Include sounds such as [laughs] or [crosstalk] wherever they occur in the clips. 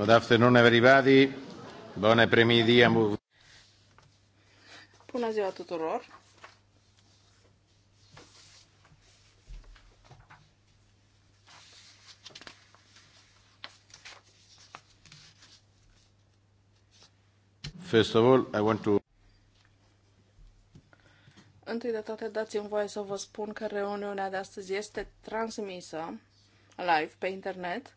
Good afternoon, everybody. Bună ziua tuturor. First of all, I want to Întâi de toate, dați-mi voie să vă spun că reuniunea de astăzi este transmisă live pe internet.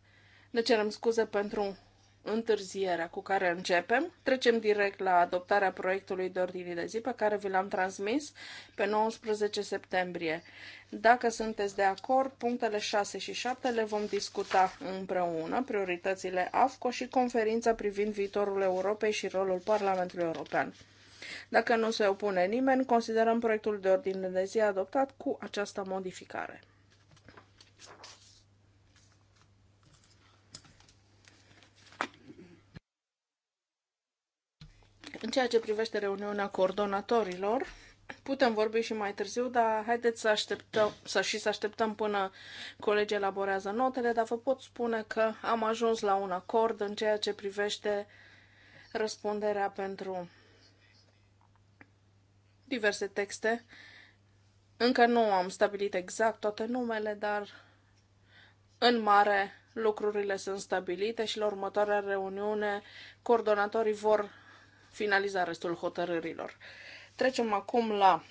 Ne cerem scuze pentru întârzierea cu care începem. Trecem direct la adoptarea proiectului de ordine de zi pe care vi l-am transmis pe 19 septembrie. Dacă sunteți de acord, punctele 6 și 7 le vom discuta împreună, prioritățile AFCO și conferința privind viitorul Europei și rolul Parlamentului European. Dacă nu se opune nimeni, considerăm proiectul de ordine de zi adoptat cu această modificare. În ceea ce privește reuniunea coordonatorilor, putem vorbi și mai târziu, dar haideți să așteptăm să și să așteptăm până colegii elaborează notele, dar vă pot spune că am ajuns la un acord în ceea ce privește răspunderea pentru diverse texte. Încă nu am stabilit exact toate numele, dar în mare lucrurile sunt stabilite și la următoarea reuniune coordonatorii vor finaliza restul hotărârilor. Trecem acum la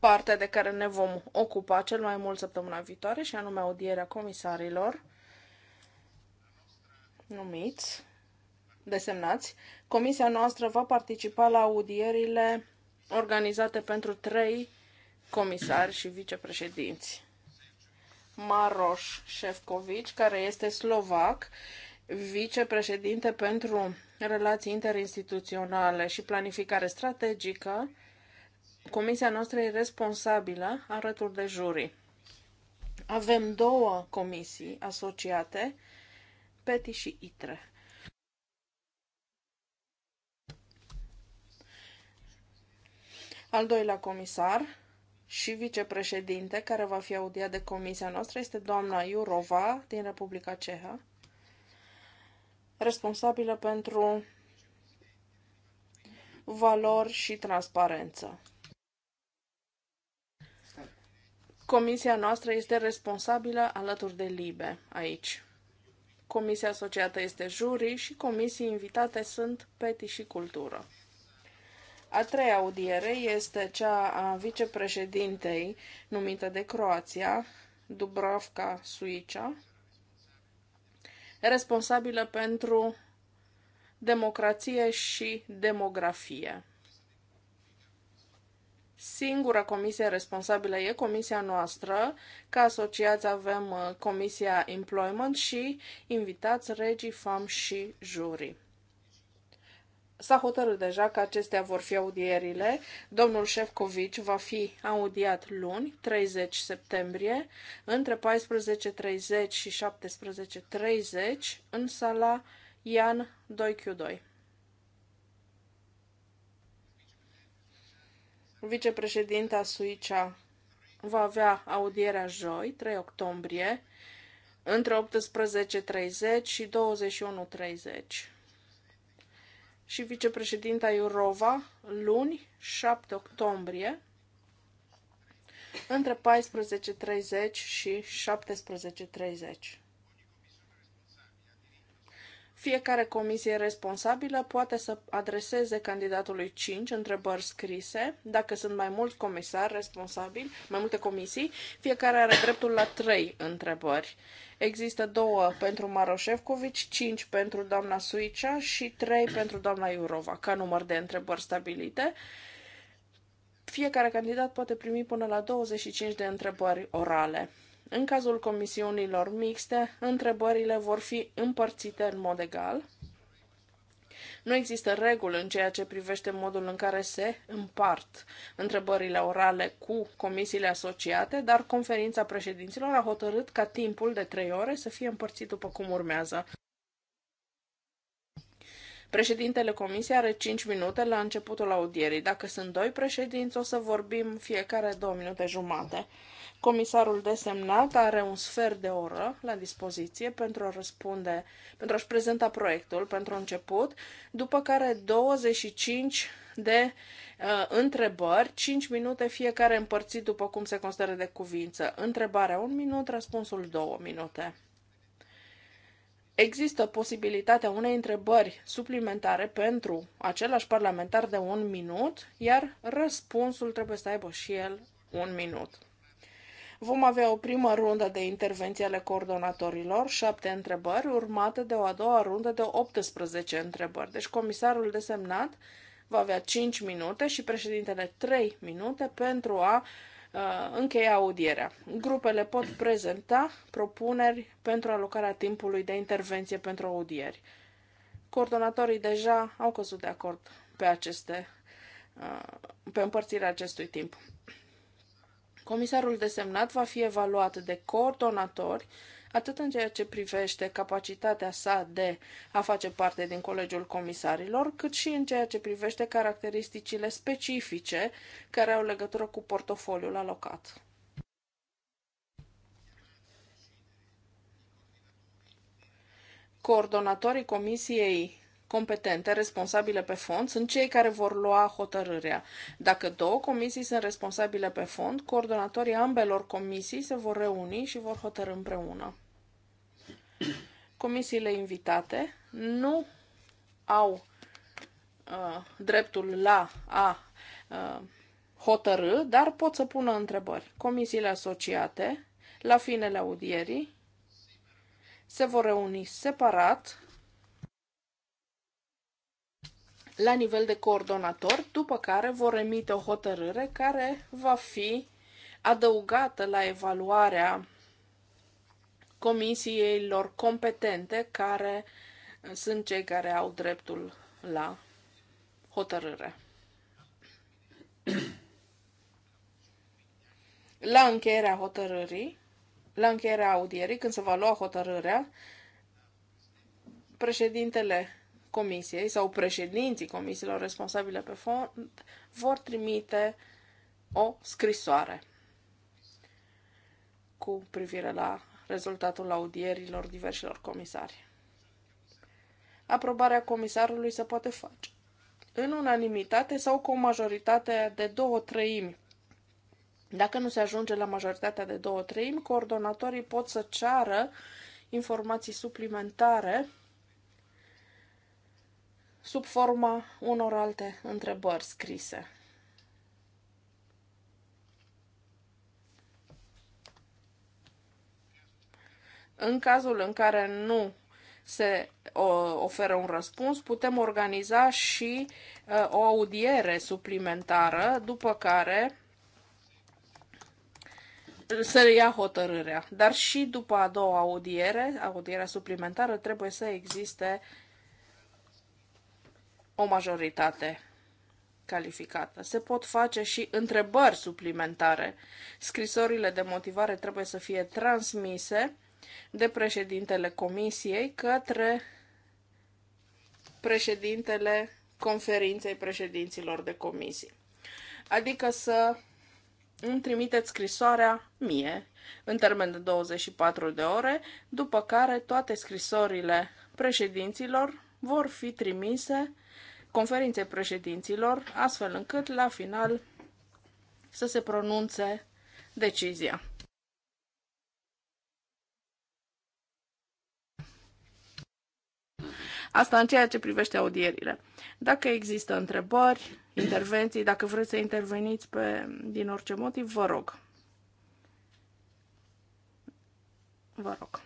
partea de care ne vom ocupa cel mai mult săptămâna viitoare, și anume audierea comisarilor numiți, desemnați. Comisia noastră va participa la audierile organizate pentru trei comisari și vicepreședinți. Maroș Șefcovici, care este slovac, vicepreședinte pentru relații interinstituționale și planificare strategică, comisia noastră e responsabilă arături de jurii. Avem două comisii asociate, PETI și ITRE. Al doilea comisar și vicepreședinte care va fi audiat de comisia noastră este doamna Iurova din Republica Ceha responsabilă pentru valori și transparență. Comisia noastră este responsabilă alături de LIBE aici. Comisia asociată este jurii și comisii invitate sunt PETI și Cultură. A treia audiere este cea a vicepreședintei numită de Croația, Dubravka Suica, responsabilă pentru democrație și demografie. Singura comisie responsabilă e comisia noastră. Ca asociați avem uh, comisia Employment și invitați regii, fam și jurii. S-a hotărât deja că acestea vor fi audierile. Domnul Șefcovici va fi audiat luni, 30 septembrie, între 14.30 și 17.30 în sala Ian 2Q2. Vicepreședinta Suicea va avea audierea joi, 3 octombrie, între 18.30 și 21.30 și vicepreședinta Iurova luni 7 octombrie între 14.30 și 17.30. Fiecare comisie responsabilă poate să adreseze candidatului 5 întrebări scrise. Dacă sunt mai mulți comisari responsabili, mai multe comisii, fiecare are dreptul la 3 întrebări. Există două pentru Maroșevcovici, 5 pentru doamna Suicea și 3 pentru doamna Iurova, ca număr de întrebări stabilite. Fiecare candidat poate primi până la 25 de întrebări orale. În cazul comisiunilor mixte, întrebările vor fi împărțite în mod egal. Nu există reguli în ceea ce privește modul în care se împart întrebările orale cu comisiile asociate, dar conferința președinților a hotărât ca timpul de trei ore să fie împărțit după cum urmează. Președintele comisiei are 5 minute la începutul audierii. Dacă sunt doi președinți, o să vorbim fiecare două minute jumate. Comisarul desemnat are un sfert de oră la dispoziție pentru a răspunde, pentru a-și prezenta proiectul pentru început, după care 25 de uh, întrebări, 5 minute fiecare împărțit după cum se consideră de cuvință. Întrebarea 1 minut, răspunsul 2 minute. Există posibilitatea unei întrebări suplimentare pentru același parlamentar de un minut, iar răspunsul trebuie să aibă și el un minut. Vom avea o primă rundă de intervenții ale coordonatorilor, șapte întrebări, urmată de o a doua rundă de 18 întrebări. Deci comisarul desemnat va avea 5 minute și președintele 3 minute pentru a uh, încheia audierea. Grupele pot prezenta propuneri pentru alocarea timpului de intervenție pentru audieri. Coordonatorii deja au căzut de acord pe aceste, uh, pe împărțirea acestui timp. Comisarul desemnat va fi evaluat de coordonatori, atât în ceea ce privește capacitatea sa de a face parte din Colegiul Comisarilor, cât și în ceea ce privește caracteristicile specifice care au legătură cu portofoliul alocat. Coordonatorii Comisiei competente, responsabile pe fond, sunt cei care vor lua hotărârea. Dacă două comisii sunt responsabile pe fond, coordonatorii ambelor comisii se vor reuni și vor hotărâ împreună. Comisiile invitate nu au uh, dreptul la a uh, hotărâ, dar pot să pună întrebări. Comisiile asociate, la finele audierii, se vor reuni separat la nivel de coordonator, după care vor emite o hotărâre care va fi adăugată la evaluarea comisiilor competente care sunt cei care au dreptul la hotărâre. La încheierea hotărârii, la încheierea audierii, când se va lua hotărârea, președintele comisiei sau președinții comisiilor responsabile pe fond vor trimite o scrisoare cu privire la rezultatul audierilor diversilor comisari. Aprobarea comisarului se poate face în unanimitate sau cu o majoritate de două treimi. Dacă nu se ajunge la majoritatea de două treimi, coordonatorii pot să ceară informații suplimentare sub forma unor alte întrebări scrise. În cazul în care nu se oferă un răspuns, putem organiza și o audiere suplimentară, după care să ia hotărârea. Dar și după a doua audiere, audierea suplimentară, trebuie să existe o majoritate calificată. Se pot face și întrebări suplimentare. Scrisorile de motivare trebuie să fie transmise de președintele comisiei către președintele conferinței președinților de comisii. Adică să îmi trimiteți scrisoarea mie în termen de 24 de ore, după care toate scrisorile președinților vor fi trimise conferinței președinților, astfel încât la final să se pronunțe decizia. Asta în ceea ce privește audierile. Dacă există întrebări, intervenții, dacă vreți să interveniți pe, din orice motiv, vă rog. Vă rog.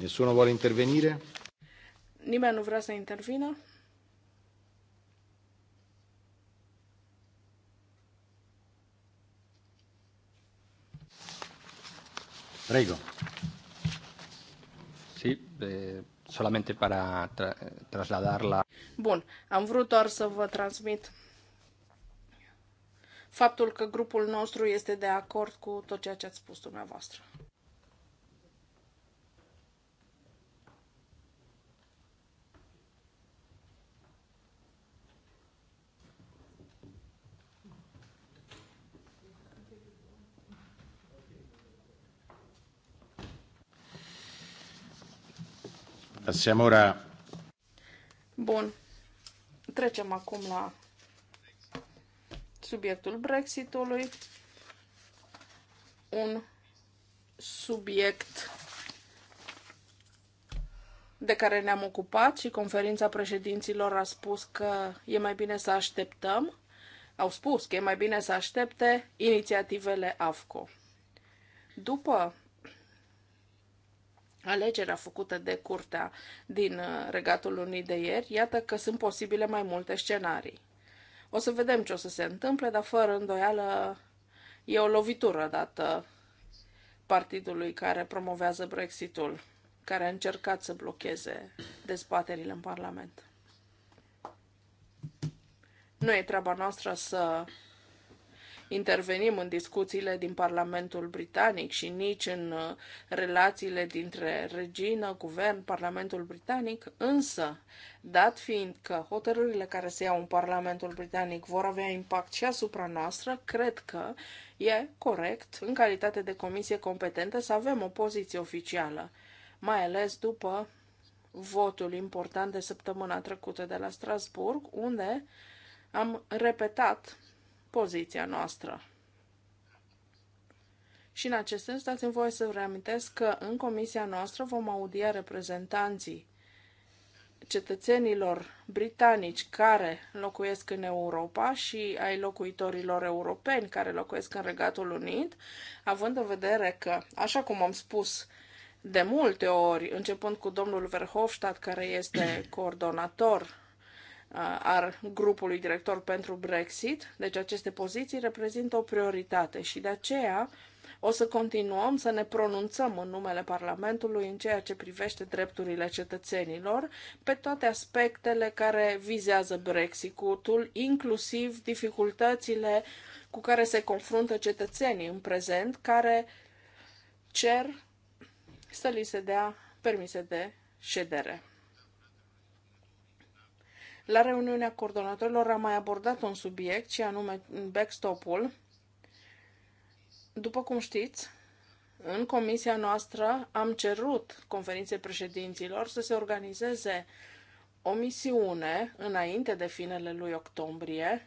Nessuno vuole intervenire? Nimeni nu vrea să intervină? Prego. Sì, eh, solamente para tra la... Bun, am vrut doar să vă transmit faptul că grupul nostru este de acord cu tot ceea ce ați spus dumneavoastră. Passiamo ora. Bun. Trecem acum la subiectul Brexitului. Un subiect de care ne-am ocupat și conferința președinților a spus că e mai bine să așteptăm, au spus că e mai bine să aștepte inițiativele AFCO. După alegerea făcută de curtea din uh, Regatul Unii de ieri, iată că sunt posibile mai multe scenarii. O să vedem ce o să se întâmple, dar fără îndoială e o lovitură dată partidului care promovează Brexitul, care a încercat să blocheze dezbaterile în Parlament. Nu e treaba noastră să intervenim în discuțiile din Parlamentul Britanic și nici în uh, relațiile dintre regină, guvern, Parlamentul Britanic, însă, dat fiind că hotărârile care se iau în Parlamentul Britanic vor avea impact și asupra noastră, cred că e corect, în calitate de comisie competentă, să avem o poziție oficială, mai ales după votul important de săptămâna trecută de la Strasburg, unde am repetat poziția noastră. Și în acest sens, dați-mi voie să reamintesc că în comisia noastră vom audia reprezentanții cetățenilor britanici care locuiesc în Europa și ai locuitorilor europeni care locuiesc în Regatul Unit, având în vedere că, așa cum am spus de multe ori, începând cu domnul Verhofstadt, care este coordonator Uh, al grupului director pentru Brexit. Deci aceste poziții reprezintă o prioritate și de aceea o să continuăm să ne pronunțăm în numele Parlamentului în ceea ce privește drepturile cetățenilor pe toate aspectele care vizează Brexitul, inclusiv dificultățile cu care se confruntă cetățenii în prezent, care cer să li se dea permise de ședere. La reuniunea coordonatorilor am mai abordat un subiect, și anume backstop-ul. După cum știți, în comisia noastră am cerut conferinței președinților să se organizeze o misiune înainte de finele lui octombrie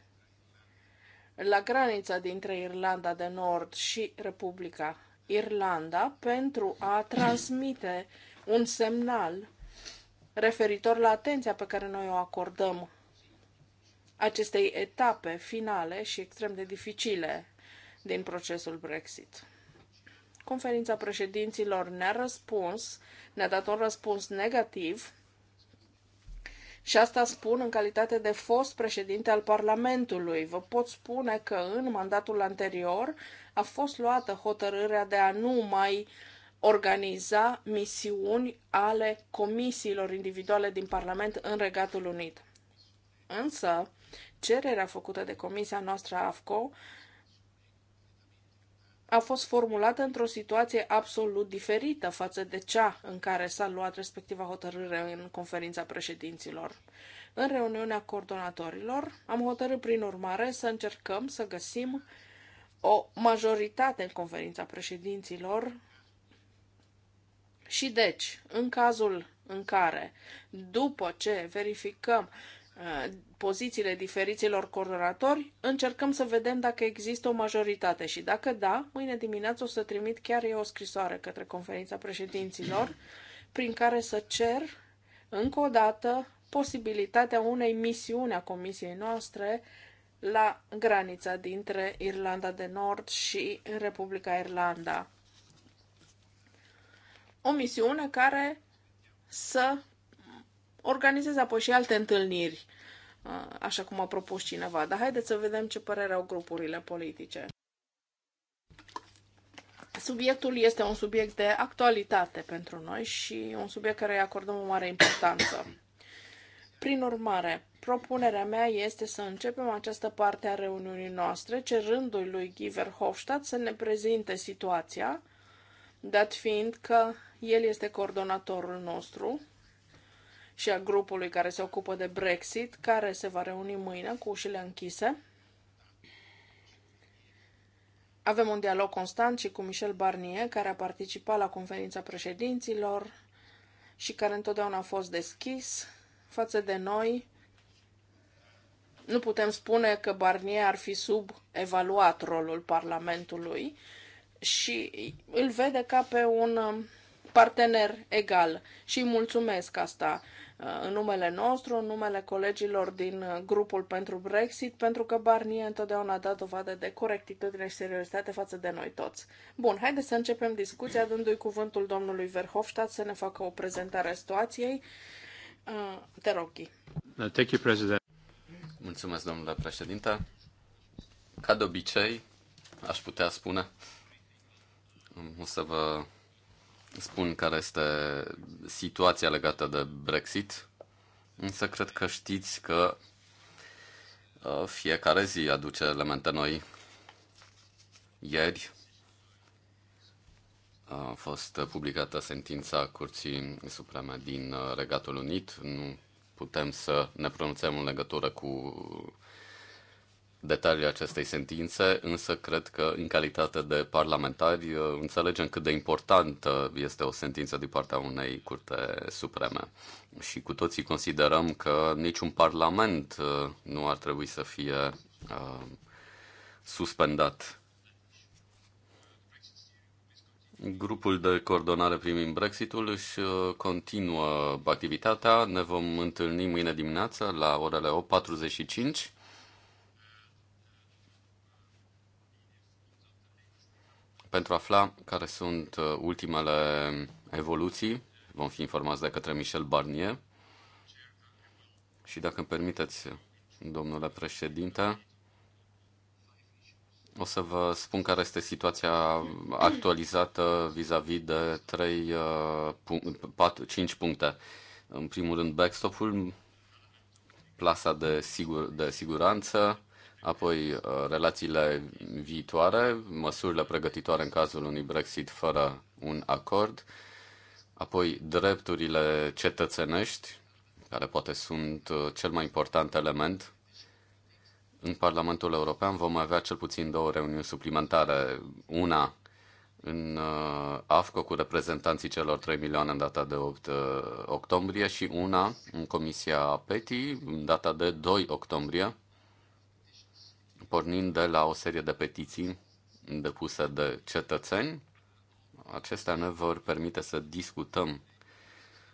la granița dintre Irlanda de Nord și Republica Irlanda pentru a transmite un semnal referitor la atenția pe care noi o acordăm acestei etape finale și extrem de dificile din procesul Brexit. Conferința președinților ne-a răspuns, ne-a dat un răspuns negativ și asta spun în calitate de fost președinte al Parlamentului. Vă pot spune că în mandatul anterior a fost luată hotărârea de a nu mai uh, organiza misiuni ale comisiilor individuale din Parlament în Regatul Unit. Însă, cererea făcută de comisia noastră AFCO a fost formulată într-o situație absolut diferită față de cea în care s-a luat respectiva hotărâre în conferința președinților. În reuniunea coordonatorilor am hotărât prin urmare să încercăm să găsim o majoritate în conferința președinților și deci, în cazul în care, după ce verificăm uh, pozițiile diferiților coordonatori, încercăm să vedem dacă există o majoritate și dacă da, mâine dimineață o să trimit chiar eu o scrisoare către conferința președinților prin care să cer încă o dată posibilitatea unei misiuni a comisiei noastre la granița dintre Irlanda de Nord și Republica Irlanda o misiune care să organizeze apoi și alte întâlniri, uh, așa cum a propus cineva. Dar haideți să vedem ce părere au grupurile politice. Subiectul este un subiect de actualitate pentru noi și un subiect care îi acordăm o mare importanță. Prin urmare, propunerea mea este să începem această parte a reuniunii noastre, cerându-i lui Giver Hofstadt să ne prezinte situația, dat fiind că el este coordonatorul nostru și a grupului care se ocupă de Brexit, care se va reuni mâine cu ușile închise. Avem un dialog constant și cu Michel Barnier, care a participat la conferința președinților și care întotdeauna a fost deschis față de noi. Nu putem spune că Barnier ar fi subevaluat rolul Parlamentului și îl vede ca pe un partener egal și mulțumesc asta uh, în numele nostru, în numele colegilor din uh, grupul pentru Brexit, pentru că Barnier întotdeauna a dat dovadă de corectitudine și seriozitate față de noi toți. Bun, haideți să începem discuția dându-i cuvântul domnului Verhofstadt să ne facă o prezentare a situației. Uh, te rog, Ghi. Thank you, President. Mulțumesc, domnule președinte. Ca de obicei, aș putea spune, o să vă spun care este situația legată de Brexit, însă cred că știți că uh, fiecare zi aduce elemente noi. Ieri a fost publicată sentința Curții Supreme din uh, Regatul Unit. Nu putem să ne pronunțăm în legătură cu detaliile acestei sentințe, însă cred că, în calitate de parlamentari, înțelegem cât de importantă este o sentință din partea unei curte supreme. Și cu toții considerăm că niciun parlament uh, nu ar trebui să fie uh, suspendat. Grupul de coordonare primim Brexitul își uh, continuă activitatea. Ne vom întâlni mâine dimineață la orele 8.45 Pentru a afla care sunt uh, ultimele evoluții, vom fi informați de către Michel Barnier. Și dacă îmi permiteți, domnule președinte, o să vă spun care este situația actualizată vis-a-vis -vis de 3, 4, 5 puncte. În primul rând, backstop-ul, plasa de, sigur, de siguranță, Apoi, uh, relațiile viitoare, măsurile pregătitoare în cazul unui Brexit fără un acord. Apoi, drepturile cetățenești, care poate sunt uh, cel mai important element. În Parlamentul European vom avea cel puțin două reuniuni suplimentare. Una în uh, AFCO cu reprezentanții celor 3 milioane în data de 8 octombrie și una în Comisia PETI în data de 2 octombrie pornind de la o serie de petiții depuse de cetățeni. Acestea ne vor permite să discutăm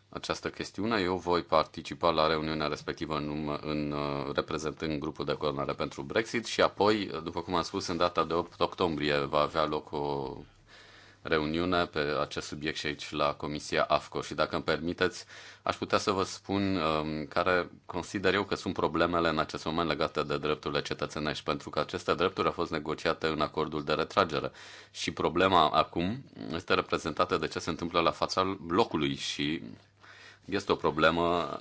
această chestiune. Eu voi participa la reuniunea respectivă în, în uh, reprezentând grupul de coordonare pentru Brexit și apoi, după cum am spus, în data de 8 octombrie va avea loc o reuniune pe acest subiect și aici la Comisia AFCO și dacă îmi permiteți, aș putea să vă spun um, care consider eu că sunt problemele în acest moment legate de drepturile cetățenești, pentru că aceste drepturi au fost negociate în acordul de retragere și problema acum este reprezentată de ce se întâmplă la fața locului și este o problemă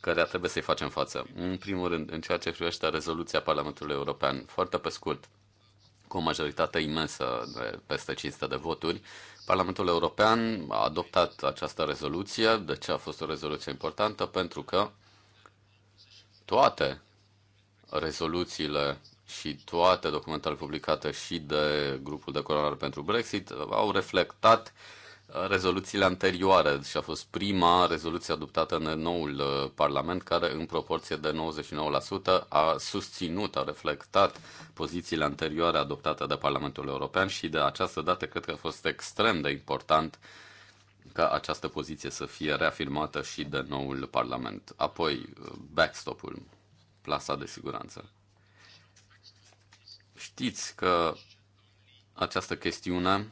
care trebuie să-i facem față. În primul rând, în ceea ce privește rezoluția Parlamentului European, foarte pe scurt, cu o majoritate imensă de peste 500 de voturi. Parlamentul European a adoptat această rezoluție. De ce a fost o rezoluție importantă? Pentru că toate rezoluțiile și toate documentele publicate și de grupul de coronare pentru Brexit au reflectat uh, rezoluțiile anterioare și a fost prima rezoluție adoptată în noul uh, Parlament care în proporție de 99% a susținut, a reflectat pozițiile anterioare adoptate de Parlamentul European și de această dată cred că a fost extrem de important ca această poziție să fie reafirmată și de noul Parlament. Apoi, uh, backstop-ul, plasa de siguranță. Știți că această chestiune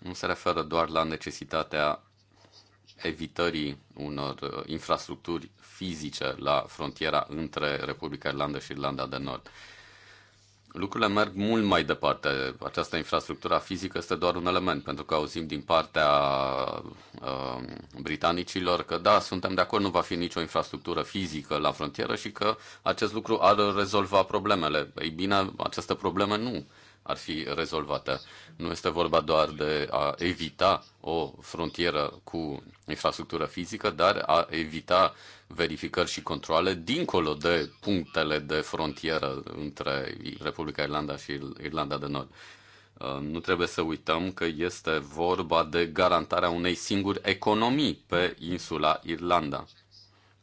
nu se referă doar la necesitatea evitării unor uh, infrastructuri fizice la frontiera între Republica Irlanda și Irlanda de Nord. Lucrurile merg mult mai departe. Această infrastructură fizică este doar un element, pentru că auzim din partea uh, britanicilor că da, suntem de acord, nu va fi nicio infrastructură fizică la frontieră și că acest lucru ar rezolva problemele. Ei bine, aceste probleme nu ar fi rezolvată. Nu este vorba doar de a evita o frontieră cu infrastructură fizică, dar a evita verificări și controle dincolo de punctele de frontieră între Republica Irlanda și Irlanda de Nord. Uh, nu trebuie să uităm că este vorba de garantarea unei singuri economii pe insula Irlanda.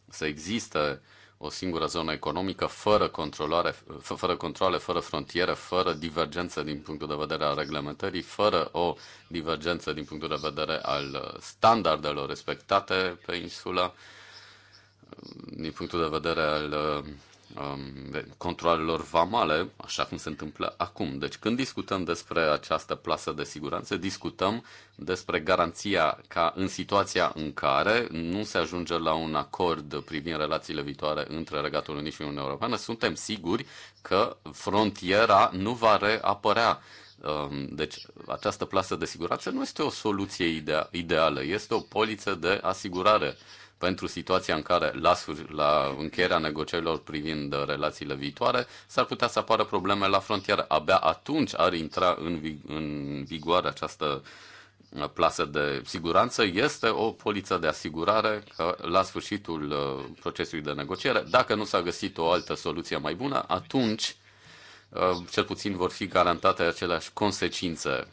Să existe uh, o singură zonă economică fără, controlare, fără controle, fără frontiere, fără divergență din punctul de vedere al reglementării, fără o divergență din punctul de vedere al standardelor respectate pe insulă, din punctul de vedere al Um, controalelor vamale, așa cum se întâmplă acum. Deci când discutăm despre această plasă de siguranță, discutăm despre garanția ca în situația în care nu se ajunge la un acord privind relațiile viitoare între Regatul Unit și Uniunea Europeană, suntem siguri că frontiera nu va reapărea. Um, deci această plasă de siguranță nu este o soluție ideală, este o poliță de asigurare pentru situația în care, la, la încheierea negocierilor privind uh, relațiile viitoare, s-ar putea să apară probleme la frontieră. Abia atunci ar intra în, vig- în vigoare această uh, plasă de siguranță este o poliță de asigurare că la sfârșitul uh, procesului de negociere, dacă nu s-a găsit o altă soluție mai bună, atunci cel puțin vor fi garantate aceleași consecințe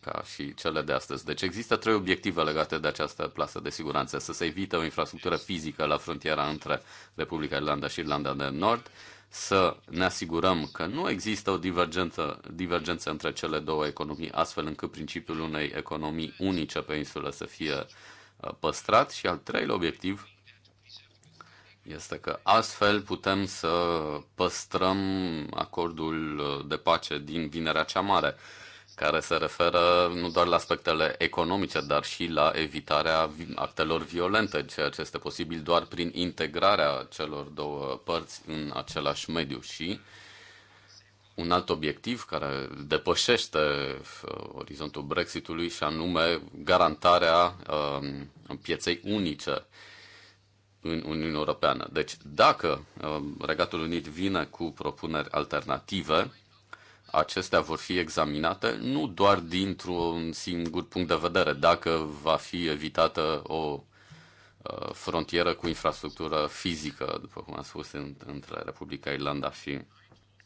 ca și cele de astăzi. Deci există trei obiective legate de această plasă de siguranță. Să se evite o infrastructură fizică la frontiera între Republica Irlanda și Irlanda de Nord, să ne asigurăm că nu există o divergență, divergență între cele două economii, astfel încât principiul unei economii unice pe insulă să fie uh, păstrat și al treilea obiectiv este că astfel putem să păstrăm acordul uh, de pace din Vinerea cea Mare care se referă nu doar la aspectele economice, dar și la evitarea actelor violente, ceea ce este posibil doar prin integrarea celor două părți în același mediu și un alt obiectiv care depășește uh, orizontul Brexitului și anume garantarea um, pieței unice în Uniunea Europeană. Deci, dacă um, Regatul Unit vine cu propuneri alternative, acestea vor fi examinate nu doar dintr-un singur punct de vedere, dacă va fi evitată o uh, frontieră cu infrastructură fizică, după cum am spus, între Republica Irlanda și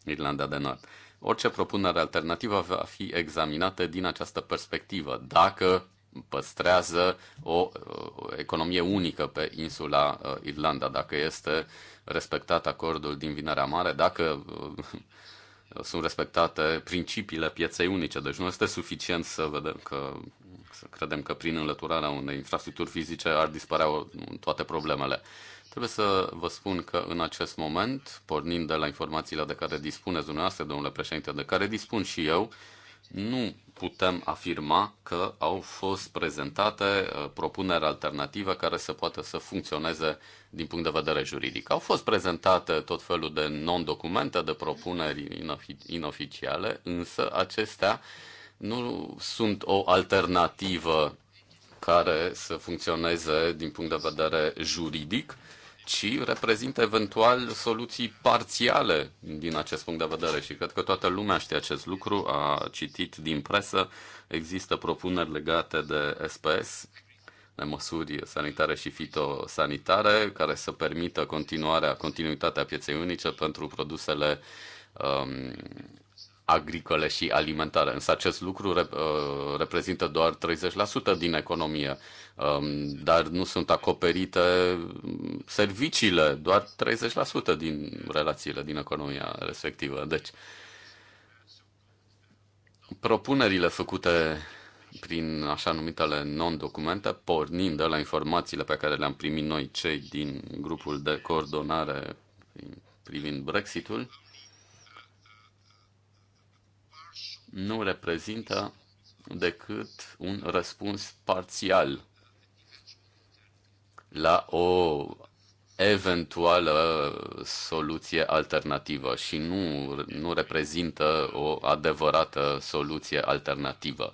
Irlanda de Nord. Orice propunere alternativă va fi examinată din această perspectivă, dacă păstrează o, economie unică pe insula uh, Irlanda, dacă este respectat acordul din Vinerea Mare, dacă uh, sunt respectate principiile pieței unice, deci nu este suficient să vedem că să credem că prin înlăturarea unei infrastructuri fizice ar dispărea toate problemele. Trebuie să vă spun că în acest moment, pornind de la informațiile de care dispuneți dumneavoastră, domnule președinte, de care dispun și eu, nu putem afirma că au fost prezentate uh, propuneri alternative care să poată să funcționeze din punct de vedere juridic. Au fost prezentate tot felul de non-documente, de propuneri inoficiale, însă acestea nu sunt o alternativă care să funcționeze din punct de vedere juridic, ci reprezintă eventual soluții parțiale din acest punct de vedere și cred că toată lumea știe acest lucru, a citit din presă, există propuneri legate de SPS, de măsuri sanitare și fitosanitare, care să permită continuarea, continuitatea pieței unice pentru produsele um, agricole și alimentare. Însă acest lucru rep- uh, reprezintă doar 30% din economie, um, dar nu sunt acoperite um, serviciile, doar 30% din relațiile din economia respectivă. Deci, propunerile făcute prin așa numitele non-documente, pornind de la informațiile pe care le-am primit noi, cei din grupul de coordonare privind Brexitul, nu reprezintă decât un răspuns parțial la o eventuală soluție alternativă și nu, nu reprezintă o adevărată soluție alternativă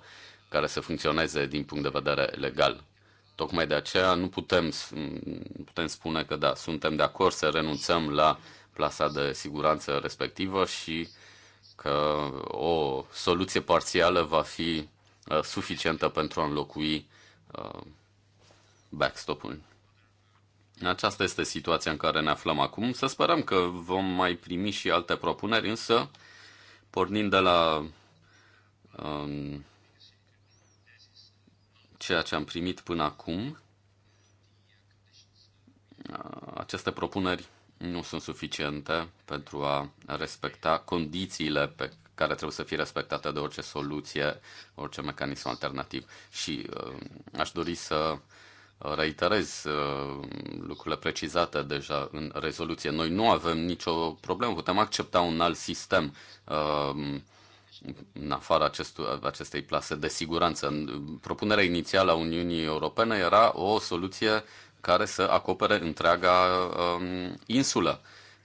care să funcționeze din punct de vedere legal. Tocmai de aceea nu putem, putem spune că da, suntem de acord să renunțăm la plasa de siguranță respectivă și uh, că o soluție parțială va fi uh, suficientă pentru a înlocui uh, backstop-ul. Aceasta este situația în care ne aflăm acum. Să sperăm că vom mai primi și alte propuneri, însă, pornind de la um, ceea ce am primit până acum, uh, aceste propuneri nu sunt suficiente pentru a respecta condițiile pe care trebuie să fie respectate de orice soluție, orice mecanism alternativ. Și uh, aș dori să reiterez uh, lucrurile precizate deja în rezoluție. Noi nu avem nicio problemă, putem accepta un alt sistem uh, în afara acestu- acestei plase de siguranță. Propunerea inițială a Uniunii Europene era o soluție uh, care să acopere întreaga um, insulă.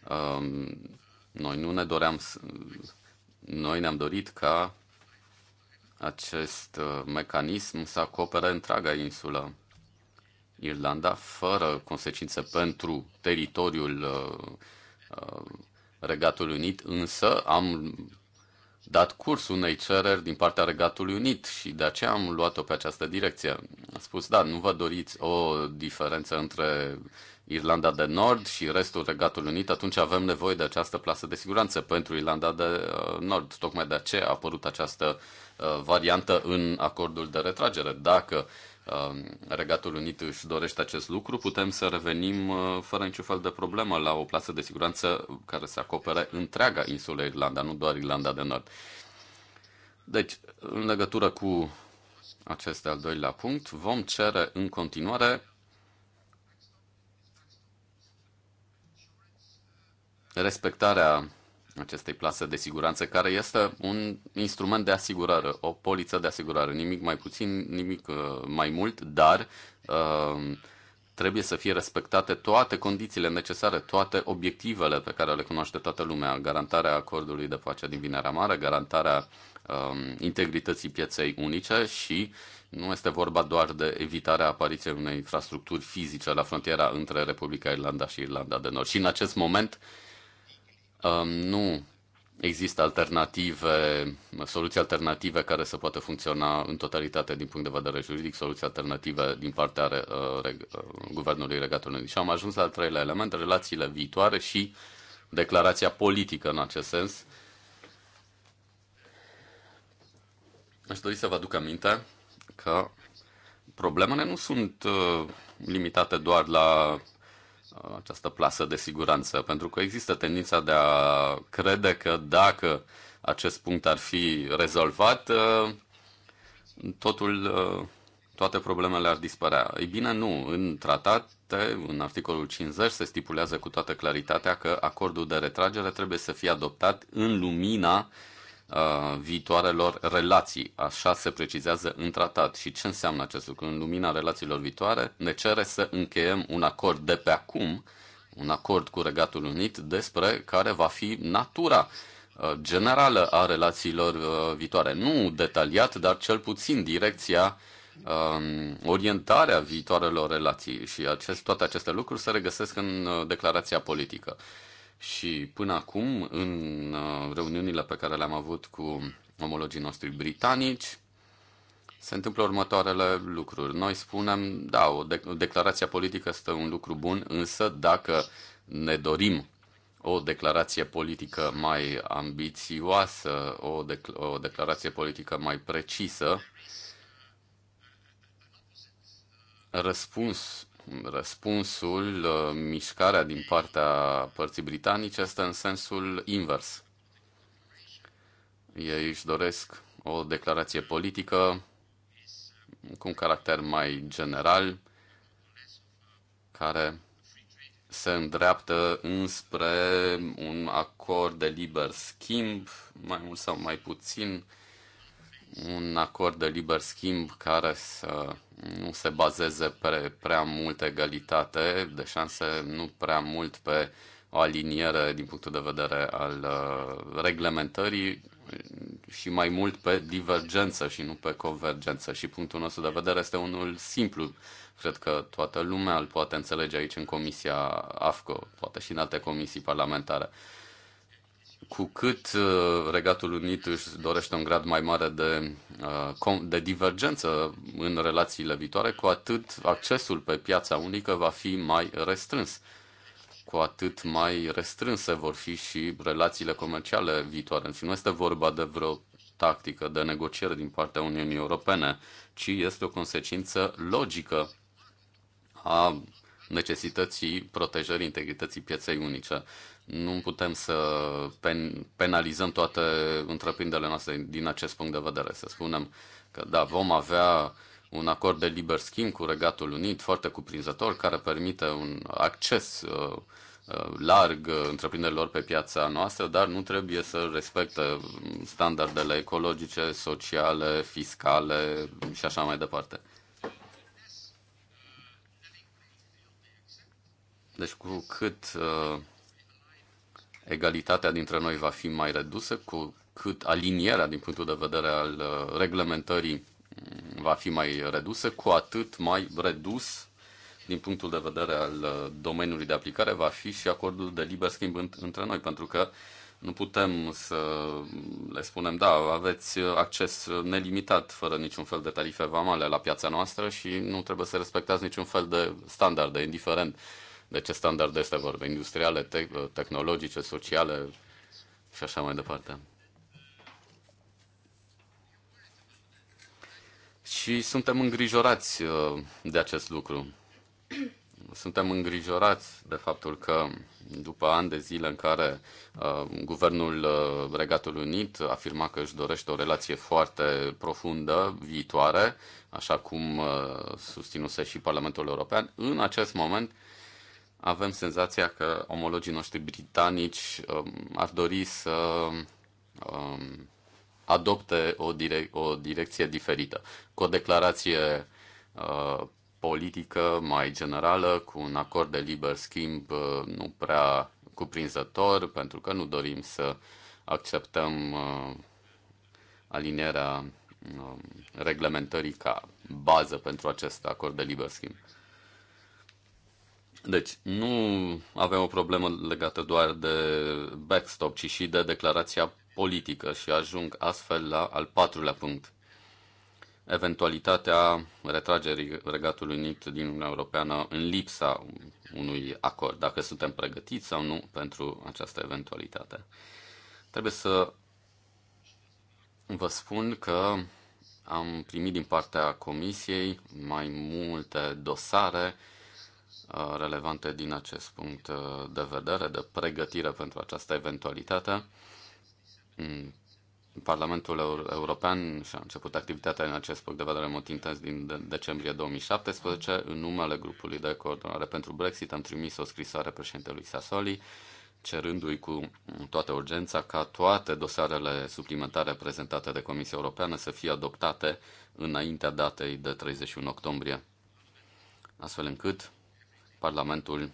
Um, noi nu ne doream, noi ne-am dorit ca acest uh, mecanism să acopere întreaga insulă Irlanda, fără consecințe pentru teritoriul uh, uh, Regatului Unit, însă am dat curs unei cereri din partea Regatului Unit și de aceea am luat-o pe această direcție. A spus, da, nu vă doriți o diferență între Irlanda de Nord și restul Regatului Unit, atunci avem nevoie de această plasă de siguranță pentru Irlanda de uh, Nord. Tocmai de aceea a apărut această uh, variantă în acordul de retragere. Dacă uh, Um, Regatul Unit își dorește acest lucru, putem să revenim uh, fără niciun fel de problemă la o plasă de siguranță care să acopere întreaga insulă Irlanda, nu doar Irlanda de Nord. Deci, în legătură cu acest al doilea punct, vom cere în continuare respectarea acestei plase de siguranță, care este un instrument de asigurare, o poliță de asigurare, nimic mai puțin, nimic uh, mai mult, dar uh, trebuie să fie respectate toate condițiile necesare, toate obiectivele pe care le cunoaște toată lumea, garantarea acordului de pace din Vinerea Mare, garantarea uh, integrității pieței unice și nu este vorba doar de evitarea apariției unei infrastructuri fizice la frontiera între Republica Irlanda și Irlanda de Nord. Și în acest moment uh, Um, nu există alternative, soluții alternative care să poată funcționa în totalitate din punct de vedere juridic, soluții alternative din partea re, uh, re, uh, Guvernului Regatului Și am ajuns la al treilea element, relațiile viitoare și declarația politică în acest sens. Aș dori să vă aduc aminte că problemele nu sunt uh, limitate doar la Uh, această plasă de siguranță, pentru că există tendința de a crede că dacă acest punct ar fi rezolvat, uh, totul, uh, toate problemele ar dispărea. Ei bine, nu. În tratate, în articolul 50, se stipulează cu toată claritatea că acordul de retragere trebuie să fie adoptat în lumina Uh, viitoarelor relații. Așa se precizează în tratat. Și ce înseamnă acest lucru? În lumina relațiilor viitoare ne cere să încheiem un acord de pe acum, un acord cu Regatul Unit despre care va fi natura uh, generală a relațiilor uh, viitoare. Nu detaliat, dar cel puțin direcția um, orientarea viitoarelor relații și acest, toate aceste lucruri se regăsesc în declarația politică. Și până acum, în uh, reuniunile pe care le-am avut cu omologii noștri britanici, se întâmplă următoarele lucruri. Noi spunem, da, o, declarație politică este un lucru bun, însă dacă ne dorim o declarație politică mai ambițioasă, o, dec- o declarație politică mai precisă, răspuns, răspunsul, uh, mișcarea din partea părții britanice este în sensul invers. Ei își doresc o declarație politică cu un caracter mai general, care se îndreaptă înspre un acord de liber schimb, mai mult sau mai puțin, un acord de liber schimb care să nu se bazeze pe prea mult egalitate de șanse, nu prea mult pe o aliniere din punctul de vedere al uh, reglementării și mai mult pe divergență și nu pe convergență. Și punctul nostru de vedere este unul simplu. Cred că toată lumea îl poate înțelege aici în Comisia AFCO, poate și în alte comisii parlamentare cu cât uh, Regatul Unit își dorește un grad mai mare de, uh, de divergență în relațiile viitoare, cu atât accesul pe piața unică va fi mai restrâns. Cu atât mai restrânse vor fi și relațiile comerciale viitoare. Și deci nu este vorba de vreo tactică de negociere din partea Uniunii Europene, ci este o consecință logică a necesității protejării integrității pieței unice. Nu putem să pen- penalizăm toate întreprinderile noastre din acest punct de vedere. Să spunem că da, vom avea un acord de liber schimb cu Regatul Unit foarte cuprinzător care permite un acces uh, uh, larg uh, întreprinderilor pe piața noastră, dar nu trebuie să respecte standardele ecologice, sociale, fiscale și așa mai departe. Deci cu cât uh, egalitatea dintre noi va fi mai redusă, cu cât alinierea din punctul de vedere al uh, reglementării mm, va fi mai redusă, cu atât mai redus din punctul de vedere al uh, domeniului de aplicare va fi și acordul de liber schimb între noi, pentru că nu putem să le spunem, da, aveți uh, acces nelimitat, fără niciun fel de tarife vamale la piața noastră și nu trebuie să respectați niciun fel de standarde, indiferent de ce standarde este vorba, industriale, te- tehnologice, sociale și așa mai departe. Și suntem îngrijorați uh, de acest lucru. Suntem îngrijorați de faptul că după ani de zile în care uh, guvernul uh, Regatului Unit afirma că își dorește o relație foarte profundă, viitoare, așa cum uh, susținuse și Parlamentul European, în acest moment uh, avem senzația că omologii noștri britanici um, ar dori să um, adopte o, direc- o direcție diferită, cu o declarație uh, politică mai generală, cu un acord de liber schimb uh, nu prea cuprinzător, pentru că nu dorim să acceptăm uh, alinierea uh, reglementării ca bază pentru acest acord de liber schimb. Deci, nu avem o problemă legată doar de backstop, ci și de declarația politică și ajung astfel la al patrulea punct. Eventualitatea retragerii Regatului Unit din Uniunea Europeană în lipsa unui acord, dacă suntem pregătiți sau nu pentru această eventualitate. Trebuie să vă spun că am primit din partea Comisiei mai multe dosare uh, Uh, relevante din acest punct uh, de vedere, de pregătire pentru această eventualitate. Mm, Parlamentul European și-a început activitatea în acest punct de vedere în mod intens din decembrie 2017. În numele grupului de coordonare pentru Brexit am trimis o scrisoare președintelui Sassoli cerându-i cu toată urgența ca toate dosarele suplimentare prezentate de Comisia Europeană să fie adoptate înaintea datei de 31 octombrie, astfel încât Parlamentul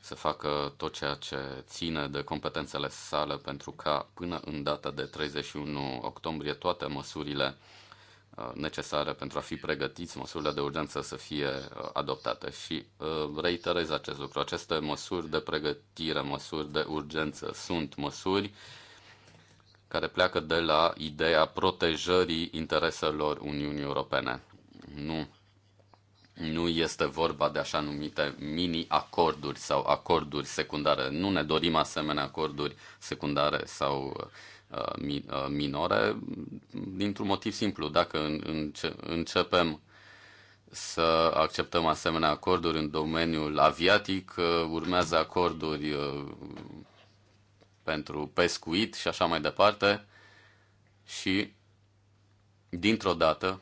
să facă tot ceea ce ține de competențele sale pentru ca până în data de 31 octombrie toate măsurile uh, necesare pentru a fi pregătiți, măsurile de urgență să fie uh, adoptate. Și uh, reiterez acest lucru. Aceste măsuri de pregătire, măsuri de urgență sunt măsuri care pleacă de la ideea protejării intereselor Uniunii Europene. Nu nu este vorba de așa numite mini-acorduri sau acorduri secundare. Nu ne dorim asemenea acorduri secundare sau uh, uh, minore dintr-un motiv simplu. Dacă începem să acceptăm asemenea acorduri în domeniul aviatic, uh, urmează acorduri pentru pescuit și așa mai departe și dintr-o dată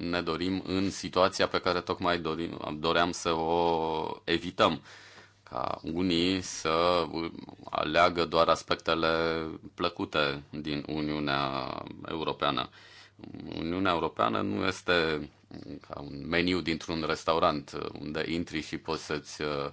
ne dorim în situația pe care tocmai dorim, doream să o evităm. Ca unii să aleagă doar aspectele plăcute din Uniunea Europeană. Uniunea Europeană nu este ca un meniu dintr-un restaurant unde intri și poți să-ți uh,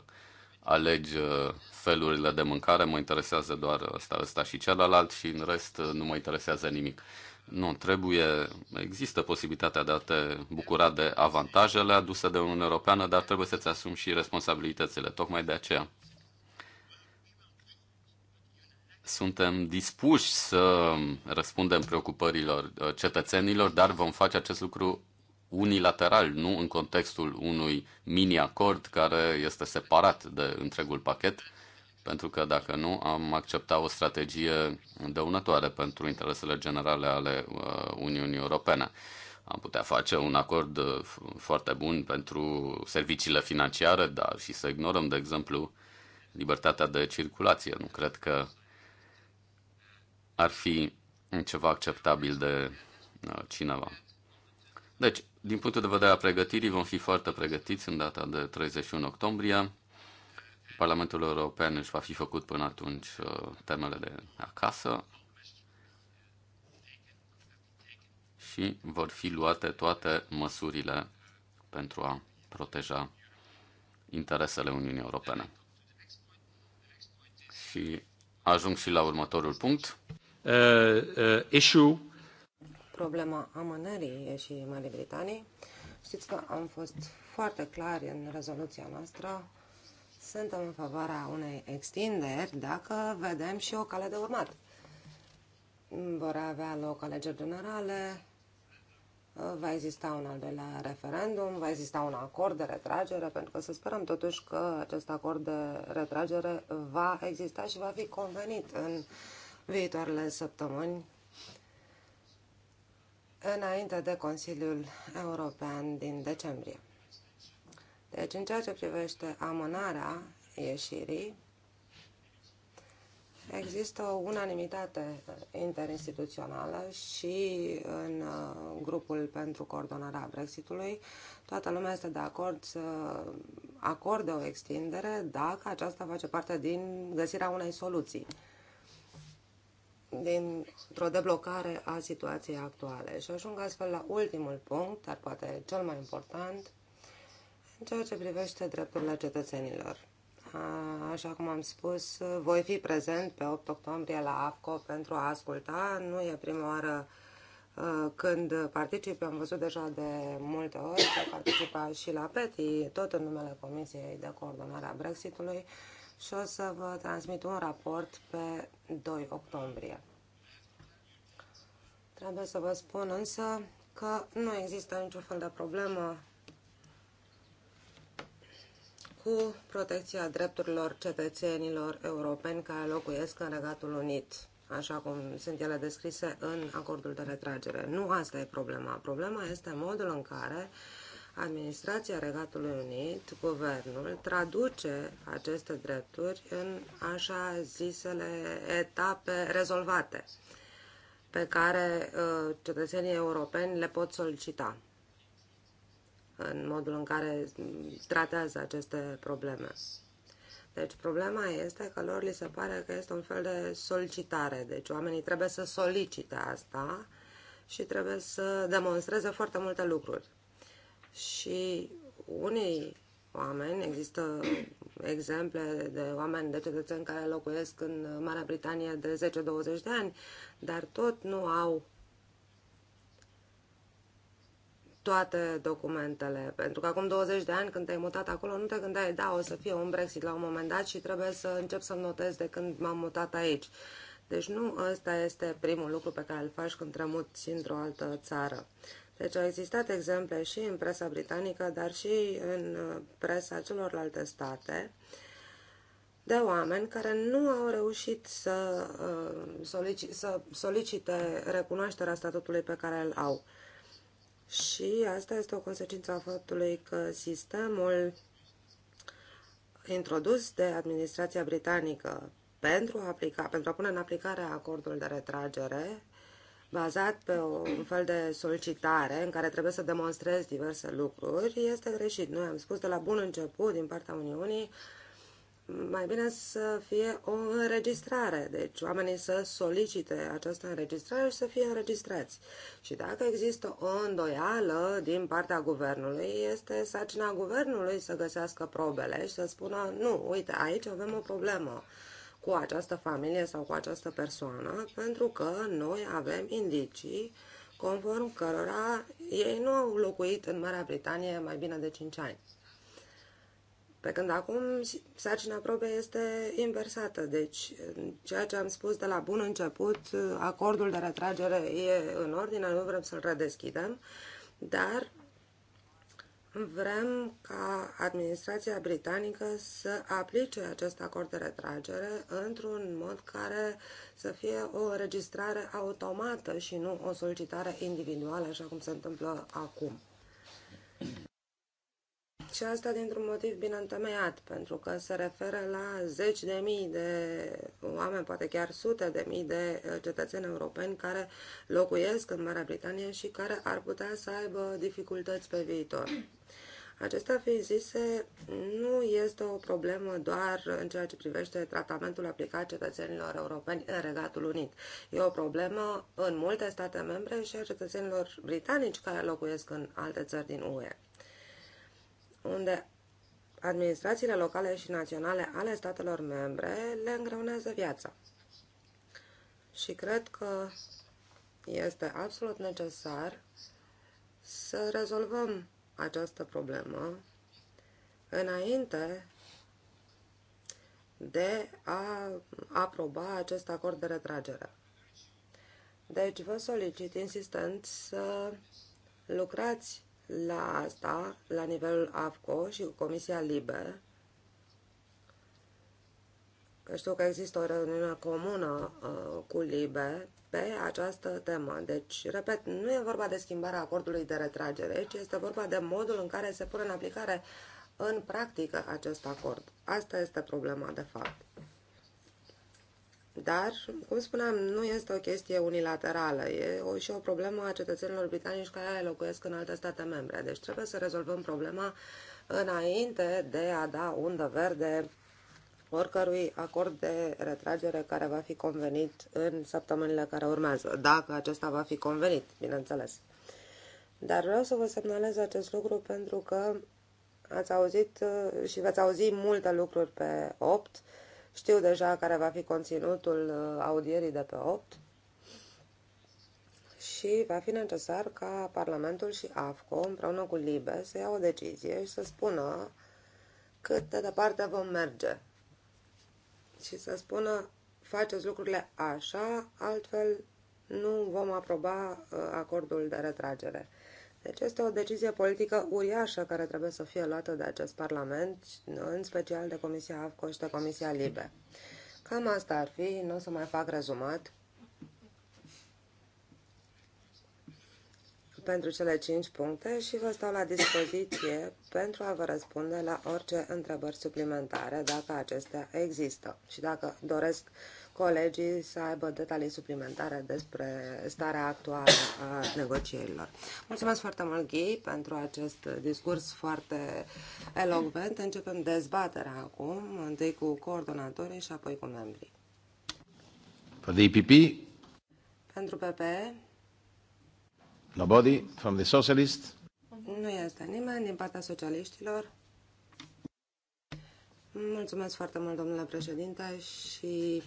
alegi uh, felurile de mâncare, mă interesează doar asta, asta și celălalt și în rest uh, nu mă interesează nimic nu trebuie, există posibilitatea de a te bucura de avantajele aduse de Uniunea Europeană, dar trebuie să-ți asumi și responsabilitățile, tocmai de aceea. Suntem dispuși să răspundem preocupărilor uh, cetățenilor, dar vom face acest lucru unilateral, nu în contextul unui mini-acord care este separat de întregul pachet pentru că dacă nu, am acceptat o strategie dăunătoare pentru interesele generale ale uh, Uniunii Europene. Am putea face un acord uh, foarte bun pentru serviciile financiare, dar și să ignorăm, de exemplu, libertatea de circulație. Nu cred că ar fi ceva acceptabil de uh, cineva. Deci, din punctul de vedere a pregătirii, vom fi foarte pregătiți în data de 31 octombrie. Parlamentul European își va fi făcut până atunci uh, temele de acasă și vor fi luate toate măsurile pentru a proteja interesele Uniunii Europene. Și ajung și la următorul punct. Uh, uh, issue. Problema amânării și Marii Britanii. Știți că am fost foarte clar în rezoluția noastră suntem în favoarea unei extinderi dacă vedem și o cale de urmat. Vor avea loc alegeri generale, va exista un al doilea referendum, va exista un acord de retragere, pentru că să sperăm totuși că acest acord de retragere va exista și va fi convenit în viitoarele săptămâni înainte de Consiliul European din decembrie. Deci, în ceea ce privește amânarea ieșirii, Există o unanimitate interinstituțională și în uh, grupul pentru coordonarea Brexitului. Toată lumea este de acord să acorde o extindere dacă aceasta face parte din găsirea unei soluții, dintr-o deblocare a situației actuale. Și ajung astfel la ultimul punct, dar poate cel mai important, în ceea ce privește drepturile cetățenilor, așa cum am spus, voi fi prezent pe 8 octombrie la AFCO pentru a asculta. Nu e prima oară când particip, am văzut deja de multe ori că participa și la PETI, tot în numele Comisiei de Coordonare a Brexitului și o să vă transmit un raport pe 2 octombrie. Trebuie să vă spun însă că nu există niciun fel de problemă cu protecția drepturilor cetățenilor europeni care locuiesc în Regatul Unit, așa cum sunt ele descrise în acordul de retragere. Nu asta e problema. Problema este modul în care administrația Regatului Unit, guvernul, traduce aceste drepturi în așa zisele etape rezolvate pe care uh, cetățenii europeni le pot solicita în modul în care tratează aceste probleme. Deci problema este că lor li se pare că este un fel de solicitare. Deci oamenii trebuie să solicite asta și trebuie să demonstreze foarte multe lucruri. Și unii oameni, există exemple de oameni, de cetățeni care locuiesc în Marea Britanie de 10-20 de ani, dar tot nu au toate documentele. Pentru că acum 20 de ani, când te-ai mutat acolo, nu te gândeai, da, o să fie un Brexit la un moment dat și trebuie să încep să-mi notez de când m-am mutat aici. Deci nu ăsta este primul lucru pe care îl faci când te muți într-o altă țară. Deci au existat exemple și în presa britanică, dar și în uh, presa celorlalte state, de oameni care nu au reușit să, uh, solici, să solicite recunoașterea statutului pe care îl au. Și asta este o consecință a faptului că sistemul introdus de administrația britanică pentru a, aplica, pentru a pune în aplicare acordul de retragere, bazat pe o, un fel de solicitare în care trebuie să demonstrezi diverse lucruri, este greșit. Noi am spus de la bun început, din partea Uniunii, mai bine să fie o înregistrare, deci oamenii să solicite această înregistrare și să fie înregistrați. Și dacă există o îndoială din partea guvernului, este sacina guvernului să găsească probele și să spună nu, uite, aici avem o problemă cu această familie sau cu această persoană, pentru că noi avem indicii conform cărora ei nu au locuit în Marea Britanie mai bine de 5 ani. Pe când acum sarcina probei este inversată, deci ceea ce am spus de la bun început, acordul de retragere e în ordine, nu vrem să-l redeschidem, dar vrem ca administrația britanică să aplice acest acord de retragere într-un mod care să fie o registrare automată și nu o solicitare individuală, așa cum se întâmplă acum. Și asta dintr-un motiv bine întemeiat, pentru că se referă la zeci de mii de oameni, poate chiar sute de mii de uh, cetățeni europeni care locuiesc în Marea Britanie și care ar putea să aibă dificultăți pe viitor. Acesta fiind zise, nu este o problemă doar în ceea ce privește tratamentul aplicat cetățenilor europeni în Regatul Unit. E o problemă în multe state membre și a cetățenilor britanici care locuiesc în alte țări din UE unde administrațiile locale și naționale ale statelor membre le îngreunează viața. Și cred că este absolut necesar să rezolvăm această problemă înainte de a aproba acest acord de retragere. Deci vă solicit insistent să lucrați la asta la nivelul AFCO și cu Comisia Libe. Că știu că există o reuniune comună uh, cu Libe pe această temă. Deci, repet, nu e vorba de schimbarea acordului de retragere, ci este vorba de modul în care se pune în aplicare în practică acest acord. Asta este problema, de fapt. Dar, cum spuneam, nu este o chestie unilaterală, e o, și o problemă a cetățenilor britanici care locuiesc în alte state membre. Deci trebuie să rezolvăm problema înainte de a da undă verde oricărui acord de retragere care va fi convenit în săptămânile care urmează, dacă acesta va fi convenit, bineînțeles. Dar vreau să vă semnalez acest lucru pentru că ați auzit uh, și veți auzi multe lucruri pe 8 știu deja care va fi conținutul uh, audierii de pe 8 și va fi necesar ca Parlamentul și AFCO, împreună cu LIBE, să iau o decizie și să spună cât de departe vom merge și să spună faceți lucrurile așa, altfel nu vom aproba uh, acordul de retragere. Deci este o decizie politică uriașă care trebuie să fie luată de acest Parlament, în special de Comisia AFCO și de Comisia LIBE. Cam asta ar fi, nu o să mai fac rezumat. pentru cele 5 puncte și vă stau la dispoziție pentru a vă răspunde la orice întrebări suplimentare, dacă acestea există și dacă doresc colegii să aibă detalii suplimentare despre starea actuală a negocierilor. Mulțumesc foarte mult, Ghi, pentru acest discurs foarte elogvent. Începem dezbaterea acum, întâi cu coordonatorii și apoi cu membrii. Pentru IPP. Pentru PP? Nobody from the socialist? Nu este nimeni din partea socialiștilor. Mulțumesc foarte mult, domnule președinte, și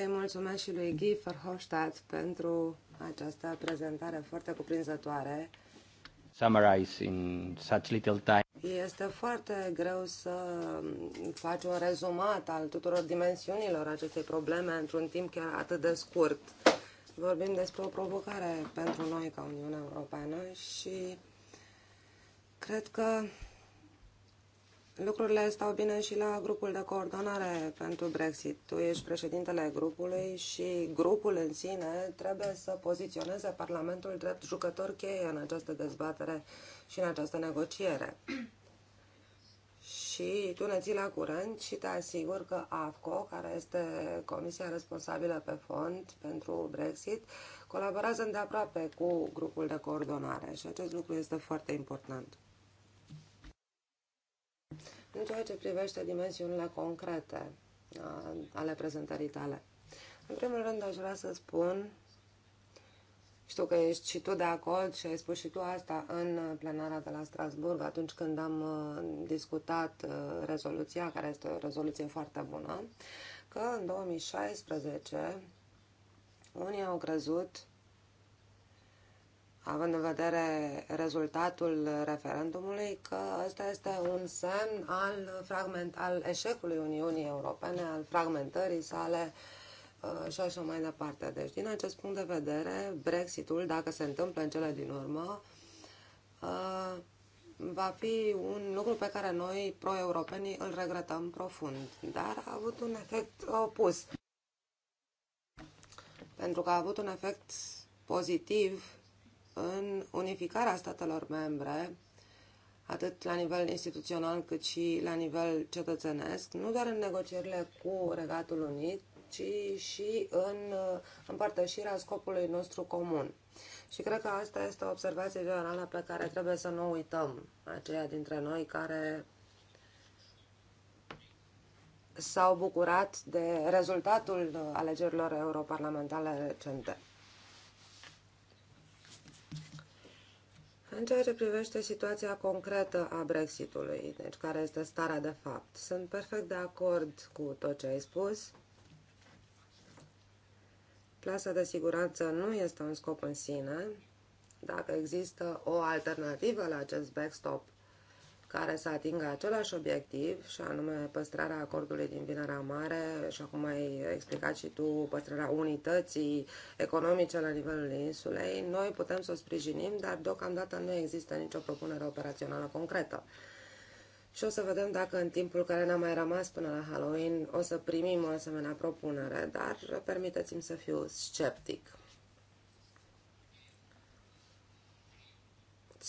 îi mulțumesc și lui Guy Verhofstadt pentru această prezentare foarte cuprinzătoare. Summarize in such little time. Este foarte greu să faci un rezumat al tuturor dimensiunilor acestei probleme într-un timp chiar atât de scurt. Vorbim despre o provocare pentru noi ca Uniunea Europeană și cred că Lucrurile stau bine și la grupul de coordonare pentru Brexit. Tu ești președintele grupului și grupul în sine trebuie să poziționeze Parlamentul drept jucător cheie în această dezbatere și în această negociere. și tu ne ții la curent și te asigur că AFCO, care este comisia responsabilă pe fond pentru Brexit, colaborează îndeaproape cu grupul de coordonare și acest lucru este foarte important în ceea ce privește dimensiunile concrete ale prezentării tale. În primul rând, aș vrea să spun, știu că ești și tu de acord și ai spus și tu asta în plenara de la Strasburg atunci când am discutat rezoluția, care este o rezoluție foarte bună, că în 2016 unii au crezut având în vedere rezultatul referendumului, că ăsta este un semn al, fragment, al eșecului Uniunii Europene, al fragmentării sale uh, și așa mai departe. Deci, din acest punct de vedere, Brexitul, dacă se întâmplă în cele din urmă, uh, va fi un lucru pe care noi, pro-europenii, îl regretăm profund, dar a avut un efect opus. Pentru că a avut un efect pozitiv în unificarea statelor membre, atât la nivel instituțional cât și la nivel cetățenesc, nu doar în negocierile cu Regatul Unit, ci și în uh, împărtășirea scopului nostru comun. Și cred că asta este o observație generală pe care trebuie să nu uităm, aceia dintre noi care s-au bucurat de rezultatul alegerilor europarlamentare recente. În ceea ce privește situația concretă a Brexitului, deci care este starea de fapt, sunt perfect de acord cu tot ce ai spus. Plasa de siguranță nu este un scop în sine. Dacă există o alternativă la acest backstop care să atingă același obiectiv, și anume păstrarea acordului din Vinerea Mare, și acum ai explicat și tu, păstrarea unității economice la nivelul insulei, noi putem să o sprijinim, dar deocamdată nu există nicio propunere operațională concretă. Și o să vedem dacă în timpul care ne-a mai rămas până la Halloween o să primim o asemenea propunere, dar permiteți-mi să fiu sceptic.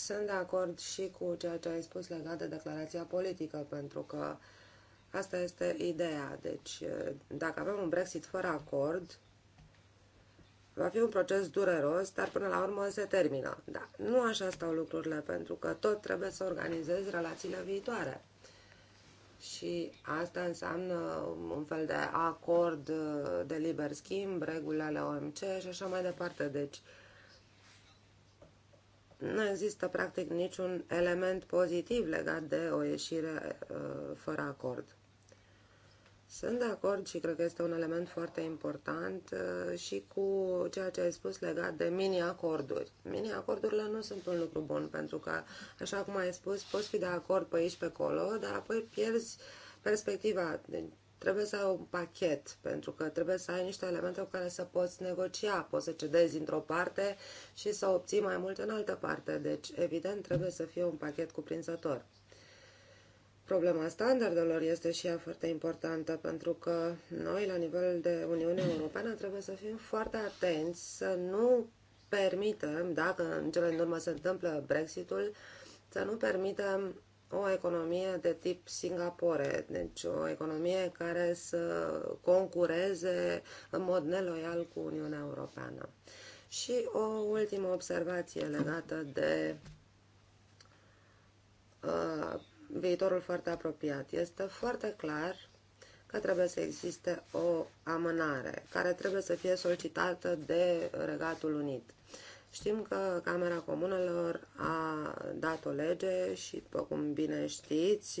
Sunt de acord și cu ceea ce ai spus legat de declarația politică, pentru că asta este ideea. Deci, dacă avem un Brexit fără acord, va fi un proces dureros, dar până la urmă se termină. Da, nu așa stau lucrurile, pentru că tot trebuie să organizezi relațiile viitoare. Și asta înseamnă un fel de acord de liber schimb, regulile OMC și așa mai departe. Deci, uh, nu există practic niciun element pozitiv legat de o ieșire uh, fără acord. Sunt de acord și cred că este un element foarte important uh, și cu ceea ce ai spus legat de mini-acorduri. Mini-acordurile nu sunt un lucru bun pentru că, așa cum ai spus, poți fi de acord pe aici, pe acolo, dar apoi pierzi perspectiva trebuie să ai un pachet, pentru că trebuie să ai niște elemente cu care să poți negocia, poți să cedezi într-o parte și să obții mai mult în altă parte. Deci, evident, trebuie să fie un pachet cuprinzător. Problema standardelor este și ea foarte importantă, pentru că noi, la nivel de Uniune Europeană, trebuie să fim foarte atenți să nu permitem, dacă în cele din urmă se întâmplă Brexitul, să nu permitem o economie de tip Singapore, deci o economie care să concureze în mod neloial cu Uniunea Europeană. Și o ultimă observație legată de uh, viitorul foarte apropiat. Este foarte clar că trebuie să existe o amânare care trebuie să fie solicitată de Regatul Unit. Știm că Camera Comunelor a dat o lege și, după cum bine știți,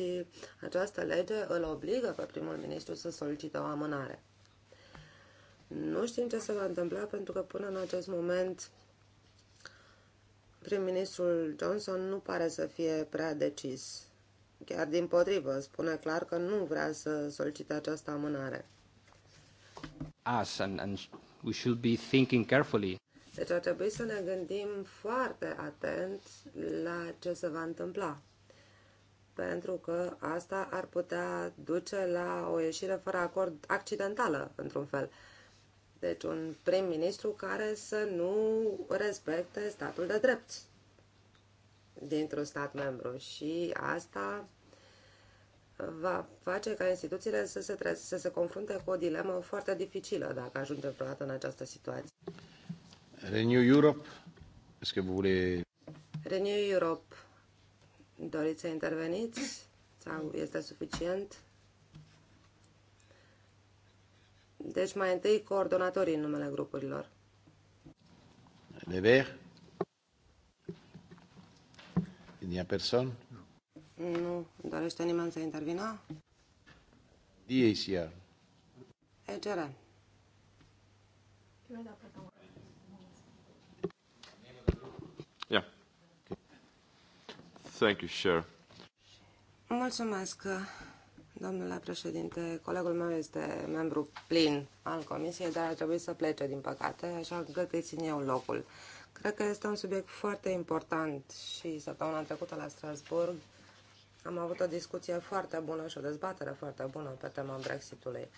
această lege îl obligă pe primul ministru să solicite o amânare. Nu știm ce se va întâmpla pentru că până în acest moment prim-ministrul Johnson nu pare să fie prea decis. Chiar din potrivă, spune clar că nu vrea să solicite această amânare. Us and, and we should be thinking carefully deci ar trebui să ne gândim foarte atent la ce se va întâmpla. Pentru că asta ar putea duce la o ieșire fără acord accidentală, într-un fel. Deci un prim-ministru care să nu respecte statul de drept dintr-un stat membru. Și asta va face ca instituțiile să se, să se confrunte cu o dilemă foarte dificilă dacă ajungem vreodată în această situație. Renew Europe, est-ce que vous voulez... Renew Europe, doriți să interveniți sau este suficient? Deci mai întâi coordonatorii în numele grupurilor. Le Verts? Il n'y a personne? Nu dorește nimeni să intervină? DACR. EGR. Eu Thank you, Chair. Mulțumesc, domnule președinte. Colegul meu este membru plin al comisiei, dar a trebuit să plece, din păcate, așa că îi țin eu locul. Cred că este un subiect foarte important și săptămâna trecută la Strasburg am avut o discuție foarte bună și o dezbatere foarte bună pe tema Brexitului.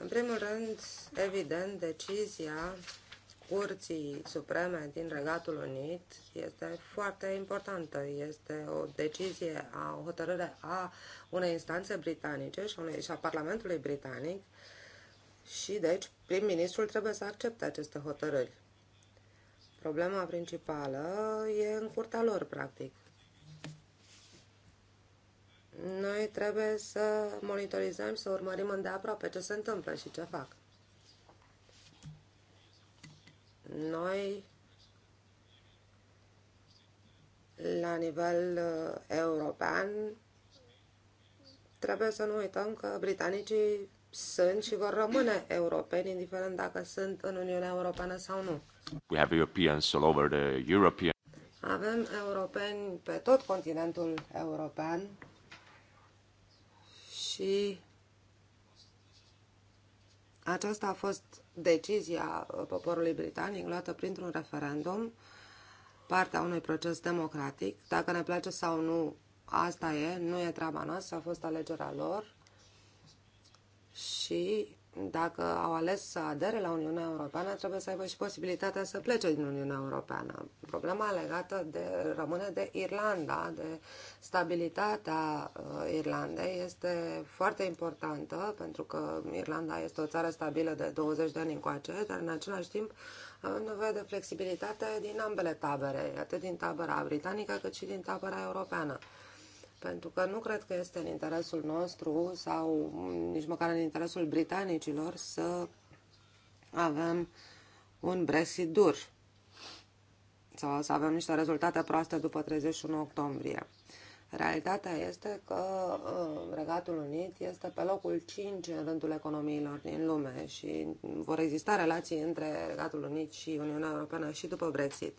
În primul rând, evident, decizia Curții Supreme din Regatul Unit este foarte importantă. Este o decizie, a, o hotărâre a unei instanțe britanice și, unei, și a Parlamentului Britanic și deci prim-ministrul trebuie să accepte aceste hotărâri. Problema principală e în curtea lor, practic. Noi trebuie să monitorizăm, să urmărim îndeaproape ce se întâmplă și ce fac. Noi, la nivel uh, european, trebuie să nu uităm că britanicii sunt și vor rămâne europeni, indiferent dacă sunt în Uniunea Europeană sau nu. We have Europeans all over the European... Avem europeni pe tot continentul european și aceasta a fost decizia uh, poporului britanic luată printr-un referendum, partea unui proces democratic. Dacă ne place sau nu, asta e, nu e treaba noastră, a fost alegerea lor și dacă au ales să adere la Uniunea Europeană, trebuie să aibă și posibilitatea să plece din Uniunea Europeană. Problema legată de, rămâne de Irlanda, de stabilitatea uh, Irlandei, este foarte importantă, pentru că Irlanda este o țară stabilă de 20 de ani încoace, dar în același timp avem uh, nevoie de flexibilitate din ambele tabere, atât din tabăra britanică cât și din tabăra europeană pentru că nu cred că este în interesul nostru sau nici măcar în interesul britanicilor să avem un Brexit dur sau să avem niște rezultate proaste după 31 octombrie. Realitatea este că uh, Regatul Unit este pe locul 5 în rândul economiilor din lume și vor exista relații între Regatul Unit și Uniunea Europeană și după Brexit.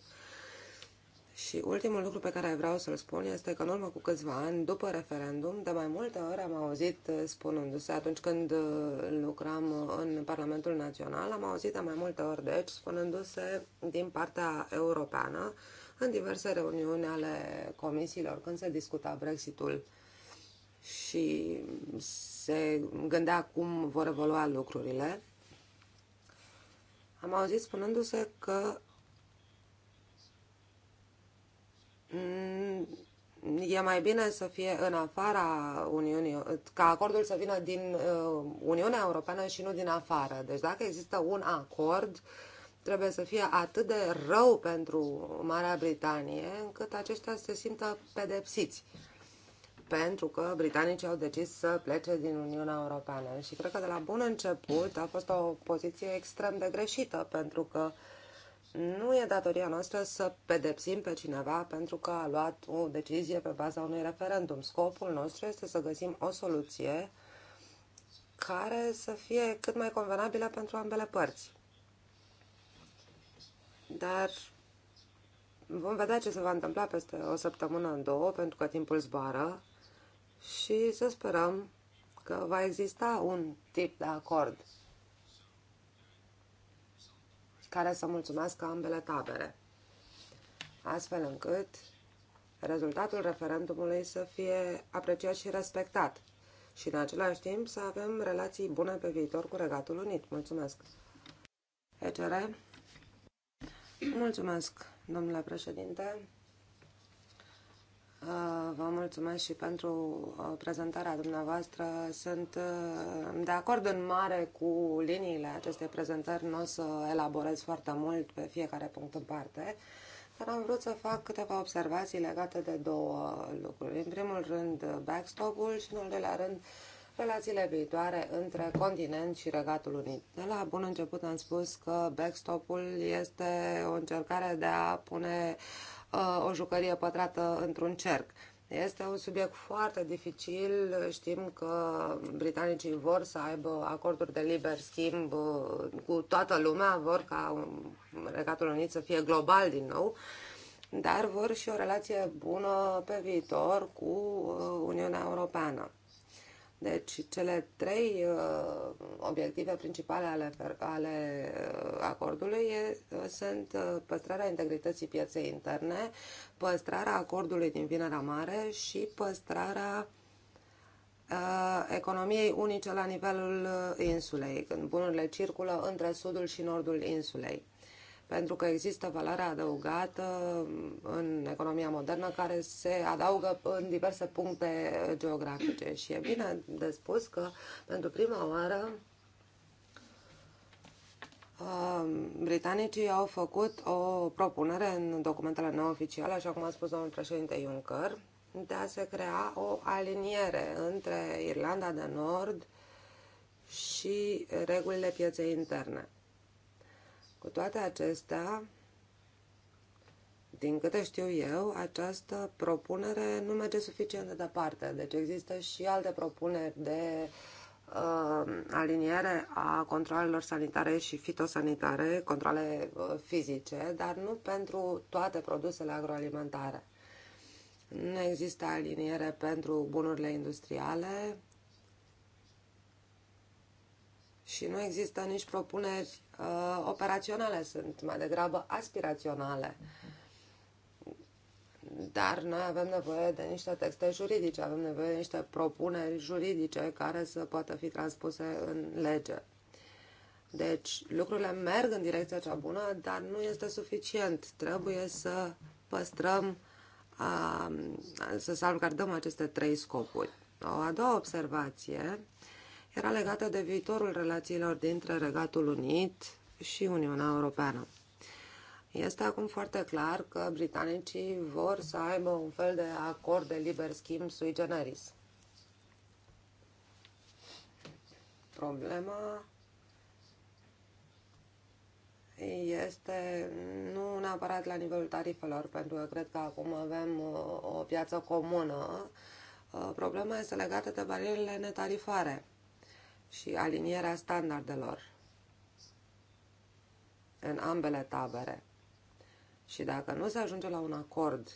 Și ultimul lucru pe care vreau să-l spun este că în urmă cu câțiva ani, după referendum, de mai multe ori am auzit uh, spunându-se, atunci când uh, lucram în Parlamentul Național, am auzit de mai multe ori, deci, spunându-se din partea europeană, în diverse reuniuni ale comisiilor, când se discuta Brexitul și se gândea cum vor evolua lucrurile, am auzit spunându-se că Mm, e mai bine să fie în afara Uniunii, ca acordul să vină din uh, Uniunea Europeană și nu din afară. Deci dacă există un acord, trebuie să fie atât de rău pentru Marea Britanie, încât aceștia se simtă pedepsiți pentru că britanicii au decis să plece din Uniunea Europeană. Și cred că de la bun început a fost o poziție extrem de greșită, pentru că uh, nu e datoria noastră să pedepsim pe cineva pentru că a luat o decizie pe baza unui referendum. Scopul nostru este să găsim o soluție care să fie cât mai convenabilă pentru ambele părți. Dar vom vedea ce se va întâmpla peste o săptămână în două, pentru că timpul zboară și să sperăm că va exista un tip de acord care să mulțumească ambele tabere, astfel încât rezultatul referendumului să fie apreciat și respectat și în același timp să avem relații bune pe viitor cu Regatul Unit. Mulțumesc! ECR Mulțumesc, domnule președinte. Uh, vă mulțumesc și pentru uh, prezentarea dumneavoastră. Sunt uh, de acord în mare cu liniile acestei prezentări. Nu o să elaborez foarte mult pe fiecare punct în parte, dar am vrut să fac câteva observații legate de două lucruri. În primul rând, backstop-ul și în al doilea rând, relațiile viitoare între continent și Regatul Unit. De la bun început am spus că backstop-ul este o încercare de a pune uh, Uh, o jucărie pătrată într-un cerc. Este un subiect foarte dificil. Știm că britanicii vor să aibă acorduri de liber schimb uh, cu toată lumea, vor ca Regatul Unit să fie global din nou, dar vor și o relație bună pe viitor cu uh, Uniunea Europeană. Deci, cele trei uh, obiective principale ale, ale uh, acordului e, uh, sunt uh, păstrarea integrității pieței interne, păstrarea acordului din Vinerea Mare și păstrarea uh, economiei unice la nivelul insulei, când bunurile circulă între sudul și nordul insulei pentru că există valoare adăugată în economia modernă care se adaugă în diverse puncte geografice. Și e bine de spus că pentru prima oară um, britanicii au făcut o propunere în documentele neoficiale, așa cum a spus domnul președinte Juncker, de a se crea o aliniere între Irlanda de Nord și regulile pieței interne. Cu toate acestea, din câte știu eu, această propunere nu merge suficient de departe. Deci există și alte propuneri de uh, aliniere a controlelor sanitare și fitosanitare, controle uh, fizice, dar nu pentru toate produsele agroalimentare. Nu există aliniere pentru bunurile industriale și nu există nici propuneri uh, operaționale, sunt mai degrabă aspiraționale. Dar noi avem nevoie de niște texte juridice, avem nevoie de niște propuneri juridice care să poată fi transpuse în lege. Deci lucrurile merg în direcția cea bună, dar nu este suficient. Trebuie să păstrăm, uh, să salvgardăm aceste trei scopuri. O a doua observație era legată de viitorul relațiilor dintre Regatul Unit și Uniunea Europeană. Este acum foarte clar că britanicii vor să aibă un fel de acord de liber schimb sui generis. Problema este nu neapărat la nivelul tarifelor, pentru că cred că acum avem uh, o piață comună. Uh, problema este legată de barierele netarifare și alinierea standardelor în ambele tabere. Și dacă nu se ajunge la un acord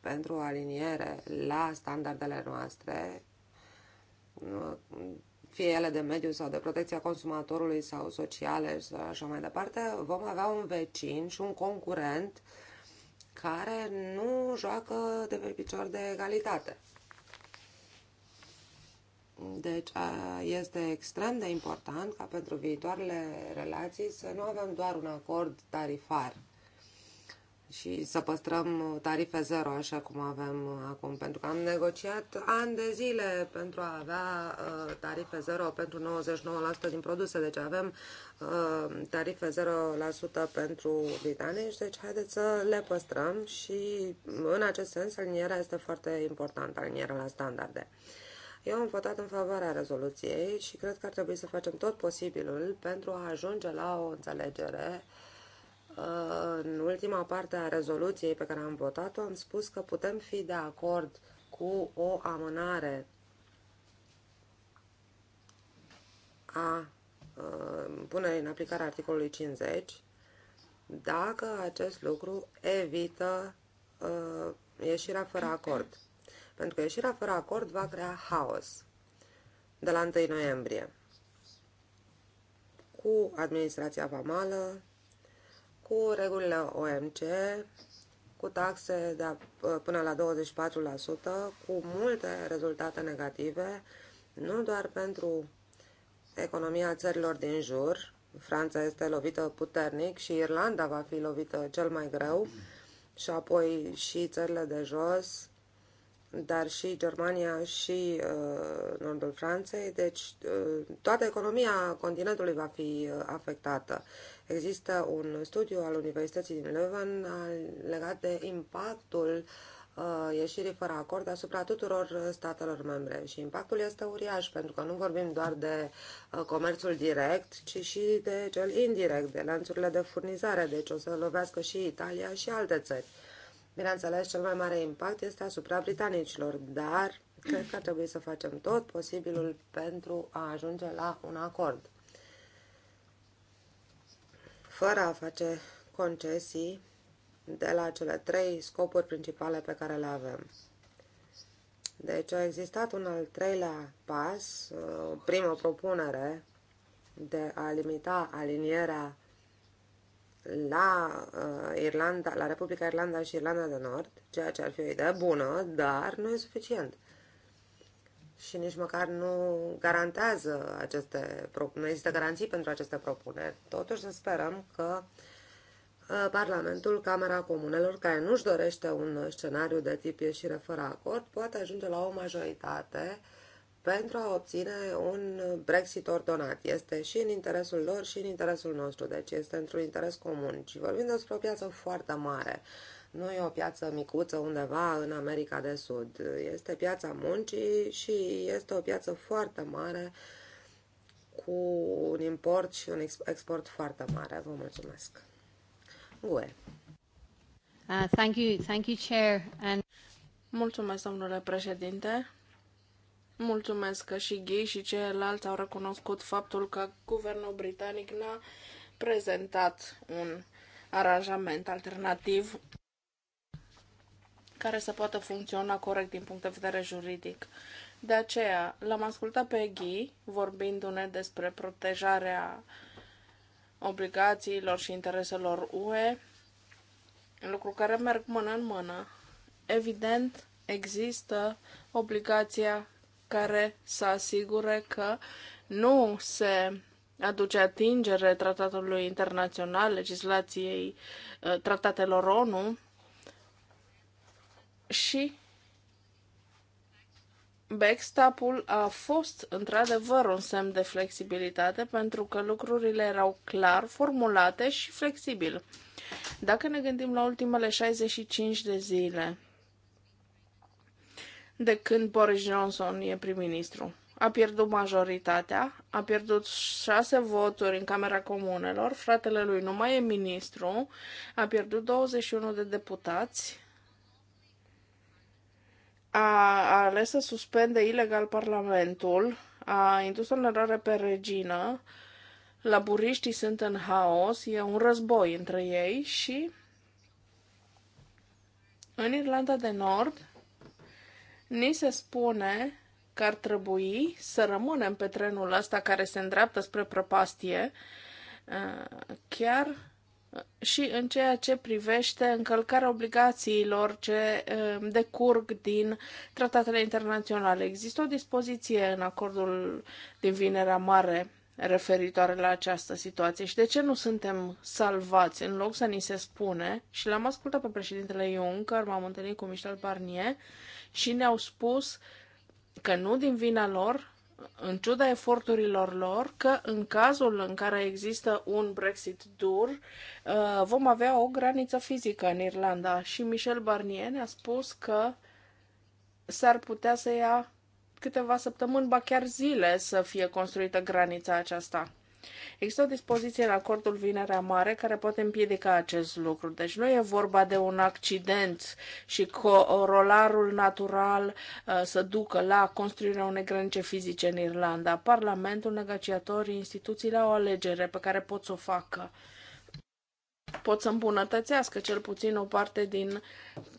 pentru o aliniere la standardele noastre, fie ele de mediu sau de protecția consumatorului sau sociale și așa mai departe, vom avea un vecin și un concurent care nu joacă de pe picior de egalitate. Deci este extrem de important ca pentru viitoarele relații să nu avem doar un acord tarifar și să păstrăm tarife zero așa cum avem acum, pentru că am negociat ani de zile pentru a avea tarife zero pentru 99% din produse, deci avem tarife 0% pentru britanici, deci haideți să le păstrăm și în acest sens alinierea este foarte importantă, alinierea la standarde. Eu am votat în favoarea rezoluției și cred că ar trebui să facem tot posibilul pentru a ajunge la o înțelegere. În ultima parte a rezoluției pe care am votat-o am spus că putem fi de acord cu o amânare a uh, punerii în aplicare a articolului 50 dacă acest lucru evită uh, ieșirea fără acord pentru că ieșirea fără acord va crea haos de la 1 noiembrie cu administrația vamală, cu regulile OMC, cu taxe de până la 24%, cu multe rezultate negative, nu doar pentru economia țărilor din jur, Franța este lovită puternic și Irlanda va fi lovită cel mai greu, și apoi și țările de jos, dar și Germania și uh, nordul Franței, deci uh, toată economia continentului va fi uh, afectată. Există un studiu al Universității din Leuven uh, legat de impactul uh, ieșirii fără acord asupra tuturor statelor membre și impactul este uriaș pentru că nu vorbim doar de uh, comerțul direct, ci și de cel indirect, de lanțurile de furnizare, deci o să lovească și Italia și alte țări. Bineînțeles, cel mai mare impact este asupra britanicilor, dar cred că ar trebui să facem tot posibilul pentru a ajunge la un acord. Fără a face concesii de la cele trei scopuri principale pe care le avem. Deci a existat un al treilea pas, o primă propunere de a limita alinierea la uh, Irlanda, la Republica Irlanda și Irlanda de Nord, ceea ce ar fi o idee bună, dar nu e suficient. Și nici măcar nu garantează aceste nu există garanții pentru aceste propuneri. Totuși să sperăm că uh, Parlamentul, Camera Comunelor, care nu-și dorește un scenariu de tip ieșire fără acord, poate ajunge la o majoritate uh, pentru a obține un Brexit ordonat. Este și în interesul lor și în interesul nostru, deci este într-un interes comun. Și vorbim despre o piață foarte mare. Nu e o piață micuță undeva în America de Sud. Este piața muncii și este o piață foarte mare cu un import și un export foarte mare. Vă mulțumesc. UE. Uh, thank you, thank you, Chair. And... Mulțumesc, domnule președinte. Mulțumesc că și ghei și ceilalți au recunoscut faptul că guvernul britanic n-a prezentat un aranjament alternativ care să poată funcționa corect din punct de vedere juridic. De aceea, l-am ascultat pe Ghi vorbindu-ne despre protejarea obligațiilor și intereselor UE, lucru care merg mână în mână. Evident, există obligația care să asigure că nu se aduce atingere tratatului internațional, legislației uh, tratatelor ONU și backstop-ul a fost într-adevăr un semn de flexibilitate pentru că lucrurile erau clar formulate și flexibil. Dacă ne gândim la ultimele 65 de zile, de când Boris Johnson e prim-ministru. A pierdut majoritatea, a pierdut șase voturi în Camera Comunelor, fratele lui nu mai e ministru, a pierdut 21 de deputați, a ales să suspende ilegal Parlamentul, a indus o nerare pe regină, laburiștii sunt în haos, e un război între ei și în Irlanda de Nord Ni se spune că ar trebui să rămânem pe trenul ăsta care se îndreaptă spre prăpastie, uh, chiar uh, și în ceea ce privește încălcarea obligațiilor ce uh, decurg din tratatele internaționale. Există o dispoziție în acordul din Vinerea Mare referitoare la această situație și de ce nu suntem salvați în loc să ni se spune, și l-am ascultat pe președintele Juncker, m-am întâlnit cu Michel Barnier, și ne-au spus că nu din vina lor, în ciuda eforturilor lor, că în cazul în care există un Brexit dur, uh, vom avea o graniță fizică în Irlanda. Și Michel Barnier ne-a spus că s-ar putea să ia câteva săptămâni, ba chiar zile, să fie construită granița aceasta. Există o dispoziție în acordul Vinerea Mare care poate împiedica acest lucru. Deci nu e vorba de un accident și corolarul natural uh, să ducă la construirea unei grănice fizice în Irlanda. Parlamentul, negociatorii, instituțiile au o alegere pe care pot să o facă pot să îmbunătățească cel puțin o parte din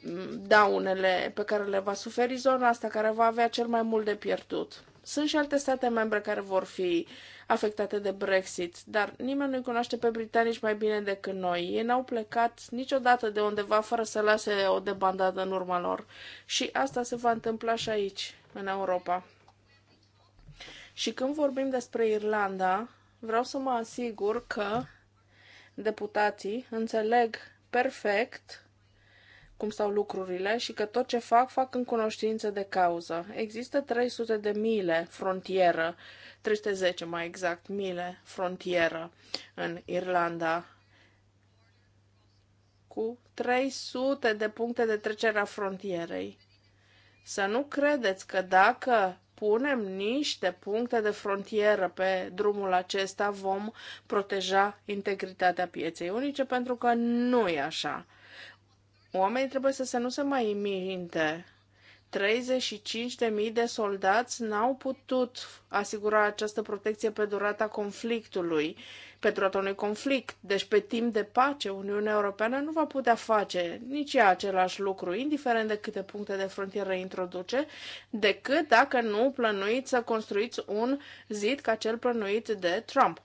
mm, daunele pe care le va suferi zona asta, care va avea cel mai mult de pierdut. Sunt și alte state membre care vor fi uh, afectate de Brexit, dar nimeni nu-i cunoaște pe britanici mai bine decât noi. Ei n-au plecat niciodată de undeva fără să lase o debandadă în urma lor. Și asta se va întâmpla și aici, în Europa. Și când vorbim despre Irlanda, vreau să mă asigur că deputații înțeleg perfect cum stau lucrurile și că tot ce fac, fac în cunoștință de cauză. Există 300 de mile frontieră, 310 mai exact, mile frontieră în Irlanda cu 300 de puncte de trecere a frontierei. Să nu credeți că dacă punem niște puncte de frontieră pe drumul acesta, vom proteja integritatea pieței unice, pentru că nu e așa. Oamenii trebuie să se nu se mai minte 35.000 de soldați n-au putut asigura această protecție pe durata conflictului, pe durata unui conflict. Deci, pe timp de pace, Uniunea Europeană nu va putea face nici ea același lucru, indiferent de câte puncte de frontieră introduce, decât dacă nu plănuiți să construiți un zid ca cel plănuit de Trump.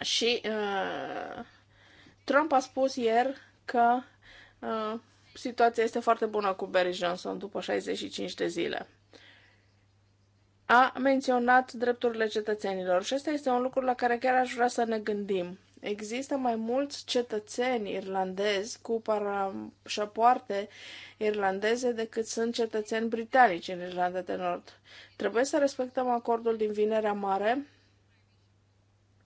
Și uh, Trump a spus ieri că Uh, situația este foarte bună cu Barry Johnson după 65 de zile. A menționat drepturile cetățenilor și ăsta este un lucru la care chiar aș vrea să ne gândim. Există mai mulți cetățeni irlandezi cu parașapoarte irlandeze decât sunt cetățeni britanici în Irlanda de Nord. Trebuie să respectăm acordul din Vinerea Mare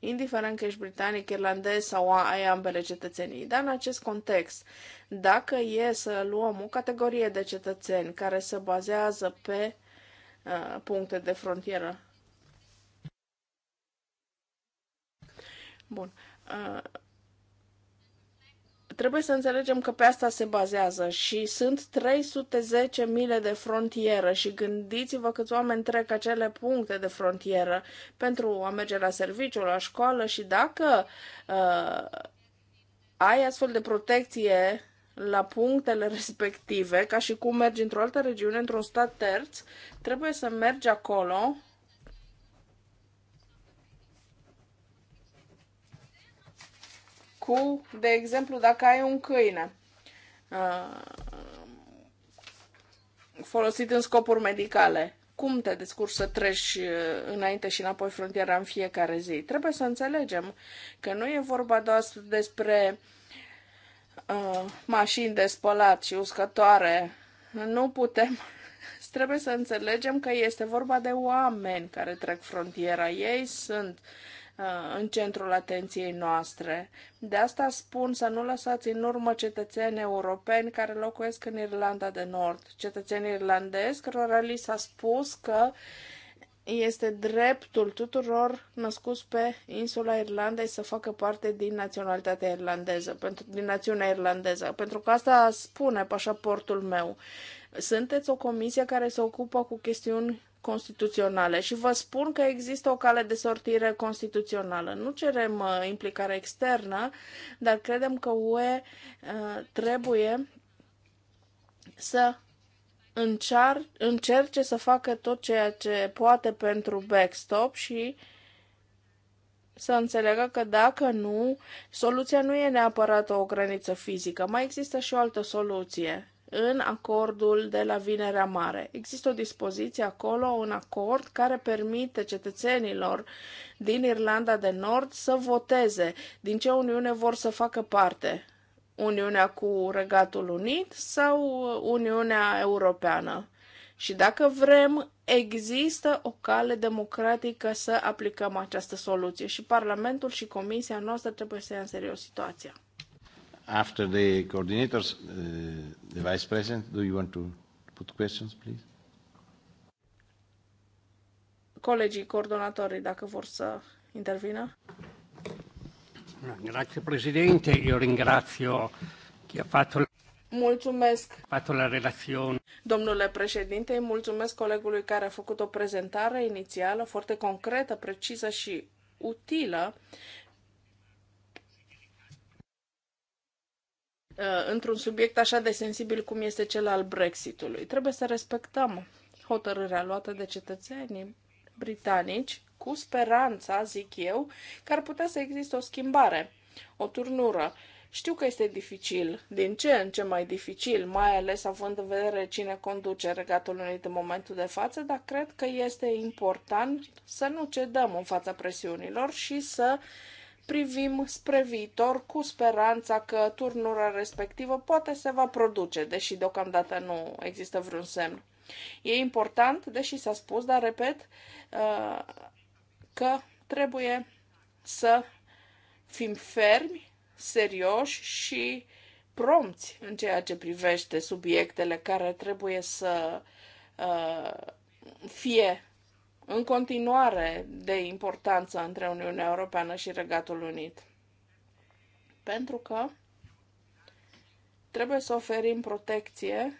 indiferent că ești britanic, irlandez sau ai ambele cetățenii. Dar în acest context, dacă e să luăm o categorie de cetățeni care se bazează pe uh, puncte de frontieră. Bun. Uh, Trebuie să înțelegem că pe asta se bazează și sunt 310.000 de frontieră și gândiți-vă câți oameni trec acele puncte de frontieră pentru a merge la serviciu, la școală și dacă uh, ai astfel de protecție la punctele [laughs] respective, ca și cum mergi într-o altă regiune, într-un stat terț, trebuie să mergi acolo cu, de exemplu, dacă ai un câine uh, folosit în scopuri medicale. Cum te descurci să treci uh, înainte și înapoi frontiera în fiecare zi? Trebuie să înțelegem că nu e vorba doar despre uh, mașini de spălat și uscătoare. Nu putem. [laughs] Trebuie să înțelegem că este vorba de oameni care trec frontiera. Ei sunt uh, Uh, în centrul atenției noastre. De asta spun să nu lăsați în urmă cetățeni europeni care locuiesc în Irlanda de Nord. Cetățenii irlandezi cărora li s-a spus că este dreptul tuturor născuți pe insula Irlandei să facă parte din naționalitatea irlandeză, pentru, din națiunea irlandeză, pentru că asta spune pașaportul meu. Sunteți o comisie care se ocupă cu chestiuni constituționale și vă spun că există o cale de sortire constituțională. Nu cerem uh, implicare externă, dar credem că UE uh, trebuie să încear, încerce să facă tot ceea ce poate pentru backstop și să înțeleagă că dacă nu, soluția nu e neapărat o graniță fizică, mai există și o altă soluție în acordul de la Vinerea Mare. Există o dispoziție acolo, un acord care permite cetățenilor din Irlanda de Nord să voteze din ce Uniune vor să facă parte. Uniunea cu Regatul Unit sau Uniunea Europeană. Și dacă vrem, există o cale democratică să aplicăm această soluție și Parlamentul și Comisia noastră trebuie să ia în serios situația. After the coordinators, uh, the Vice President, do you want to put questions, please? Colegii coordonatorii, dacă vor să intervină. Grazie Presidente, io ringrazio chi ha fatto la... Mulțumesc. Fatto la relazione. Domnule președinte, mulțumesc colegului care a făcut o prezentare inițială foarte concretă, precisă și utilă Uh, într-un subiect așa de sensibil cum este cel al Brexitului. Trebuie să respectăm hotărârea luată de cetățenii britanici cu speranța, zic eu, că ar putea să existe o schimbare, o turnură. Știu că este dificil, din ce în ce mai dificil, mai ales având în vedere cine conduce Regatul Unit în momentul de față, dar cred că este important să nu cedăm în fața presiunilor și să uh, privim spre viitor cu speranța că turnura respectivă poate se va produce, deși deocamdată nu există vreun semn. E important, deși s-a spus, dar repet, uh, că trebuie să fim fermi, serioși și promți în ceea ce privește subiectele care trebuie să uh, fie în continuare de importanță între Uniunea Europeană și Regatul Unit. Pentru că trebuie să oferim protecție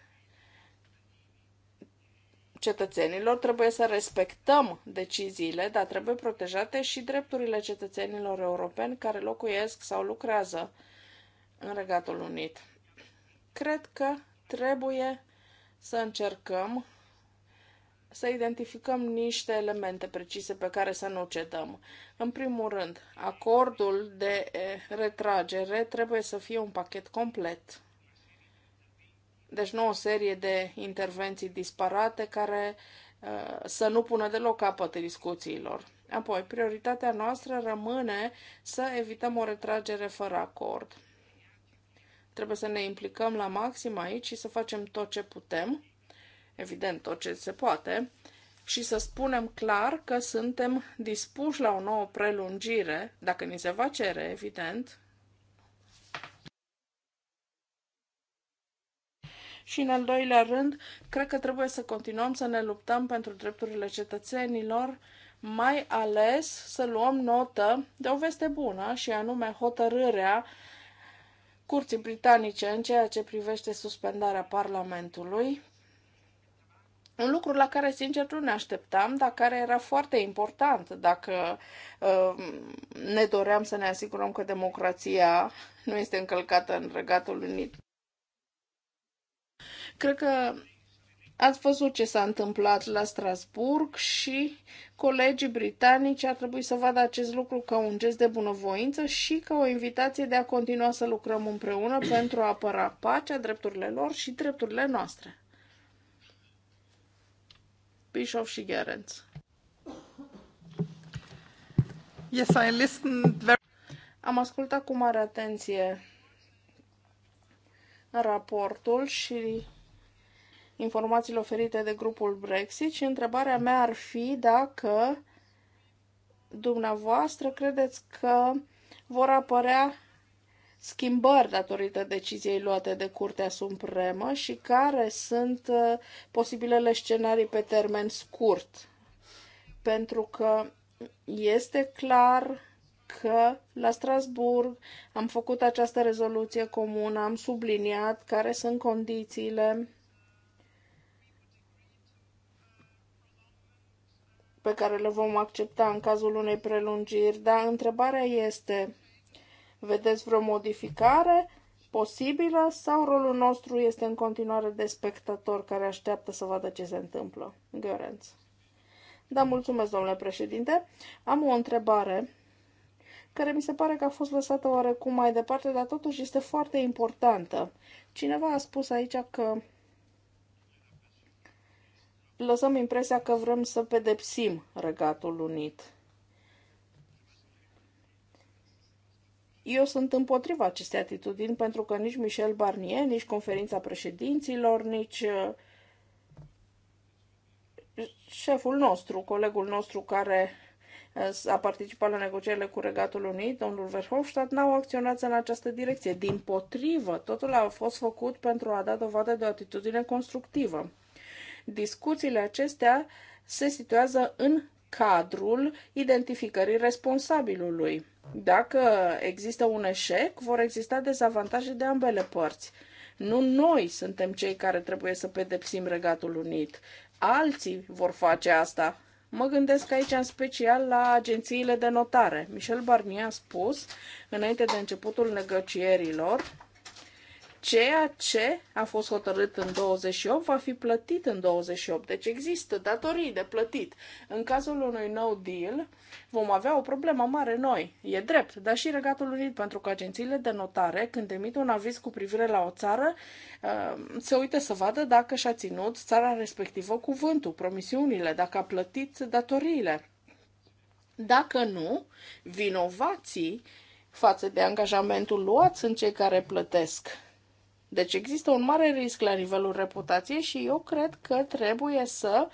cetățenilor, trebuie să respectăm deciziile, dar trebuie protejate și drepturile cetățenilor europeni care locuiesc sau lucrează în Regatul Unit. Cred că trebuie să încercăm să identificăm niște elemente precise pe care să nu cedăm. În primul rând, acordul de retragere trebuie să fie un pachet complet. Deci nu o serie de intervenții disparate care să nu pună deloc capăt discuțiilor. Apoi, prioritatea noastră rămâne să evităm o retragere fără acord. Trebuie să ne implicăm la maxim aici și să facem tot ce putem evident, tot ce se poate, și să spunem clar că suntem dispuși la o nouă prelungire, dacă ni se va cere, evident, Și în al doilea rând, cred că trebuie să continuăm să ne luptăm pentru drepturile cetățenilor, mai ales să luăm notă de o veste bună și anume hotărârea Curții Britanice în ceea ce privește suspendarea Parlamentului un lucru la care, sincer, nu ne așteptam, dar care era foarte important dacă uh, ne doream să ne asigurăm că democrația nu este încălcată în Regatul Unit. Cred că ați văzut ce s-a întâmplat la Strasburg și colegii britanici ar trebui să vadă acest lucru ca un gest de bunăvoință și ca o invitație de a continua să lucrăm împreună pentru a apăra pacea, drepturile lor și drepturile noastre. Bischoff Yes, I listened very... Am ascultat cu mare atenție raportul și informațiile oferite de grupul Brexit și întrebarea mea ar fi dacă dumneavoastră credeți că vor apărea schimbări datorită deciziei luate de Curtea Supremă și care sunt uh, posibilele scenarii pe termen scurt. Pentru că este clar că la Strasburg am făcut această rezoluție comună, am subliniat care sunt condițiile pe care le vom accepta în cazul unei prelungiri, dar întrebarea este Vedeți vreo modificare posibilă sau rolul nostru este în continuare de spectator care așteaptă să vadă ce se întâmplă? Gărenț. Da, mulțumesc, domnule președinte. Am o întrebare care mi se pare că a fost lăsată oarecum mai departe, dar totuși este foarte importantă. Cineva a spus aici că lăsăm impresia că vrem să pedepsim Regatul Unit. Eu sunt împotriva acestei atitudini pentru că nici Michel Barnier, nici conferința președinților, nici uh, șeful nostru, colegul nostru care uh, a participat la negocierile cu Regatul Unit, domnul Verhofstadt, n-au acționat în această direcție. Din potrivă, totul a fost făcut pentru a da dovadă de o atitudine constructivă. Discuțiile acestea se situează în cadrul identificării responsabilului. Dacă există un eșec, vor exista dezavantaje de ambele părți. Nu noi suntem cei care trebuie să pedepsim Regatul Unit. Alții vor face asta. Mă gândesc aici în special la agențiile de notare. Michel Barnier a spus, înainte de începutul negocierilor, ceea ce a fost hotărât în 28 va fi plătit în 28. Deci există datorii de plătit. În cazul unui nou deal vom avea o problemă mare noi. E drept, dar și Regatul Unit, pentru că agențiile de notare, când emit un aviz cu privire la o țară, uh, se uită să vadă dacă și-a ținut țara respectivă cuvântul, promisiunile, dacă a plătit datoriile. Dacă nu, vinovații față de angajamentul luat sunt cei care plătesc deci există un mare risc la nivelul reputației și eu cred că trebuie să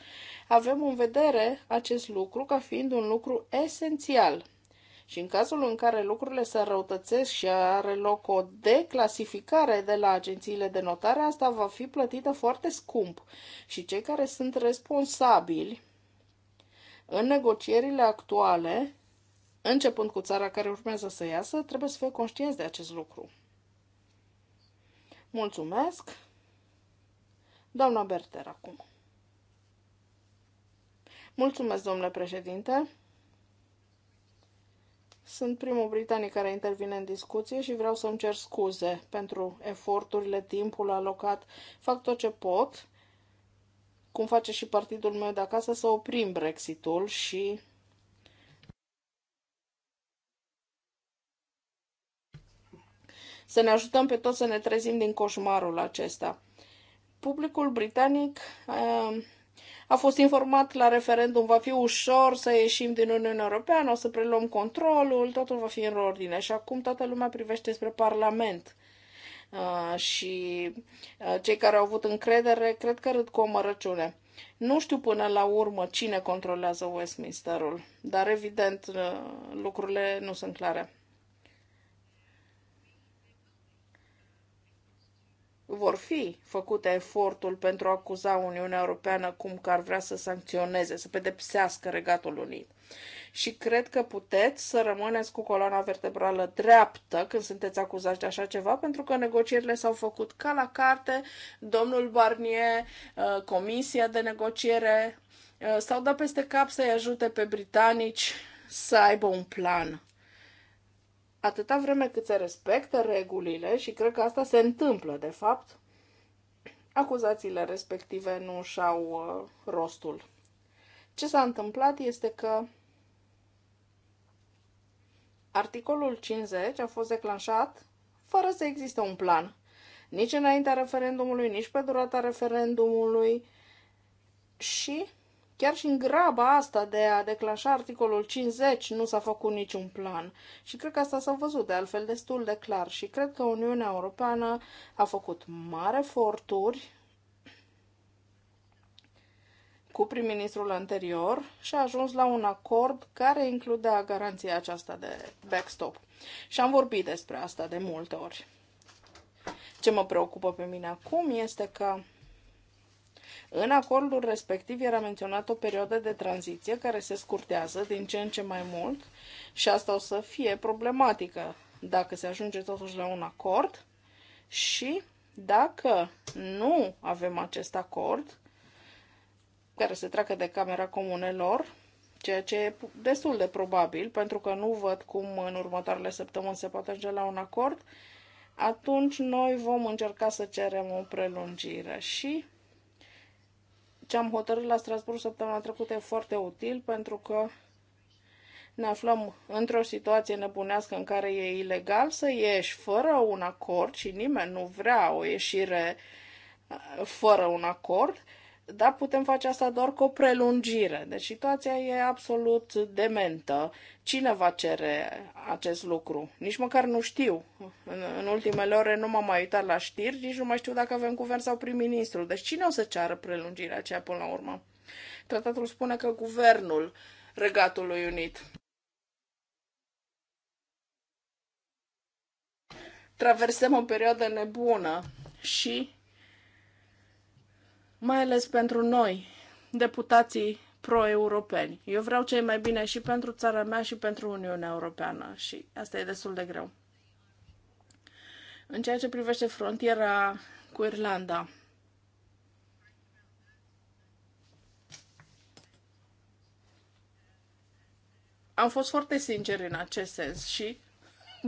avem în vedere acest lucru ca fiind un lucru esențial. Și în cazul în care lucrurile se răutățesc și are loc o declasificare de la agențiile de notare, asta va fi plătită foarte scump. Și cei care sunt responsabili în negocierile actuale, începând cu țara care urmează să iasă, trebuie să fie conștienți de acest lucru. Mulțumesc! Doamna Berter acum. Mulțumesc, domnule președinte! Sunt primul britanic care intervine în discuție și vreau să-mi cer scuze pentru eforturile, timpul alocat. Fac tot ce pot, cum face și partidul meu de acasă, să oprim Brexitul și să ne ajutăm pe toți să ne trezim din coșmarul acesta. Publicul britanic uh, a fost informat la referendum, va fi ușor să ieșim din Uniunea Europeană, o să preluăm controlul, totul va fi în ordine. Și acum toată lumea privește spre Parlament. Uh, și uh, cei care au avut încredere cred că râd cu o mărăciune. Nu știu până la urmă cine controlează Westminsterul, dar evident uh, lucrurile nu sunt clare. vor fi făcute efortul pentru a acuza Uniunea Europeană cum că ar vrea să sancționeze, să pedepsească Regatul Unit. Și cred că puteți să rămâneți cu coloana vertebrală dreaptă când sunteți acuzați de așa ceva, pentru că negocierile s-au făcut ca la carte, domnul Barnier, uh, comisia de negociere, uh, s-au dat peste cap să-i ajute pe britanici să aibă un plan atâta vreme cât se respectă regulile, și cred că asta se întâmplă, de fapt, acuzațiile respective nu și-au uh, rostul. Ce s-a întâmplat este că articolul 50 a fost declanșat fără să existe un plan. Nici înaintea referendumului, nici pe durata referendumului și Chiar și în graba asta de a declanșa articolul 50 nu s-a făcut niciun plan. Și cred că asta s-a văzut de altfel destul de clar. Și cred că Uniunea Europeană a făcut mari eforturi cu prim-ministrul anterior și a ajuns la un acord care includea garanția aceasta de backstop. Și am vorbit despre asta de multe ori. Ce mă preocupă pe mine acum este că în acordul respectiv era menționată o perioadă de tranziție care se scurtează din ce în ce mai mult și asta o să fie problematică dacă se ajunge totuși la un acord și dacă nu avem acest acord care se treacă de Camera Comunelor, ceea ce e destul de probabil, pentru că nu văd cum în următoarele săptămâni se poate ajunge la un acord, atunci noi vom încerca să cerem o prelungire și ce am hotărât la Strasburg săptămâna trecută e foarte util pentru că ne aflăm într-o situație nebunească în care e ilegal să ieși fără un acord și nimeni nu vrea o ieșire fără un acord dar putem face asta doar cu o prelungire. Deci situația e absolut dementă. Cine va cere acest lucru? Nici măcar nu știu. În, în ultimele ore nu m-am mai uitat la știri, nici nu mai știu dacă avem guvern sau prim-ministru. Deci cine o să ceară prelungirea aceea până la urmă? Tratatul spune că guvernul Regatului Unit. Traversăm o perioadă nebună și mai ales pentru noi, deputații pro-europeni. Eu vreau ce e mai bine și pentru țara mea și pentru Uniunea Europeană și asta e destul de greu. În ceea ce privește frontiera cu Irlanda, am fost foarte sinceri în acest sens și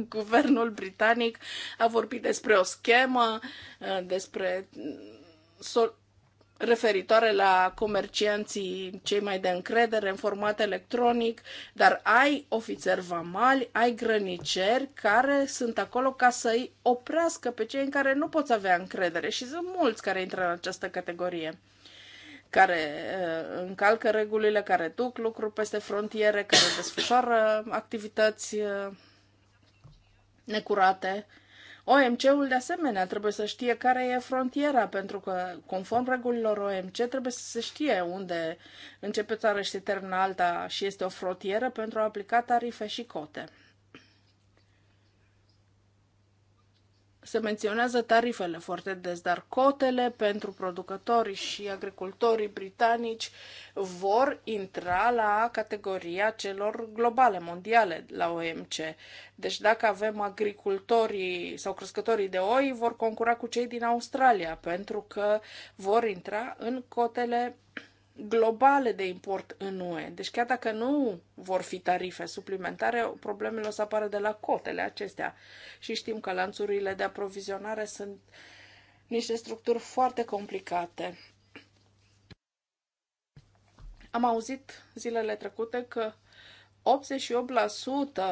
guvernul britanic a vorbit despre o schemă, despre referitoare la comercianții cei mai de încredere în format electronic, dar ai ofițeri vamali, ai grăniceri care sunt acolo ca să-i oprească pe cei în care nu poți avea încredere și sunt mulți care intră în această categorie care uh, încalcă regulile, care duc lucruri peste frontiere, care desfășoară activități uh, necurate. OMC-ul de asemenea trebuie să știe care e frontiera, pentru că conform regulilor OMC trebuie să se știe unde începe țară și se termină alta și este o frontieră pentru a aplica tarife și cote. se menționează tarifele foarte des, dar cotele pentru producătorii și agricultorii britanici vor intra la categoria celor globale, mondiale, la OMC. Deci dacă avem agricultorii sau crescătorii de oi, vor concura cu cei din Australia, pentru că vor intra în cotele globale de import în UE. Deci chiar dacă nu vor fi tarife suplimentare, problemele o să apară de la cotele acestea. Și știm că lanțurile de aprovizionare sunt niște structuri foarte complicate. Am auzit zilele trecute că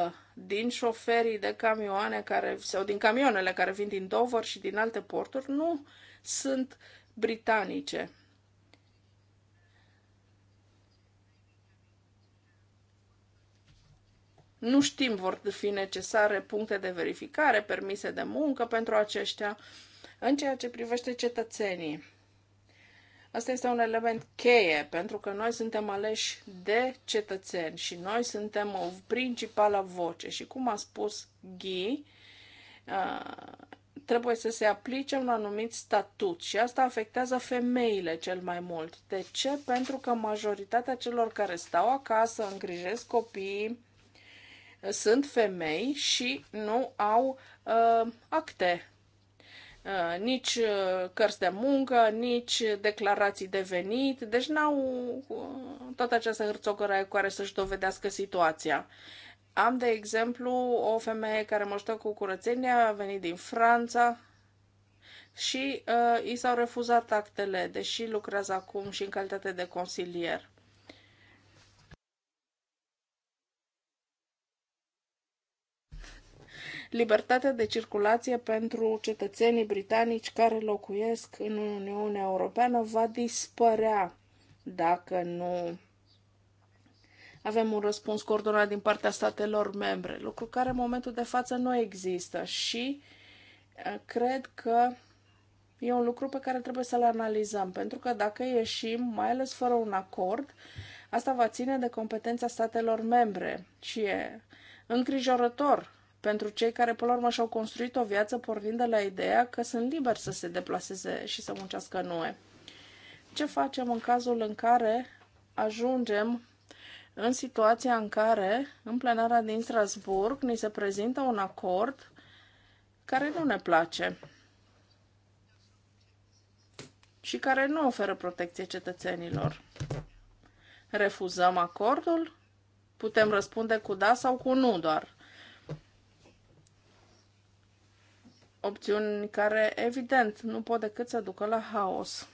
88% din șoferii de camioane care, sau din camioanele care vin din Dover și din alte porturi nu sunt britanice. Nu știm, vor fi necesare puncte de verificare, permise de muncă pentru aceștia. În ceea ce privește cetățenii, Asta este un element cheie, pentru că noi suntem aleși de cetățeni și noi suntem o principală voce. Și cum a spus Ghi, trebuie să se aplice un anumit statut și asta afectează femeile cel mai mult. De ce? Pentru că majoritatea celor care stau acasă, îngrijesc copiii, sunt femei și nu au uh, acte uh, nici uh, cărți de muncă, nici declarații de venit, deci n-au uh, toată această hârțogără cu care să-și dovedească situația. Am, de exemplu, o femeie care mă ajută cu curățenia, a venit din Franța și uh, i s-au refuzat actele, deși lucrează acum și în calitate de consilier. libertatea de circulație pentru cetățenii britanici care locuiesc în Uniunea Europeană va dispărea dacă nu avem un răspuns coordonat din partea statelor membre, lucru care în momentul de față nu există și uh, cred că e un lucru pe care trebuie să-l analizăm, pentru că dacă ieșim, mai ales fără un acord, asta va ține de competența statelor membre și e îngrijorător pentru cei care, până la urmă, și-au construit o viață pornind de la ideea că sunt liberi să se deplaseze și să muncească noi. Ce facem în cazul în care ajungem în situația în care, în plenara din Strasburg, ni se prezintă un acord care nu ne place și care nu oferă protecție cetățenilor. Refuzăm acordul? Putem răspunde cu da sau cu nu doar. opțiuni care, evident, nu pot decât să ducă la haos.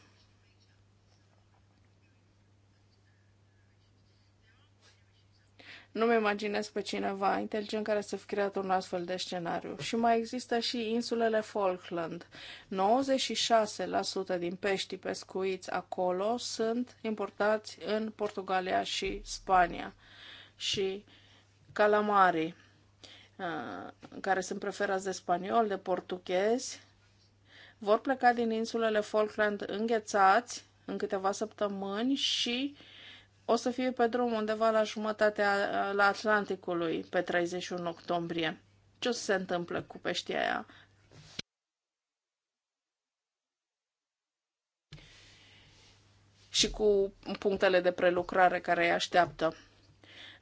Nu-mi imaginez pe cineva inteligent care să fi creat un astfel de scenariu. Și mai există și insulele Falkland. 96% din peștii pescuiți acolo sunt importați în Portugalia și Spania. Și calamarii Uh, care sunt preferați de spaniol, de portughezi, vor pleca din insulele Falkland înghețați în câteva săptămâni și o să fie pe drum undeva la jumătatea uh, la Atlanticului pe 31 octombrie. Ce o să se întâmple cu peștia aia? Și cu punctele de prelucrare care îi așteaptă.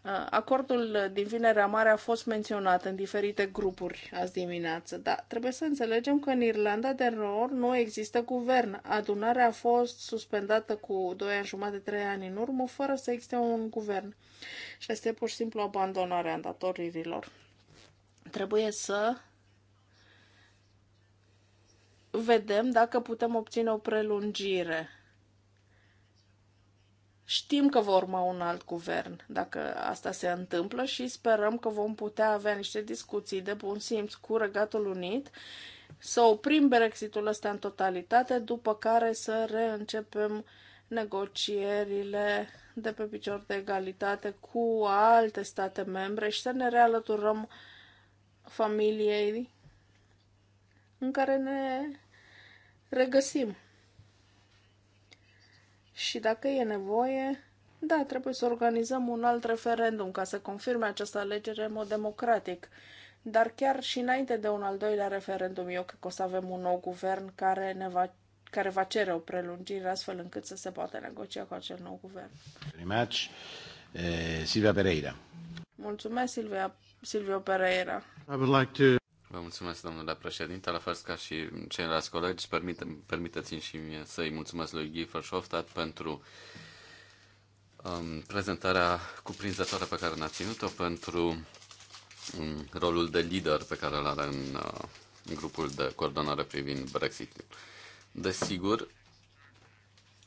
Uh, acordul din Vinerea Mare a fost menționat în diferite grupuri azi dimineață, dar trebuie să înțelegem că în Irlanda de Nord nu există guvern. Adunarea a fost suspendată cu 2 ani jumate, 3 ani în urmă, fără să existe un guvern. Și este pur și simplu abandonarea îndatoririlor. Trebuie să vedem dacă putem obține o prelungire Știm că vor urma un alt guvern dacă asta se întâmplă și sperăm că vom putea avea niște discuții de bun simț cu Regatul Unit, să oprim Brexitul ăsta în totalitate, după care să reîncepem negocierile de pe picior de egalitate cu alte state membre și să ne realăturăm familiei în care ne regăsim și dacă e nevoie, da, trebuie să organizăm un alt referendum ca să confirme această alegere în mod democratic. Dar chiar și înainte de un al doilea referendum, eu cred că o să avem un nou guvern care, ne va, care va cere o prelungire astfel încât să se poată negocia cu acel nou guvern. Mulțumesc, eh, Silvia Pereira. Mulțumesc, Silvia, Silvio Pereira. I would like to... Vă mulțumesc, domnule președinte, la fel ca și ceilalți colegi. Permite, permiteți-mi și mie să-i mulțumesc lui Guy Verhofstadt pentru um, prezentarea cuprinzătoare pe care ne-a ținut-o, pentru um, rolul de lider pe care îl are în, uh, în grupul de coordonare privind Brexit. Desigur,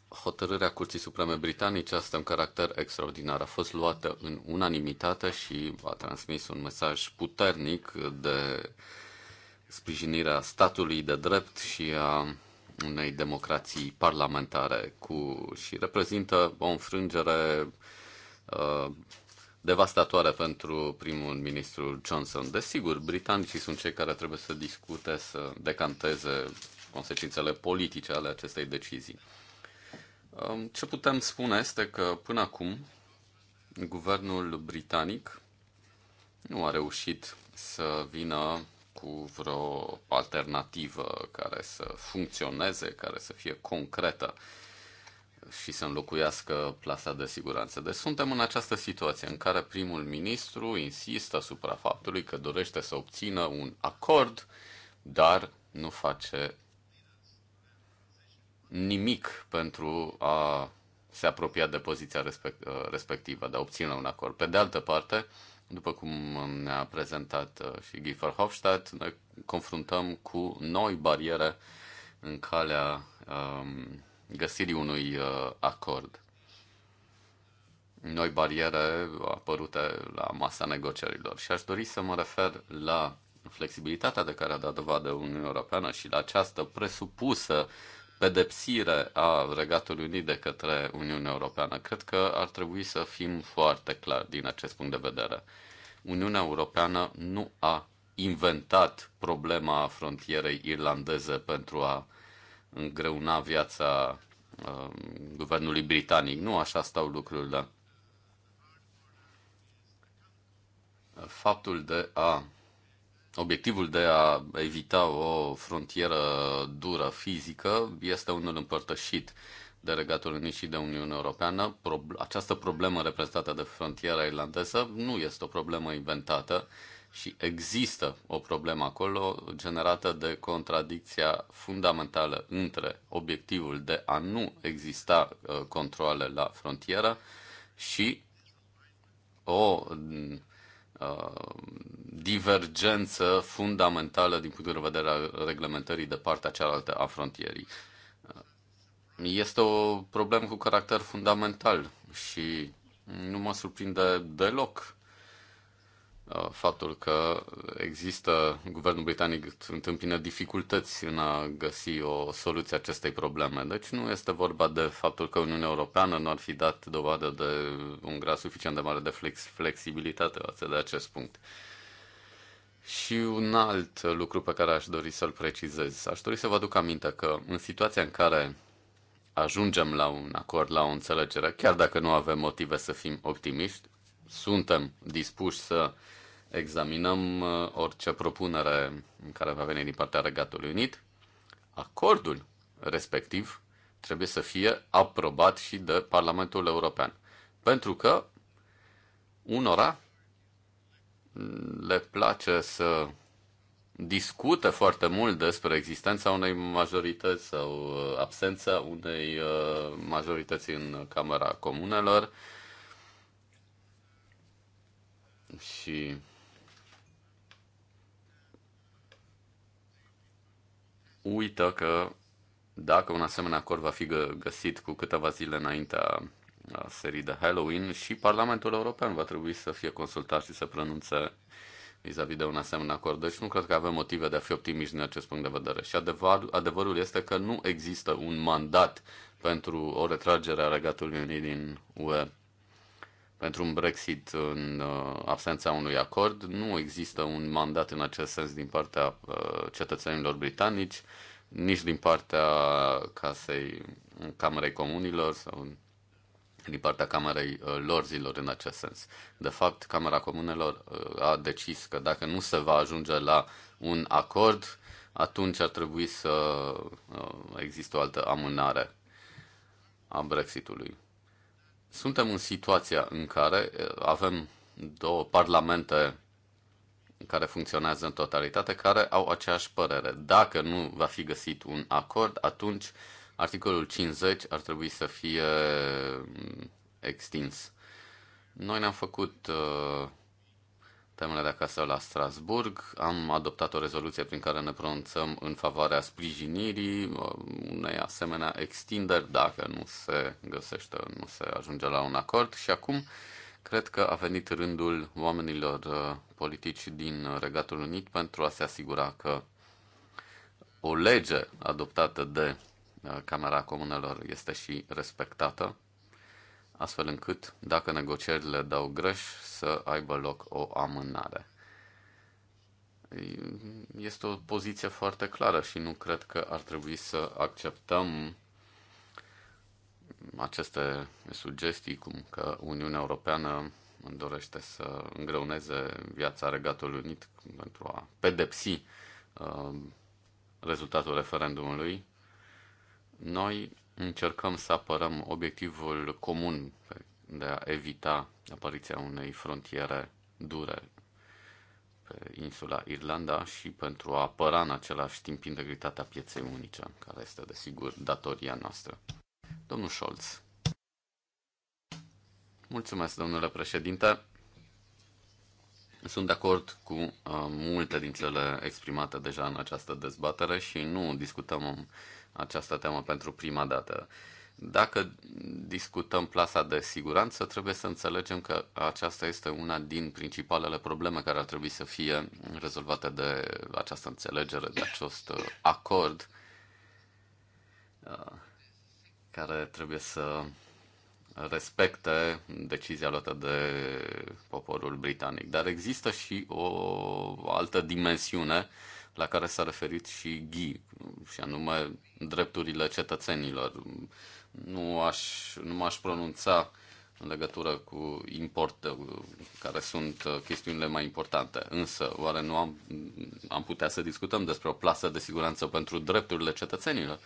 hotărârea Curții Supreme Britanice, asta în caracter extraordinar, a fost luată în unanimitate și a transmis un mesaj puternic de sprijinirea statului de drept și a unei democrații parlamentare cu, și reprezintă o înfrângere uh, devastatoare pentru primul ministru Johnson. Desigur, britanicii sunt cei care trebuie să discute, să decanteze consecințele politice ale acestei decizii. Ce putem spune este că până acum guvernul britanic nu a reușit să vină cu vreo alternativă care să funcționeze, care să fie concretă și să înlocuiască plasa de siguranță. Deci suntem în această situație în care primul ministru insistă asupra faptului că dorește să obțină un acord, dar nu face nimic pentru a se apropia de poziția respect, uh, respectivă, de a obține un acord. Pe de altă parte, după cum ne-a prezentat uh, și Guy Hofstadt, ne confruntăm cu noi bariere în calea um, găsirii unui uh, acord. Noi bariere apărute la masa negocierilor și aș dori să mă refer la flexibilitatea de care a dat dovadă Uniunea Europeană și la această presupusă uh, pedepsire a Regatului Unit de către Uniunea Europeană. Cred că ar trebui să fim foarte clari din acest punct de vedere. Uniunea Europeană nu a inventat problema frontierei irlandeze pentru a îngreuna viața uh, guvernului britanic. Nu așa stau lucrurile. Faptul de a obiectivul de a evita o frontieră dură fizică este unul împărtășit de Regatul Unit și de Uniunea Europeană. Pro- această problemă reprezentată de frontiera irlandeză nu este o problemă inventată și există o problemă acolo generată de contradicția fundamentală între obiectivul de a nu exista uh, controle la frontieră și o mm, Uh, divergență fundamentală din punctul de vedere al reglementării de partea cealaltă a frontierii. Uh, este o problemă cu caracter fundamental și nu mă surprinde deloc Uh, faptul că există, guvernul britanic întâmpină dificultăți în a găsi o soluție acestei probleme. Deci nu este vorba de faptul că Uniunea Europeană nu ar fi dat dovadă de un grad suficient de mare de flex, flexibilitate față de acest punct. Și un alt lucru pe care aș dori să-l precizez. Aș dori să vă aduc aminte că în situația în care ajungem la un acord, la o înțelegere, chiar dacă nu avem motive să fim optimiști, suntem dispuși să uh, examinăm uh, orice propunere care va veni din partea Regatului Unit, acordul respectiv trebuie să fie aprobat și de Parlamentul European. Pentru că unora le place să discută foarte mult despre existența unei majorități sau uh, absența unei uh, majorități în Camera Comunelor și uită că dacă un asemenea acord va fi găsit cu câteva zile înaintea uh, serii de Halloween și Parlamentul European va trebui să fie consultat și să pronunțe vis-a-vis -vis de un asemenea acord. Deci nu cred că avem motive de a fi optimiști din acest punct de vedere. Și adevăr, adevărul este că nu există un mandat pentru o retragere a Regatului Unii din UE pentru un Brexit în uh, absența unui acord. Nu există un mandat în acest sens din partea uh, cetățenilor britanici, nici din partea casei Camerei Comunilor sau din partea Camerei uh, Lorzilor în acest sens. De fapt, Camera Comunelor a decis că dacă nu se va ajunge la un acord, atunci ar trebui să există o altă amânare a Brexitului suntem în situația în care avem două parlamente care funcționează în totalitate, care au aceeași părere. Dacă nu va fi găsit un acord, atunci articolul 50 ar trebui să fie mm, extins. Noi ne-am făcut uh, temele de acasă la Strasburg. Am adoptat o rezoluție prin care ne pronunțăm în favoarea sprijinirii uh, unei asemenea extinderi dacă nu se găsește, nu se ajunge la un acord. Și acum cred că a venit rândul oamenilor uh, politici din Regatul Unit pentru a se asigura că o lege adoptată de uh, Camera Comunelor este și respectată astfel încât, dacă negocierile dau greș, să aibă loc o amânare. Este o poziție foarte clară și nu cred că ar trebui să acceptăm aceste sugestii, cum că Uniunea Europeană dorește să îngreuneze viața Regatului Unit pentru a pedepsi uh, rezultatul referendumului. Noi încercăm să apărăm obiectivul comun de a evita apariția unei frontiere dure pe insula Irlanda și pentru a apăra în același timp integritatea pieței unice, care este desigur datoria noastră. Domnul Scholz. Mulțumesc, domnule președinte. Sunt de acord cu uh, multe din cele exprimate deja în această dezbatere și nu discutăm această temă pentru prima dată. Dacă discutăm plasa de siguranță, trebuie să înțelegem că aceasta este una din principalele probleme care ar trebui să fie rezolvate de această înțelegere, de acest uh, acord uh, care trebuie să respecte decizia luată de poporul britanic. Dar există și o altă dimensiune uh, la care s-a referit și Ghi, și anume drepturile cetățenilor. Nu, aș, nu m-aș pronunța în legătură cu import, care sunt chestiunile mai importante. Însă, oare nu am, am putea să discutăm despre o plasă de siguranță pentru drepturile cetățenilor?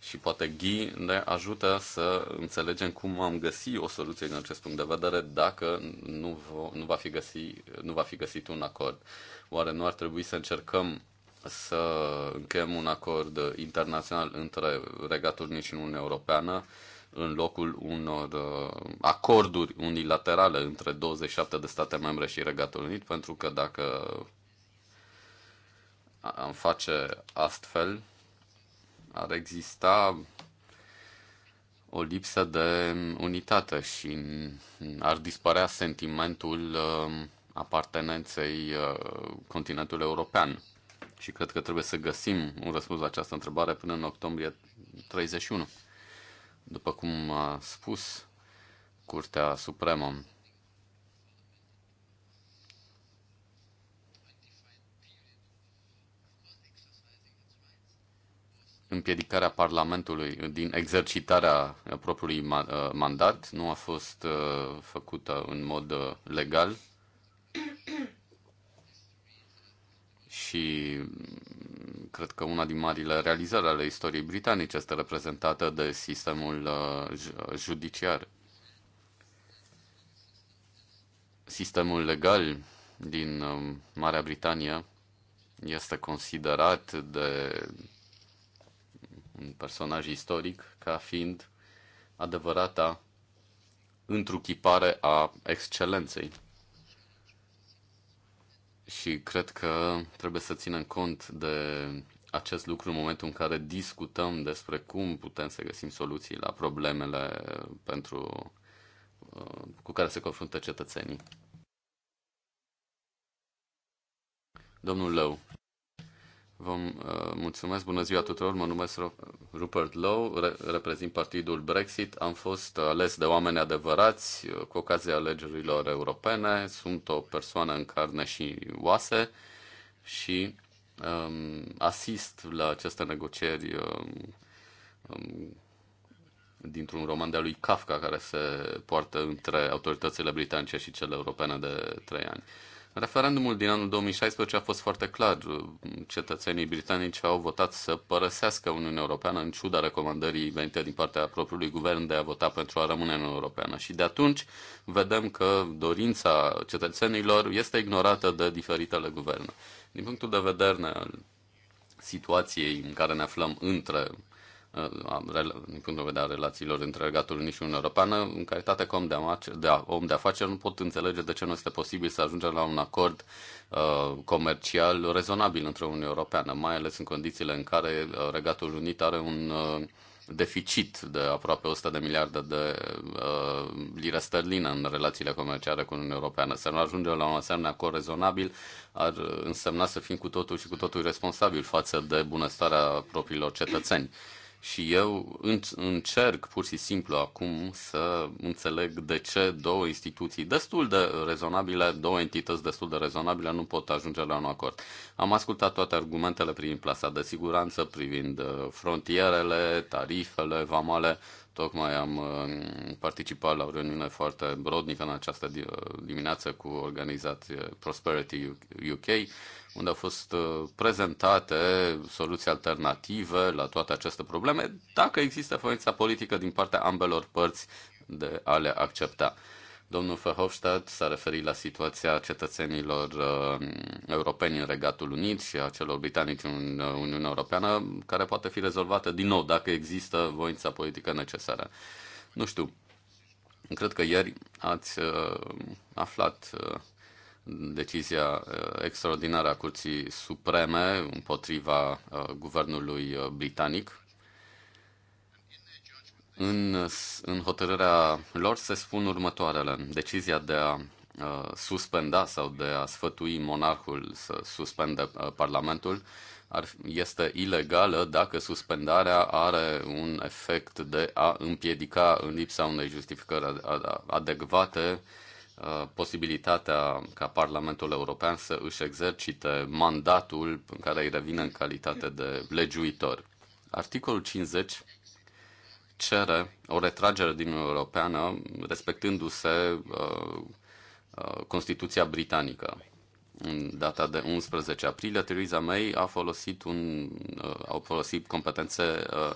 Și poate Ghi ne ajută să înțelegem cum am găsit o soluție din acest punct de vedere dacă nu, nu, va, fi găsit, nu va fi găsit un acord. Oare nu ar trebui să încercăm să încheiem un acord internațional între Regatul Unit și Uniunea Europeană în locul unor uh, acorduri unilaterale între 27 de state membre și Regatul Unit, pentru că dacă am face astfel, ar exista o lipsă de unitate și ar dispărea sentimentul uh, apartenenței uh, continentului european. Și cred că trebuie să găsim un răspuns la această întrebare până în octombrie 31. După cum a spus Curtea Supremă, împiedicarea Parlamentului din exercitarea propriului uh, mandat nu a fost uh, făcută în mod uh, legal și mm, cred că una din marile realizări ale istoriei britanice este reprezentată de sistemul uh, judiciar. Sistemul legal din um, Marea Britanie este considerat de un personaj istoric ca fiind adevărata întruchipare a excelenței și cred că trebuie să ținem cont de acest lucru în momentul în care discutăm despre cum putem să găsim soluții la problemele pentru, uh, cu care se confruntă cetățenii. Domnul Lău. Vă uh, mulțumesc, bună ziua tuturor, mă numesc Rupert Lowe, reprezint partidul Brexit. Am fost ales de oameni adevărați uh, cu ocazia alegerilor europene, sunt o persoană în carne și oase și um, asist la aceste negocieri um, um, dintr-un roman de-a lui Kafka care se poartă între autoritățile britanice și cele europene de trei ani. Uh, Referendumul din anul 2016 a fost foarte clar. Cetățenii britanici au votat să părăsească Uniunea Europeană în ciuda recomandării venite din partea propriului guvern de a vota pentru a rămâne în Uniunea Europeană. Și de atunci vedem că dorința cetățenilor este ignorată de diferitele guverne. Din punctul de vedere al situației în care ne aflăm între Uh, din punct de vedere a relațiilor între Regatul Unit și Uniunea Europeană, în calitate ca om de, amaceri, de, om de afaceri, nu pot înțelege de ce nu este posibil să ajungem la un acord uh, comercial rezonabil între Uniunea Europeană, mai ales în condițiile în care uh, Regatul Unit are un uh, deficit de aproape 100 de miliarde de uh, lire sterline în relațiile comerciale cu Uniunea Europeană. Să nu ajungem la un asemenea acord rezonabil ar însemna să fim cu totul și cu totul responsabili față de bunăstarea propriilor cetățeni și eu încerc pur și simplu acum să înțeleg de ce două instituții destul de rezonabile, două entități destul de rezonabile nu pot ajunge la un acord. Am ascultat toate argumentele privind plasa de siguranță, privind uh, frontierele, tarifele, vamale. Tocmai am uh, participat la o reuniune foarte brodnică în această uh, dimineață cu organizație Prosperity UK unde au fost uh, prezentate soluții alternative la toate aceste probleme, dacă există voința politică din partea ambelor părți de a le accepta. Domnul Verhofstadt s-a referit la situația cetățenilor uh, europeni în Regatul Unit și a celor britanici în uh, Uniunea Europeană, care poate fi rezolvată din nou dacă există voința politică necesară. Nu știu, cred că ieri ați uh, aflat uh, decizia uh, extraordinară a Curții Supreme împotriva uh, guvernului uh, britanic. În, în hotărârea lor se spun următoarele. Decizia de a suspenda sau de a sfătui monarhul să suspende parlamentul ar, este ilegală dacă suspendarea are un efect de a împiedica în lipsa unei justificări adecvate Uh, posibilitatea ca Parlamentul European să își exercite mandatul în care îi revine în calitate de legiuitor. Articolul 50 cere o retragere din Uniunea Europeană respectându-se uh, uh, Constituția Britanică. În data de 11 aprilie, Theresa May a folosit, un, uh, au folosit competențe uh,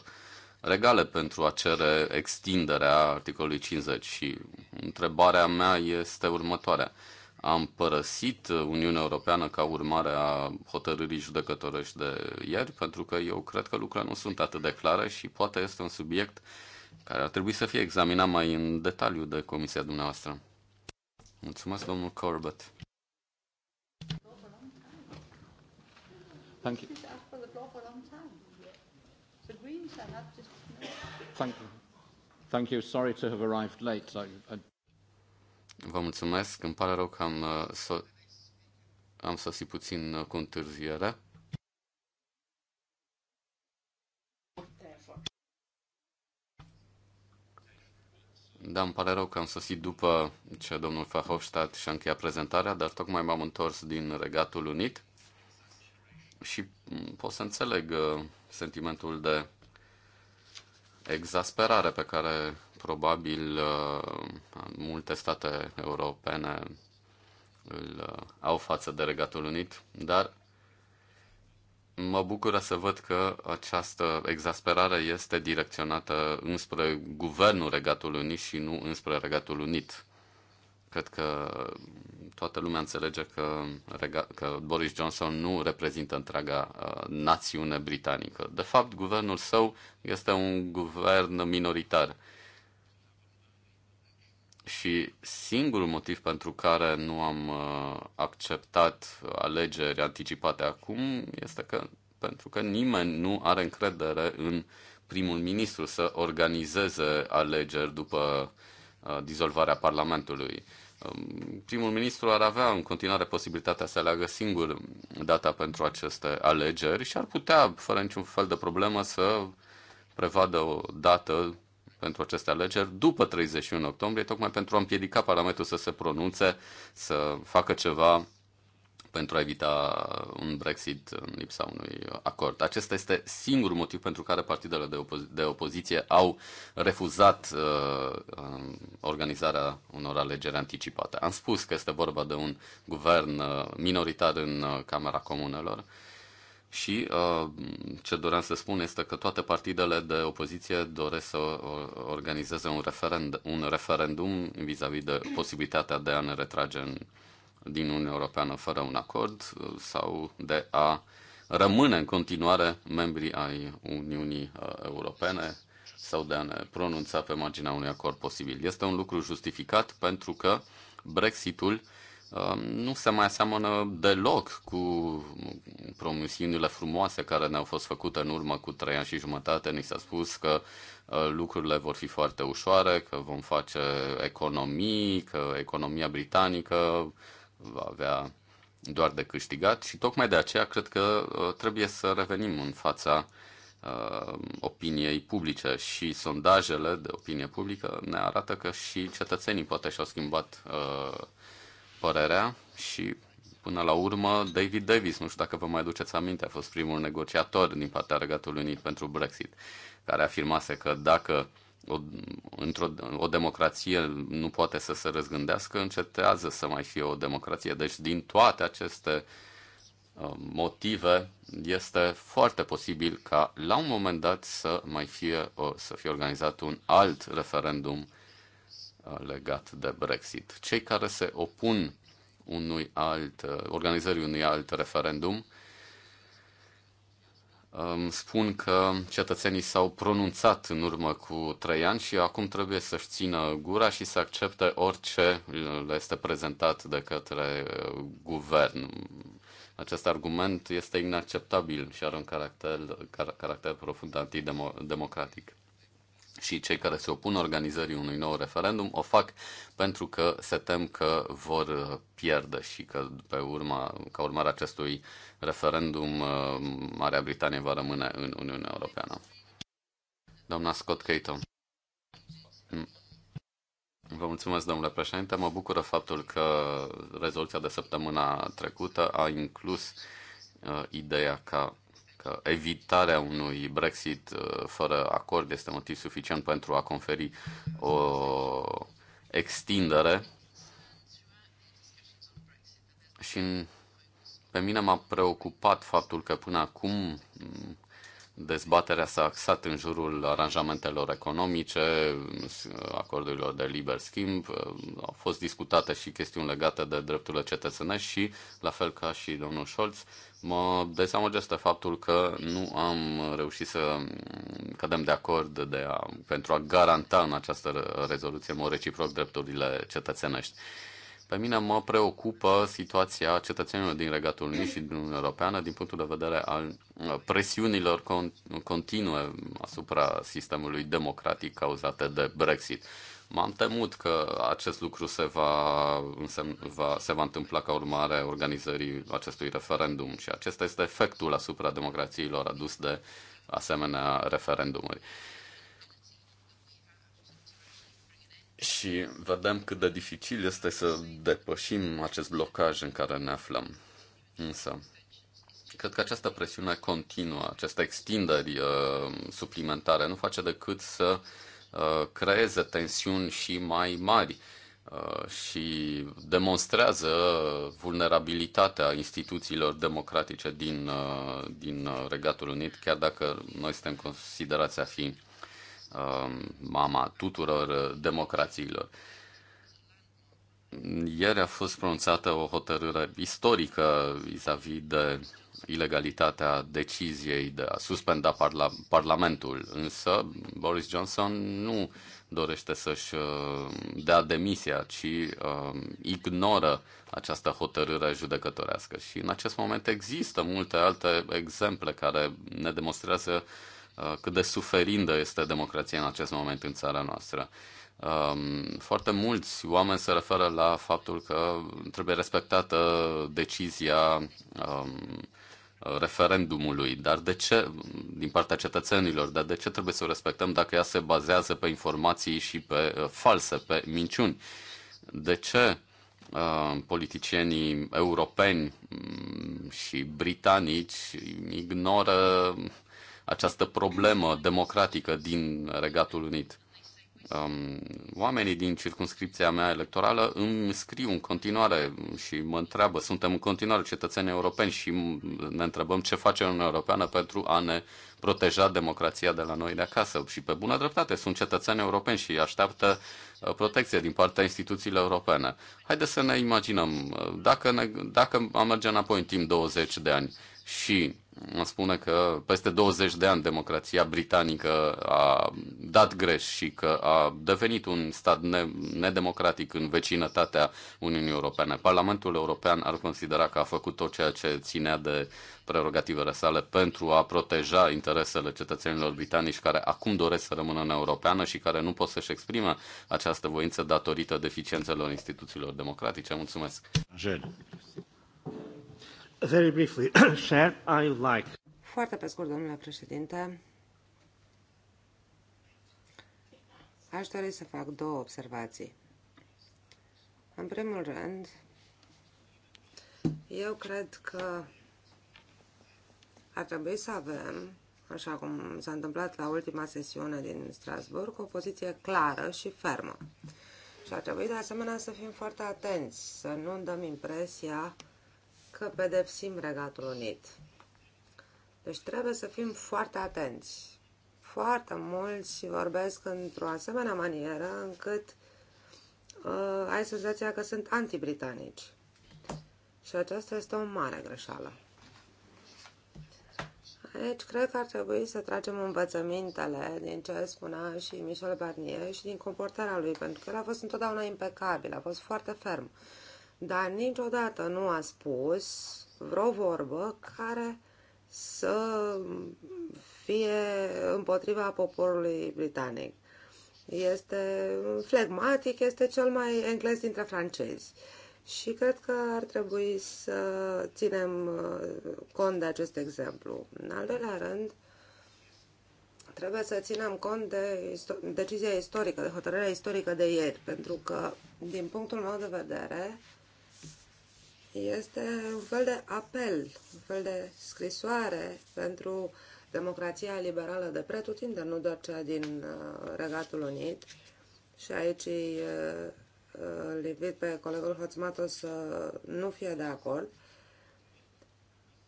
Regale pentru a cere extinderea articolului 50 și întrebarea mea este următoarea. Am părăsit Uniunea Europeană ca urmare a hotărârii judecătorești de ieri, pentru că eu cred că lucrurile nu sunt atât de clare și poate este un subiect care ar trebui să fie examinat mai în detaliu de comisia dumneavoastră. Mulțumesc, domnul Corbett. Thank you. Thank you. Sorry to have arrived late. I, I... Vă mulțumesc. Îmi pare rău că am, uh, so- am sosit puțin uh, cu întârziere. Da, îmi pare rău că am sosit după ce domnul Fahofstadt și-a încheiat prezentarea, dar tocmai m-am întors din Regatul Unit și mm, pot să înțeleg uh, sentimentul de exasperare pe care probabil uh, multe state europene îl uh, au față de Regatul Unit, dar mă bucură să văd că această exasperare este direcționată înspre guvernul Regatului Unit și nu înspre Regatul Unit. Cred că toată lumea înțelege că, că Boris Johnson nu reprezintă întreaga uh, națiune britanică. De fapt, guvernul său este un guvern minoritar. Și singurul motiv pentru care nu am uh, acceptat alegeri anticipate acum este că pentru că nimeni nu are încredere în primul ministru să organizeze alegeri după Uh, dizolvarea Parlamentului. Um, primul ministru ar avea în continuare posibilitatea să aleagă singur data pentru aceste alegeri și ar putea, fără niciun fel de problemă, să prevadă o dată pentru aceste alegeri după 31 octombrie, tocmai pentru a împiedica Parlamentul să se pronunțe, să facă ceva pentru a evita un Brexit în lipsa unui acord. Acesta este singurul motiv pentru care partidele de, opozi- de opoziție au refuzat uh, uh, organizarea unor alegeri anticipate. Am spus că este vorba de un guvern uh, minoritar în uh, Camera Comunelor și uh, ce doream să spun este că toate partidele de opoziție doresc să organizeze un, referend- un referendum vis-a-vis -vis de posibilitatea de a ne retrage în din Uniunea Europeană fără un acord uh, sau de a rămâne în continuare membri ai Uniunii uh, Europene sau de a ne pronunța pe marginea unui acord posibil. Este un lucru justificat pentru că Brexitul uh, nu se mai aseamănă deloc cu promisiunile frumoase care ne-au fost făcute în urmă cu trei ani și jumătate. Ni s-a spus că lucrurile vor fi foarte ușoare, că vom face economii, că economia britanică va avea doar de câștigat și tocmai de aceea cred că uh, trebuie să revenim în fața uh, opiniei publice și sondajele de opinie publică ne arată că și cetățenii poate și-au schimbat uh, părerea și până la urmă David Davis, nu știu dacă vă mai aduceți aminte, a fost primul negociator din partea Regatului Unit pentru Brexit, care afirmase că dacă uh, o, într-o o democrație nu poate să se răzgândească, încetează să mai fie o democrație. Deci, din toate aceste uh, motive, este foarte posibil ca la un moment dat să mai fie, să fie organizat un alt referendum uh, legat de Brexit. Cei care se opun unui alt, uh, organizării unui alt referendum spun că cetățenii s-au pronunțat în urmă cu trei ani și acum trebuie să-și țină gura și să accepte orice le este prezentat de către uh, guvern. Acest argument este inacceptabil și are un caracter, car- caracter profund antidemocratic și cei care se opun organizării unui nou referendum o fac pentru că se tem că vor uh, pierde și că pe urma, ca urmare acestui referendum uh, Marea Britanie va rămâne în Uniunea Europeană. Doamna Scott Caton. Hmm. Vă mulțumesc, domnule președinte. Mă bucură faptul că rezoluția de săptămâna trecută a inclus uh, ideea ca că evitarea unui Brexit uh, fără acord este motiv suficient pentru a conferi o extindere. Și pe mine m-a preocupat faptul că până acum dezbaterea s-a axat în jurul aranjamentelor economice, acordurilor de liber schimb, uh, au fost discutate și chestiuni legate de drepturile cetățenești și, la fel ca și domnul Scholz, Mă desamăgește faptul că nu am reușit să cădem de acord de a, pentru a garanta în această rezoluție, mă reciproc, drepturile cetățenești. Pe mine mă preocupă situația cetățenilor din Regatul Unit și din Uniunea Europeană din punctul de vedere al uh, presiunilor continue asupra sistemului democratic cauzate de Brexit. M-am temut că acest lucru se va, însemn, va, se va întâmpla ca urmare a organizării acestui referendum și acesta este efectul asupra democrațiilor adus de asemenea referendumuri. Și vedem cât de dificil este să depășim acest blocaj în care ne aflăm. Însă, cred că această presiune continuă, această extinderi uh, suplimentare nu face decât să uh, Uh, creeze tensiuni și mai mari uh, și demonstrează vulnerabilitatea instituțiilor democratice din, uh, din Regatul Unit, chiar dacă noi suntem considerați a fi mama tuturor democrațiilor. Ieri a fost pronunțată o hotărâre istorică vis-a-vis -vis de ilegalitatea deciziei de a suspenda parla- Parlamentul, însă Boris Johnson nu dorește să-și uh, dea demisia, ci uh, ignoră această hotărâre judecătorească. Și în acest moment există multe alte exemple care ne demonstrează uh, cât de suferindă este democrația în acest moment în țara noastră. Uh, um, foarte mulți oameni se referă la faptul că trebuie respectată decizia um, referendumului, dar de ce, din partea cetățenilor, dar de ce trebuie să o respectăm dacă ea se bazează pe informații și pe uh, false, pe minciuni? De ce uh, politicienii europeni mm, și britanici ignoră această problemă democratică din Regatul Unit? um, oamenii din circunscripția mea electorală îmi scriu în continuare și mă întreabă, suntem în continuare cetățeni europeni și ne întrebăm ce face Uniunea Europeană pentru a ne proteja democrația de la noi de acasă. Și pe bună dreptate, sunt cetățeni europeni și așteaptă uh, protecție din partea instituțiilor europene. Haideți să ne imaginăm, uh, dacă, ne, dacă am merge înapoi în timp 20 de ani și spune că peste 20 de ani democrația britanică a dat greș și că a devenit un stat ne- nedemocratic în vecinătatea Uniunii Europene. Parlamentul European ar considera că a făcut tot ceea ce ținea de prerogativele sale pentru a proteja interesele cetățenilor britanici care acum doresc să rămână în Europeană și care nu pot să-și exprime această voință datorită deficiențelor instituțiilor democratice. Mulțumesc! Angel. Very briefly, [coughs] Chair, I would like... Foarte pe scurt, domnule președinte, aș dori să fac două observații. În primul rând, eu cred că ar trebui să avem, așa cum s-a întâmplat la ultima sesiune din Strasburg, o poziție clară și fermă. Și ar trebui de asemenea să fim foarte atenți, să nu dăm impresia că pedepsim Regatul Unit. Deci trebuie să fim foarte atenți. Foarte mulți vorbesc într-o asemenea manieră încât uh, ai senzația că sunt anti-britanici. Și aceasta este o mare greșeală. Aici cred că ar trebui să tragem învățămintele din ce spunea și Michel Barnier și din comportarea lui, pentru că el a fost întotdeauna impecabil, a fost foarte ferm dar niciodată nu a spus vreo vorbă care să fie împotriva poporului britanic. Este flegmatic, este cel mai englez dintre francezi. Și cred că ar trebui să ținem uh, cont de acest exemplu. În al doilea rând, trebuie să ținem cont de istor- decizia istorică, de hotărârea istorică de ieri, pentru că, din punctul meu de vedere, este un fel de apel, un fel de scrisoare pentru democrația liberală de pretutinde, nu doar cea din uh, Regatul Unit. Și aici uh, îi invit pe colegul Hoțmato să nu fie de acord.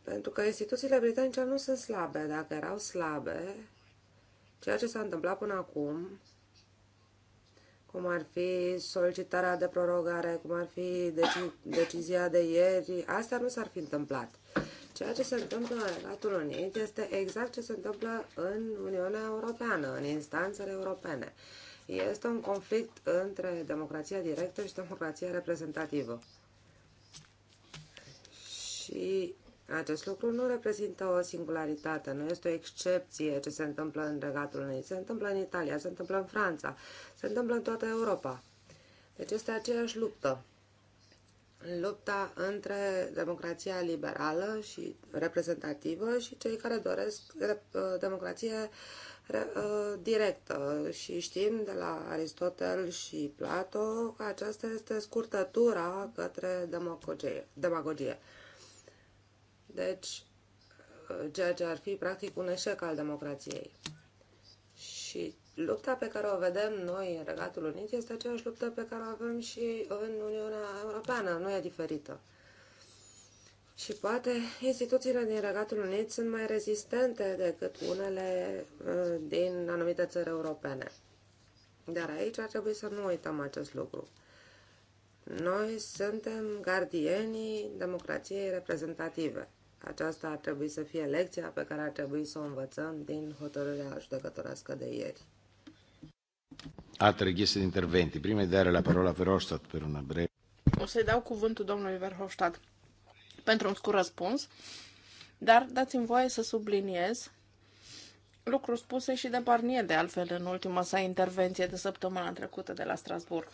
Pentru că instituțiile britanice nu sunt slabe. Dacă erau slabe, ceea ce s-a întâmplat până acum cum ar fi solicitarea de prorogare, cum ar fi deci, decizia de ieri, astea nu s-ar fi întâmplat. Ceea ce se întâmplă în Regatul Unit este exact ce se întâmplă în Uniunea Europeană, în instanțele europene. Este un conflict între democrația directă și democrația reprezentativă. Și acest lucru nu reprezintă o singularitate, nu este o excepție ce se întâmplă în Regatul Unit. Se întâmplă în Italia, se întâmplă în Franța, se întâmplă în toată Europa. Deci este aceeași luptă. Lupta între democrația liberală și reprezentativă și cei care doresc uh, democrație uh, directă. Și știm de la Aristotel și Plato că aceasta este scurtătura către demagogie. demagogie. Deci, ceea ce ar fi practic un eșec al democrației. Și lupta pe care o vedem noi în Regatul Unit este aceeași luptă pe care o avem și în Uniunea Europeană, nu e diferită. Și poate instituțiile din Regatul Unit sunt mai rezistente decât unele uh, din anumite țări europene. Dar aici ar trebui să nu uităm acest lucru. Noi suntem gardienii democrației reprezentative. Aceasta ar trebui să fie lecția pe care ar trebui să o învățăm din hotărârea judecătorească de ieri. Altre richieste de interventi. Prima de la parola Verhofstadt per un breve. O să-i dau cuvântul domnului Verhofstadt pentru un scurt răspuns, dar dați-mi voie să subliniez lucruri spuse și de Barnier, de altfel, în ultima sa intervenție de săptămâna trecută de la Strasburg.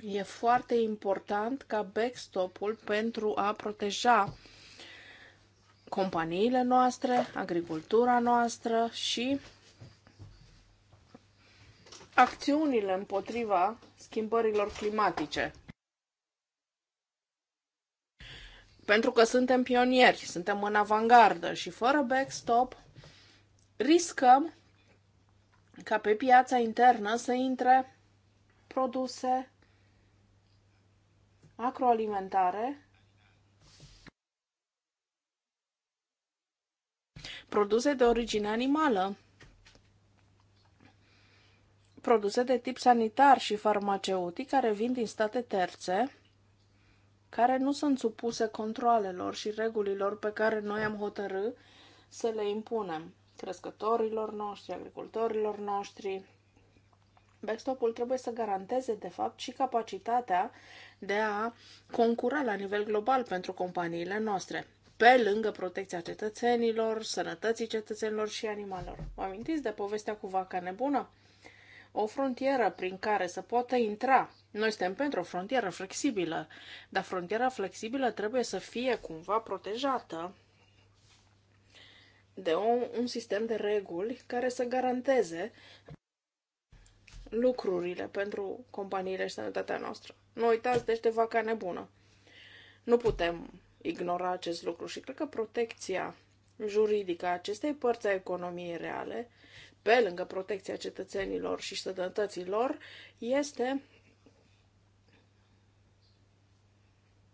E foarte important ca backstop-ul pentru a proteja companiile noastre, agricultura noastră și acțiunile împotriva schimbărilor climatice. Pentru că suntem pionieri, suntem în avangardă și fără backstop riscăm ca pe piața internă să intre produse agroalimentare produse de origine animală, produse de tip sanitar și farmaceutic care vin din state terțe, care nu sunt supuse controalelor și regulilor pe care noi am hotărât să le impunem crescătorilor noștri, agricultorilor noștri. Backstop-ul trebuie să garanteze, de fapt, și capacitatea de a concura la nivel global pentru companiile noastre pe lângă protecția cetățenilor, sănătății cetățenilor și animalelor. Vă amintiți de povestea cu vaca nebună? O frontieră prin care să poată intra. Noi suntem pentru o frontieră flexibilă, dar frontiera flexibilă trebuie să fie cumva protejată de un, un sistem de reguli care să garanteze lucrurile pentru companiile și sănătatea noastră. Nu uitați, deci, de vaca nebună. Nu putem ignora acest lucru și cred că protecția juridică a acestei părți a economiei reale, pe lângă protecția cetățenilor și lor, este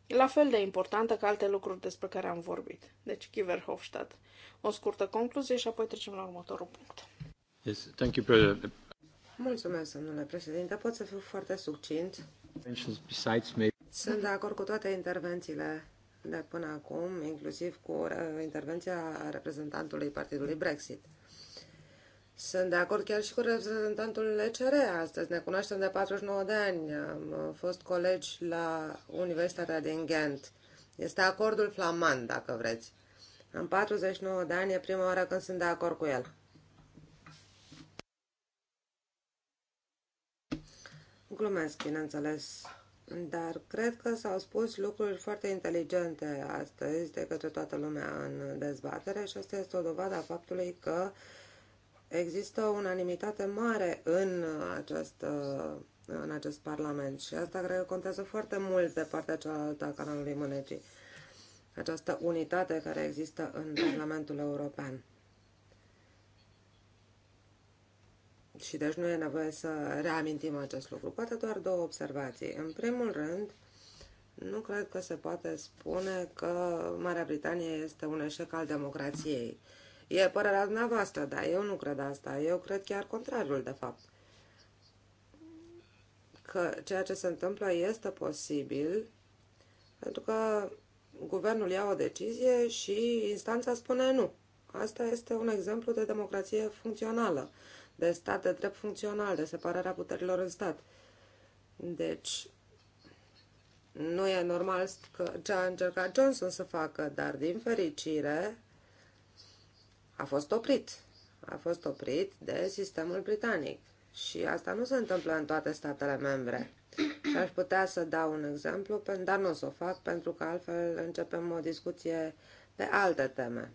la fel de importantă ca alte lucruri despre care am vorbit. Deci, Kiverhofstadt. O scurtă concluzie și apoi trecem la următorul punct. Yes, thank you, Mulțumesc, domnule președinte. Pot să fiu foarte succint. Sunt de acord cu toate intervențiile de până acum, inclusiv cu intervenția reprezentantului partidului Brexit. Sunt de acord chiar și cu reprezentantul LCR astăzi. Ne cunoaștem de 49 de ani. Am uh, fost colegi la Universitatea din Ghent. Este acordul flamand, dacă vreți. Am 49 de ani, e prima oară când sunt de acord cu el. Glumesc, bineînțeles. Dar cred că s-au spus lucruri foarte inteligente astăzi de către toată lumea în dezbatere și asta este o dovadă a faptului că există o unanimitate mare în această uh, în acest Parlament și asta cred că contează foarte mult de partea cealaltă a canalului Mânecii, această unitate care există în Parlamentul European. și deci nu e nevoie să reamintim acest lucru. Poate doar două observații. În primul rând, nu cred că se poate spune că Marea Britanie este un eșec al democrației. E părerea dumneavoastră, dar eu nu cred asta. Eu cred chiar contrariul, de fapt. Că ceea ce se întâmplă este posibil pentru că guvernul ia o decizie și instanța spune nu. Asta este un exemplu de democrație funcțională de stat de drept funcțional, de separarea puterilor în stat. Deci, nu e normal că ce a încercat Johnson să facă, dar din fericire a fost oprit. A fost oprit de sistemul britanic. Și asta nu se întâmplă în toate statele membre. Și aș putea să dau un exemplu, dar nu o să o fac, pentru că altfel începem o discuție pe alte teme.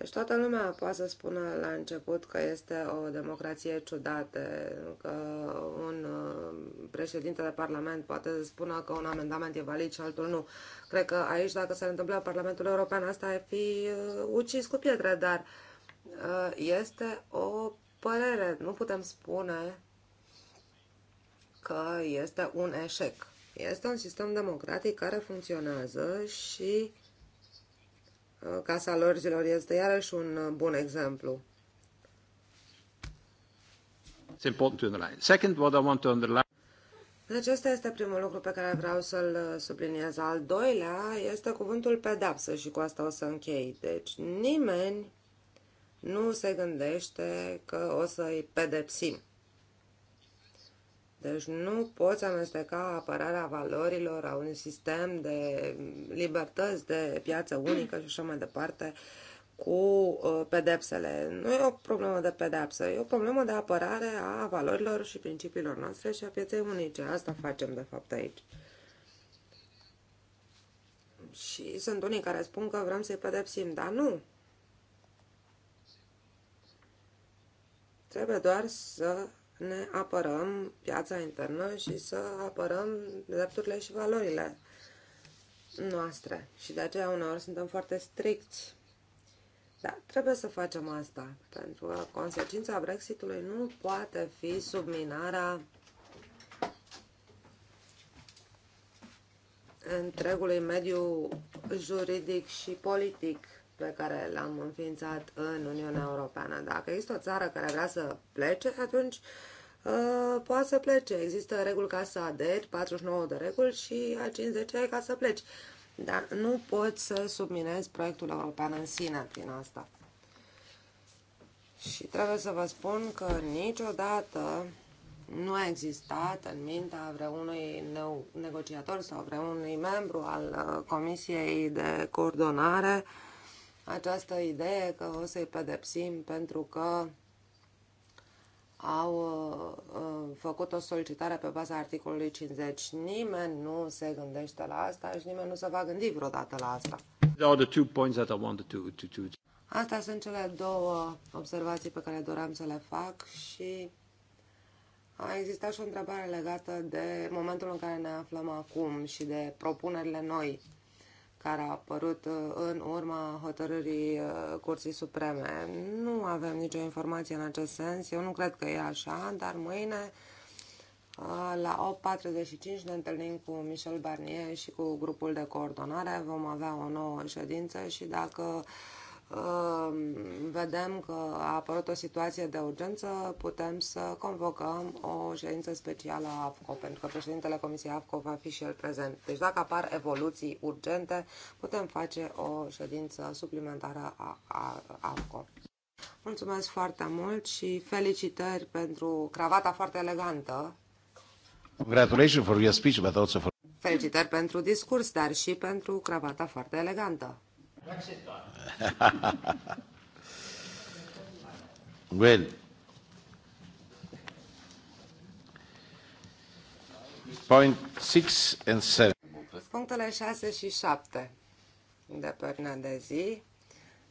Deci toată lumea poate să spună la început că este o democrație ciudată, că un uh, președinte de parlament poate să spună că un amendament e valid și altul nu. Cred că aici, dacă s-ar întâmpla Parlamentul European, asta ar fi uh, ucis cu pietre, dar uh, este o părere. Nu putem spune că este un eșec. Este un sistem democratic care funcționează și Uh, Casa Lorzilor este iarăși un uh, bun exemplu. It's important to underline. Second, what I want to underline deci este primul lucru pe care vreau să-l uh, subliniez. Al doilea este cuvântul pedapsă și cu asta o să închei. Deci nimeni nu se gândește că o să-i pedepsim. Deci nu poți amesteca apărarea valorilor a unui sistem de libertăți, de piață unică și așa mai departe cu uh, pedepsele. Nu e o problemă de pedepsă, e o problemă de apărare a valorilor și principiilor noastre și a pieței unice. Asta facem, de fapt, aici. Și sunt unii care spun că vrem să-i pedepsim, dar nu. Trebuie doar să ne apărăm piața internă și să apărăm drepturile și valorile noastre. Și de aceea uneori suntem foarte stricți. Dar trebuie să facem asta, pentru că consecința Brexitului nu poate fi subminarea întregului mediu juridic și politic pe care l-am înființat în Uniunea Europeană. Dacă există o țară care vrea să plece, atunci uh, poate să plece. Există reguli ca să aderi, 49 de reguli și a 50 ca să pleci. Dar nu poți să subminezi proiectul european în sine prin asta. Și trebuie să vă spun că niciodată nu a existat în mintea vreunui negociator sau vreunui membru al uh, Comisiei de Coordonare uh, această idee că o să-i pedepsim pentru că au uh, uh făcut o solicitare pe baza articolului 50. Nimeni nu se gândește la asta și nimeni nu se va gândi vreodată la asta. Astea sunt cele două observații pe care doream să le fac și a existat și o întrebare legată de momentul în care ne aflăm acum și de propunerile noi care a apărut uh, în urma hotărârii uh, Curții Supreme. Nu avem nicio informație în acest sens, eu nu cred că e așa, dar mâine uh, la 8.45 ne întâlnim cu Michel Barnier și cu grupul de coordonare, vom avea o nouă ședință și dacă uh, vedem că a apărut o situație de urgență, putem să convocăm o ședință specială a AFCO, pentru că președintele Comisiei AFCO va fi și el prezent. Deci dacă apar evoluții urgente, putem face o ședință suplimentară a, a AFCO. Mulțumesc foarte mult și felicitări pentru cravata foarte elegantă. Congratulations for your speech, but also for... Felicitări pentru discurs, dar și pentru cravata foarte elegantă. [laughs] well, point six and seven. Punctele 6 și 7 de pe ordinea de zi,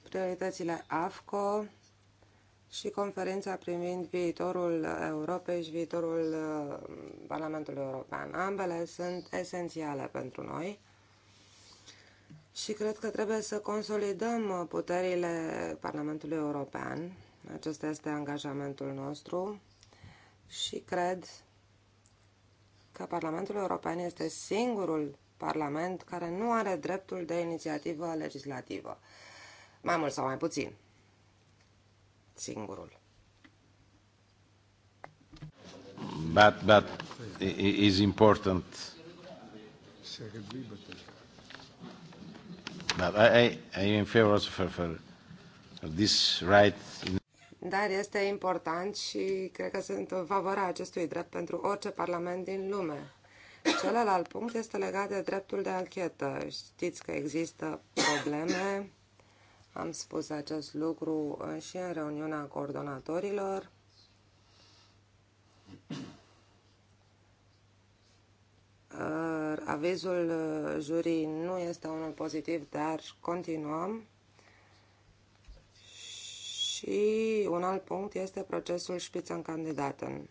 prioritățile AFCO și conferința privind viitorul Europei și viitorul uh, Parlamentului European. Ambele sunt esențiale pentru noi și cred că trebuie să consolidăm uh, puterile Parlamentului European. Acesta este angajamentul nostru și cred că Parlamentul European este singurul Parlament care nu are dreptul de inițiativă legislativă. Mai mult sau mai puțin. Singurul. But, but, is important. Second liberty. Dar este important și cred că sunt în favoarea acestui drept pentru orice parlament din lume. Celălalt punct este legat de dreptul de anchetă. Știți că există probleme. Am spus acest lucru și în reuniunea coordonatorilor. Uh, avizul uh, jurii nu este unul pozitiv, dar continuăm. Și un alt punct este procesul candidaten.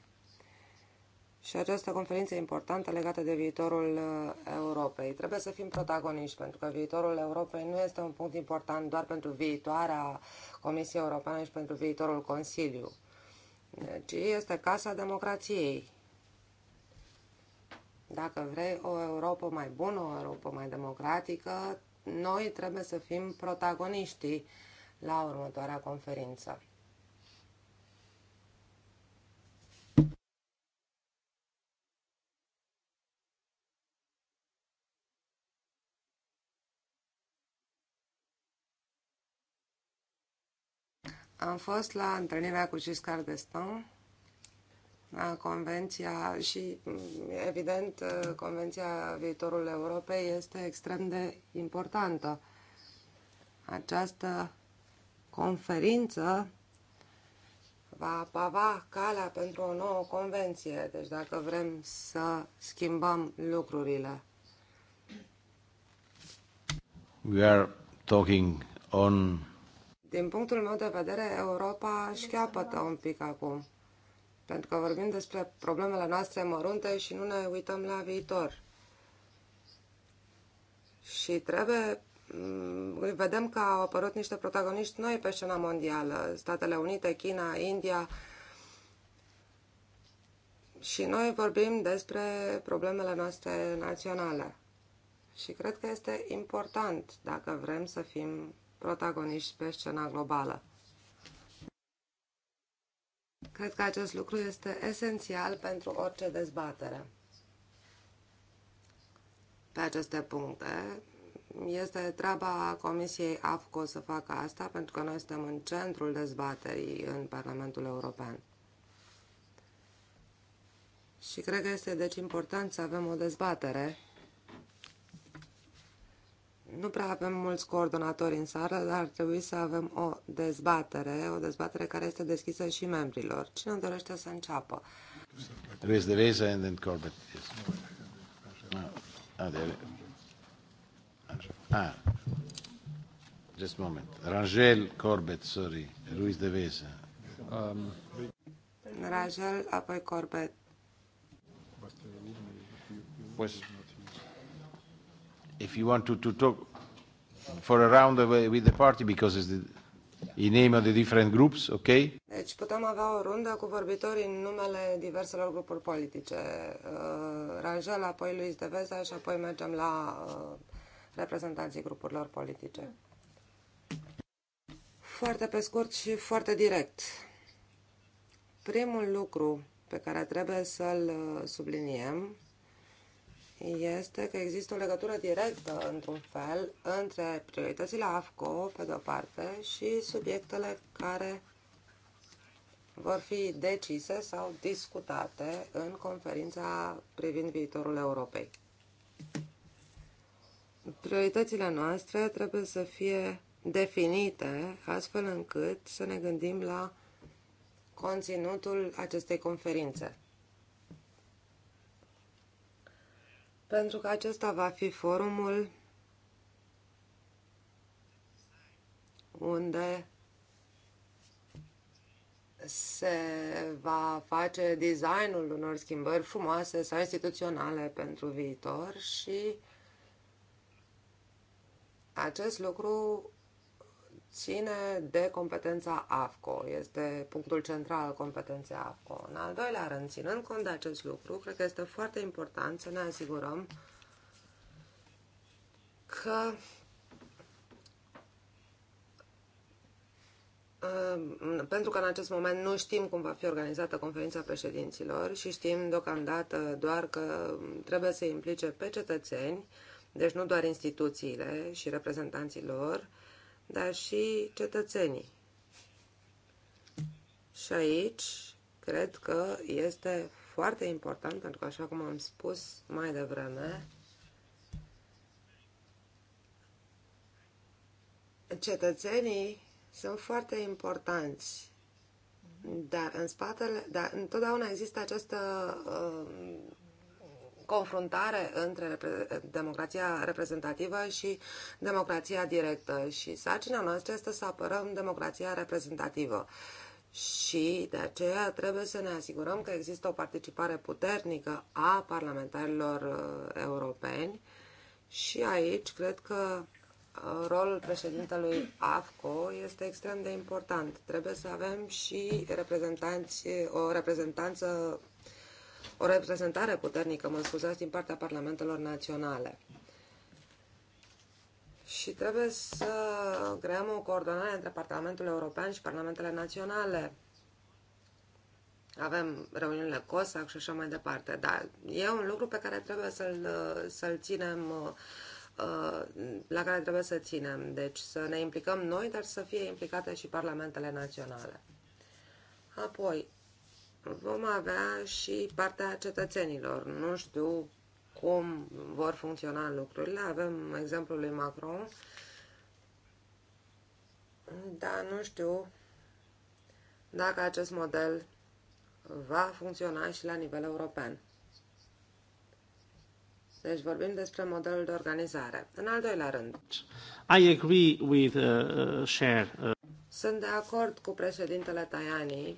Și această conferință importantă legată de viitorul uh, Europei. Trebuie să fim protagoniști, pentru că viitorul Europei nu este un punct important doar pentru viitoarea Comisiei Europeană și pentru viitorul Consiliu, ci este casa democrației. Dacă vrei o Europa mai bună, o Europa mai democratică, noi trebuie să fim protagoniștii la următoarea conferință. Am fost la întâlnirea cu Giscard d'Estaing Convenția și, evident, Convenția Viitorul Europei este extrem de importantă. Această conferință va pava calea pentru o nouă convenție, deci dacă vrem să schimbăm lucrurile. We are talking on... Din punctul meu de vedere, Europa își capătă un pic acum. Pentru că vorbim despre problemele noastre mărunte și nu ne uităm la viitor. Și trebuie mm, vedem că au apărut niște protagoniști noi pe scena mondială, Statele Unite, China, India. Și noi vorbim despre problemele noastre naționale. Și cred că este important dacă vrem să fim protagoniști pe scena globală. Cred că acest lucru este esențial pentru orice dezbatere pe aceste puncte. Este treaba Comisiei AFCO să facă asta, pentru că noi suntem în centrul dezbaterii în Parlamentul European. Și cred că este deci important să avem o dezbatere nu prea avem mulți coordonatori în sală, dar ar trebui să avem o dezbatere, o dezbatere care este deschisă și membrilor. Cine dorește să înceapă? Luis de Veza and then Corbett. Yes. Ah, ah, ah, just a moment. Rangel, Corbett, sorry. Luis de Vesa. Um. Rangel, apoi Corbett. Pues if you want to, to talk for a round uh, with the party, because it's the, in name of the different groups, okay? Deci putem avea o rundă cu vorbitori în numele diverselor grupuri politice. Uh, Rangel, apoi Luis de Veza și apoi mergem la uh, reprezentanții grupurilor politice. Foarte pe scurt și foarte direct. Primul lucru pe care trebuie să-l uh, subliniem este că există o legătură directă, într-un fel, între prioritățile AFCO, pe de-o parte, și subiectele care vor fi decise sau discutate în conferința privind viitorul Europei. Prioritățile noastre trebuie să fie definite astfel încât să ne gândim la conținutul acestei conferințe. pentru că acesta va fi forumul unde se va face designul unor schimbări frumoase sau instituționale pentru viitor și acest lucru ține de competența AFCO, este punctul central al competenței AFCO. În al doilea rând, ținând cont de acest lucru, cred că este foarte important să ne asigurăm că uh, pentru că în acest moment nu știm cum va fi organizată conferința președinților și știm deocamdată doar că trebuie să implice pe cetățeni, deci nu doar instituțiile și reprezentanții lor, dar și cetățenii. Și aici cred că este foarte important, pentru că așa cum am spus mai devreme, cetățenii sunt foarte importanți, dar în spatele, dar întotdeauna există această uh, confruntare între repre democrația reprezentativă și democrația directă și sarcina noastră este să apărăm democrația reprezentativă. Și de aceea trebuie să ne asigurăm că există o participare puternică a parlamentarilor uh, europeni și aici cred că uh, rolul președintelui AFCO este extrem de important. Trebuie să avem și reprezentanți, o reprezentanță o reprezentare puternică, mă scuzați, din partea parlamentelor naționale. Și trebuie să creăm o coordonare între Parlamentul European și Parlamentele Naționale. Avem reuniunile COSAC și așa mai departe, dar e un lucru pe care trebuie să-l să, -l, ținem uh, la care trebuie să ținem. Deci să ne implicăm noi, dar să fie implicate și parlamentele naționale. Apoi, vom avea și partea cetățenilor. Nu știu cum vor funcționa lucrurile. Avem exemplul lui Macron, dar nu știu dacă acest model va funcționa și la nivel european. Deci vorbim despre modelul de organizare. În al doilea rând. I agree with uh, uh Share. Uh... Sunt de acord cu președintele Tajani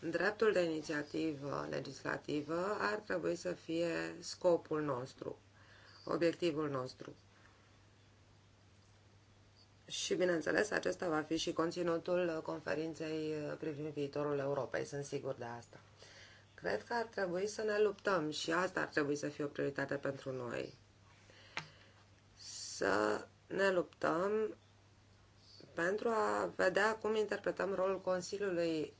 Dreptul de inițiativă legislativă ar trebui să fie scopul nostru, obiectivul nostru. Și, bineînțeles, acesta va fi și conținutul conferinței privind viitorul Europei, sunt sigur de asta. Cred că ar trebui să ne luptăm și asta ar trebui să fie o prioritate pentru noi. Să ne luptăm pentru a vedea cum interpretăm rolul Consiliului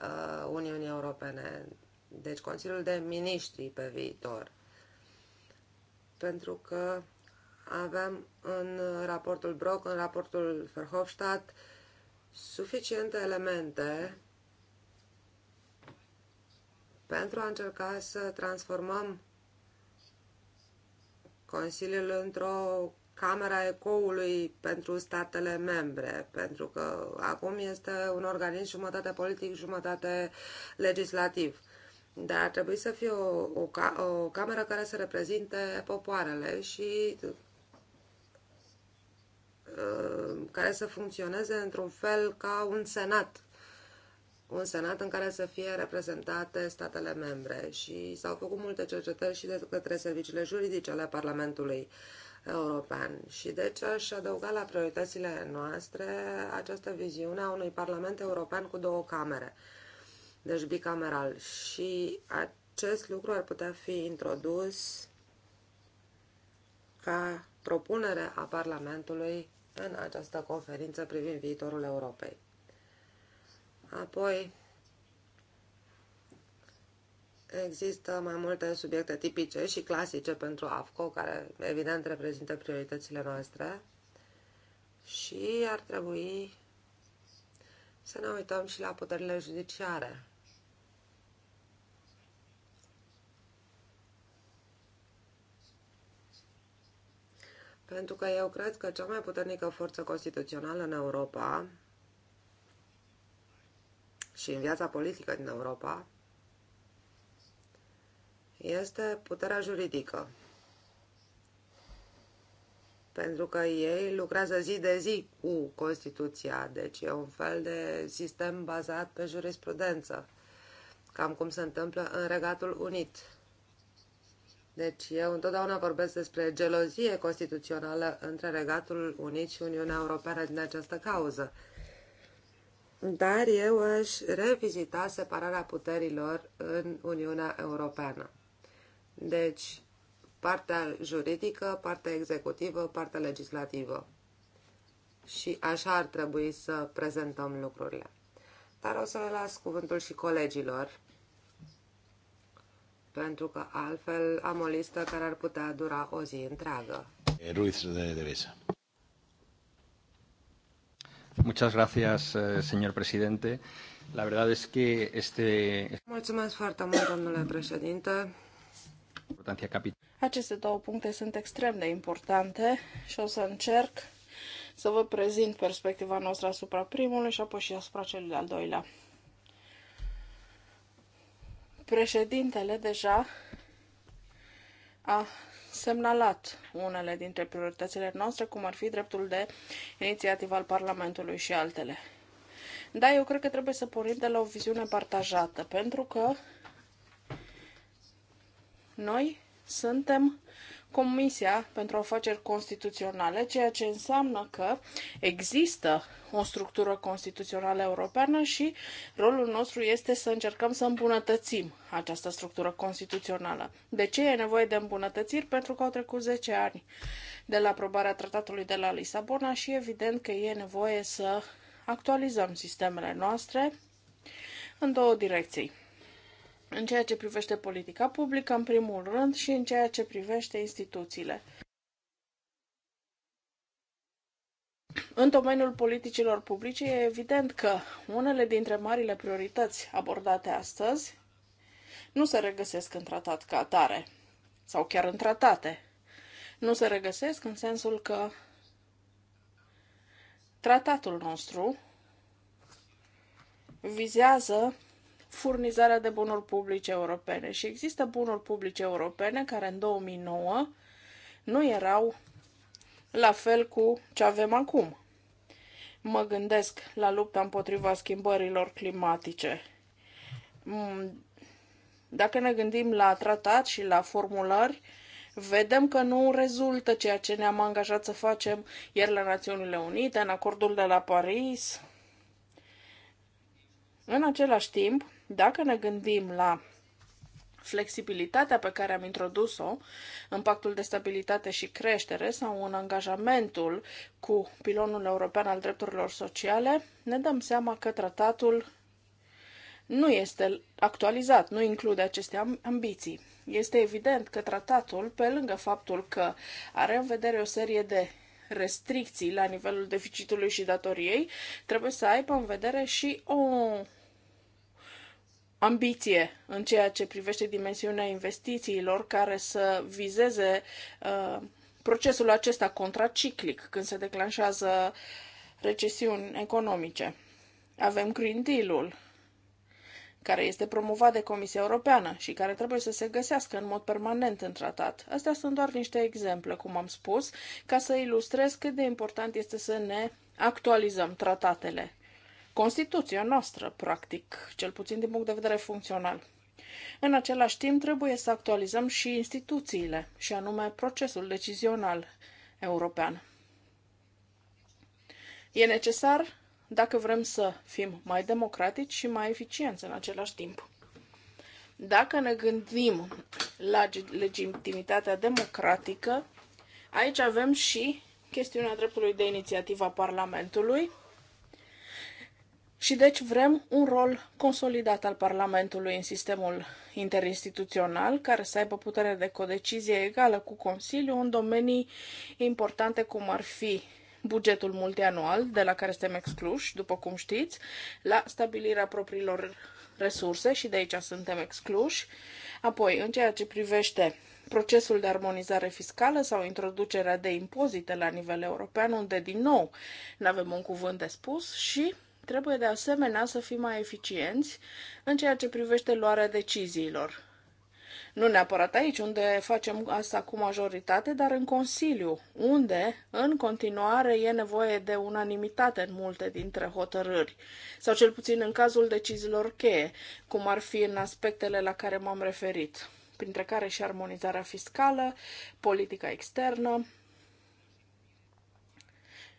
Uh, Uniunii Europene, deci Consiliul de Ministri pe viitor. Pentru că avem în raportul Brock, în raportul Verhofstadt, suficiente elemente pentru a încerca să transformăm Consiliul într-o Camera Ecoului pentru statele membre, pentru că acum este un organism jumătate politic, jumătate legislativ. Dar ar trebui să fie o, o, o cameră care să reprezinte popoarele și uh, care să funcționeze într-un fel ca un senat un senat în care să fie reprezentate statele membre și s-au făcut multe cercetări și de către serviciile juridice ale Parlamentului european. Și deci aș adăuga la prioritățile noastre această viziune a unui Parlament european cu două camere, deci bicameral. Și acest lucru ar putea fi introdus ca propunere a Parlamentului în această conferință privind viitorul Europei. Apoi, Există mai multe subiecte tipice și clasice pentru AFCO, care evident reprezintă prioritățile noastre și ar trebui să ne uităm și la puterile judiciare. Pentru că eu cred că cea mai puternică forță constituțională în Europa și în viața politică din Europa este puterea juridică. Pentru că ei lucrează zi de zi cu Constituția, deci e un fel de sistem bazat pe jurisprudență, cam cum se întâmplă în Regatul Unit. Deci eu întotdeauna vorbesc despre gelozie constituțională între Regatul Unit și Uniunea Europeană din această cauză. Dar eu aș revizita separarea puterilor în Uniunea Europeană. Deci, partea juridică, partea executivă, partea legislativă. Și așa ar trebui să prezentăm lucrurile. Dar o să le las cuvântul și colegilor, pentru că altfel am o listă care ar putea dura o zi întreagă. Ruiz de Vesa. Muchas gracias, eh, señor presidente. La verdad es que este... Mulțumesc foarte mult, domnule președinte. Aceste două puncte sunt extrem de importante și o să încerc să vă prezint perspectiva noastră asupra primului și apoi și asupra celui de-al doilea. Președintele deja a semnalat unele dintre prioritățile noastre, cum ar fi dreptul de inițiativă al Parlamentului și altele. Da, eu cred că trebuie să pornim de la o viziune partajată, pentru că noi suntem Comisia pentru Afaceri Constituționale, ceea ce înseamnă că există o structură constituțională europeană și rolul nostru este să încercăm să îmbunătățim această structură constituțională. De ce e nevoie de îmbunătățiri? Pentru că au trecut 10 ani de la aprobarea tratatului de la Lisabona și evident că e nevoie să actualizăm sistemele noastre în două direcții în ceea ce privește politica publică, în primul rând, și în ceea ce privește instituțiile. În domeniul politicilor publice e evident că unele dintre marile priorități abordate astăzi nu se regăsesc în tratat ca atare sau chiar în tratate. Nu se regăsesc în sensul că tratatul nostru vizează furnizarea de bunuri publice europene. Și există bunuri publice europene care în 2009 nu erau la fel cu ce avem acum. Mă gândesc la lupta împotriva schimbărilor climatice. Mm, dacă ne gândim la tratat și la formulări, vedem că nu rezultă ceea ce ne-am angajat să facem ieri la Națiunile Unite, în acordul de la Paris. În același timp, dacă ne gândim la flexibilitatea pe care am introdus-o în pactul de stabilitate și creștere sau în angajamentul cu pilonul european al drepturilor sociale, ne dăm seama că tratatul nu este actualizat, nu include aceste ambiții. Este evident că tratatul, pe lângă faptul că are în vedere o serie de restricții la nivelul deficitului și datoriei, trebuie să aibă în vedere și o ambiție în ceea ce privește dimensiunea investițiilor care să vizeze uh, procesul acesta contraciclic când se declanșează recesiuni economice. Avem Green Deal-ul, care este promovat de Comisia Europeană și care trebuie să se găsească în mod permanent în tratat. Astea sunt doar niște exemple, cum am spus, ca să ilustrez cât de important este să ne actualizăm tratatele. Constituția noastră, practic, cel puțin din punct de vedere funcțional. În același timp, trebuie să actualizăm și instituțiile, și anume procesul decizional european. E necesar dacă vrem să fim mai democratici și mai eficienți în același timp. Dacă ne gândim la legitimitatea democratică, aici avem și chestiunea dreptului de inițiativă a Parlamentului, și deci vrem un rol consolidat al Parlamentului în sistemul interinstituțional, care să aibă putere de codecizie egală cu Consiliul în domenii importante cum ar fi bugetul multianual, de la care suntem excluși, după cum știți, la stabilirea propriilor resurse și de aici suntem excluși. Apoi, în ceea ce privește procesul de armonizare fiscală sau introducerea de impozite la nivel european, unde din nou nu avem un cuvânt de spus și Trebuie de asemenea să fim mai eficienți în ceea ce privește luarea deciziilor. Nu neapărat aici, unde facem asta cu majoritate, dar în Consiliu, unde, în continuare, e nevoie de unanimitate în multe dintre hotărâri, sau cel puțin în cazul deciziilor cheie, cum ar fi în aspectele la care m-am referit, printre care și armonizarea fiscală, politica externă.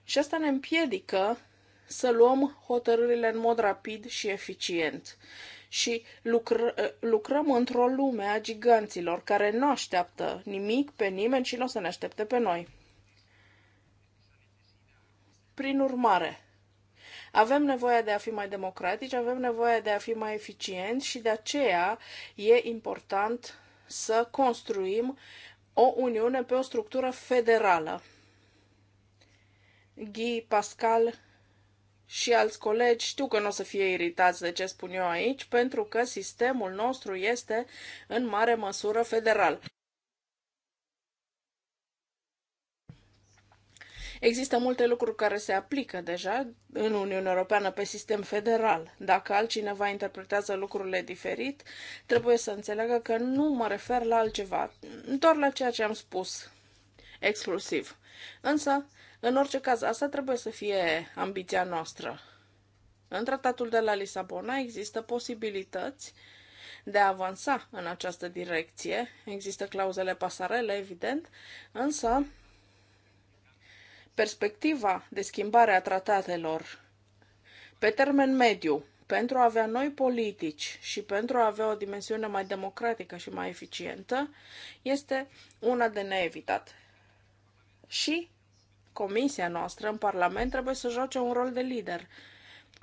Și asta ne împiedică să luăm hotărârile în mod rapid și eficient. Și lucr- lucrăm într-o lume a giganților care nu așteaptă nimic pe nimeni și nu o să ne aștepte pe noi. Prin urmare, avem nevoie de a fi mai democratici, avem nevoie de a fi mai eficienți și de aceea e important să construim o uniune pe o structură federală. Guy Pascal și alți colegi știu că nu o să fie iritați de ce spun eu aici, pentru că sistemul nostru este în mare măsură federal. Există multe lucruri care se aplică deja în Uniunea Europeană pe sistem federal. Dacă altcineva interpretează lucrurile diferit, trebuie să înțeleagă că nu mă refer la altceva, doar la ceea ce am spus exclusiv. Însă, în orice caz, asta trebuie să fie ambiția noastră. În tratatul de la Lisabona există posibilități de a avansa în această direcție. Există clauzele pasarele, evident, însă perspectiva de schimbare a tratatelor pe termen mediu, pentru a avea noi politici și pentru a avea o dimensiune mai democratică și mai eficientă, este una de neevitat. Și comisia noastră în Parlament trebuie să joace un rol de lider.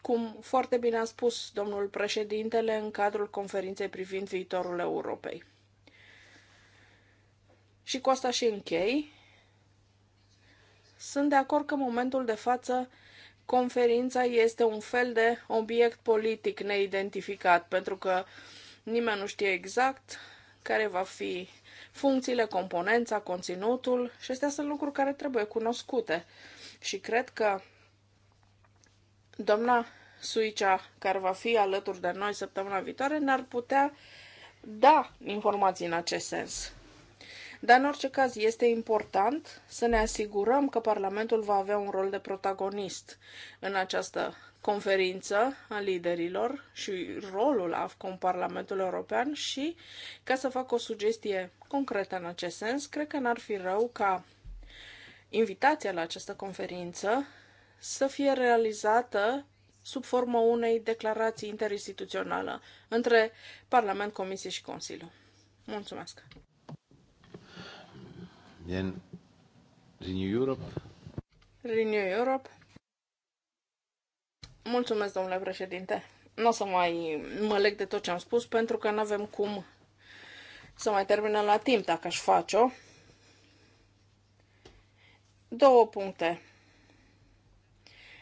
Cum foarte bine a spus domnul președintele în cadrul conferinței privind viitorul Europei. Și cu asta și închei. Sunt de acord că în momentul de față conferința este un fel de obiect politic neidentificat, pentru că nimeni nu știe exact care va fi funcțiile, componența, conținutul și astea sunt lucruri care trebuie cunoscute. Și cred că doamna Suicea, care va fi alături de noi săptămâna viitoare, ne-ar putea da informații în acest sens. Dar, în orice caz, este important să ne asigurăm că Parlamentul va avea un rol de protagonist în această conferință a liderilor și rolul AFCOM Parlamentul European și, ca să fac o sugestie concretă în acest sens, cred că n-ar fi rău ca invitația la această conferință să fie realizată sub formă unei declarații interinstituționale între Parlament, Comisie și Consiliu. Mulțumesc! Bien. Renew Europe. Renew Europe. Mulțumesc, domnule președinte. Nu o să mai mă leg de tot ce am spus, pentru că nu avem cum să mai terminăm la timp dacă aș face-o. Două puncte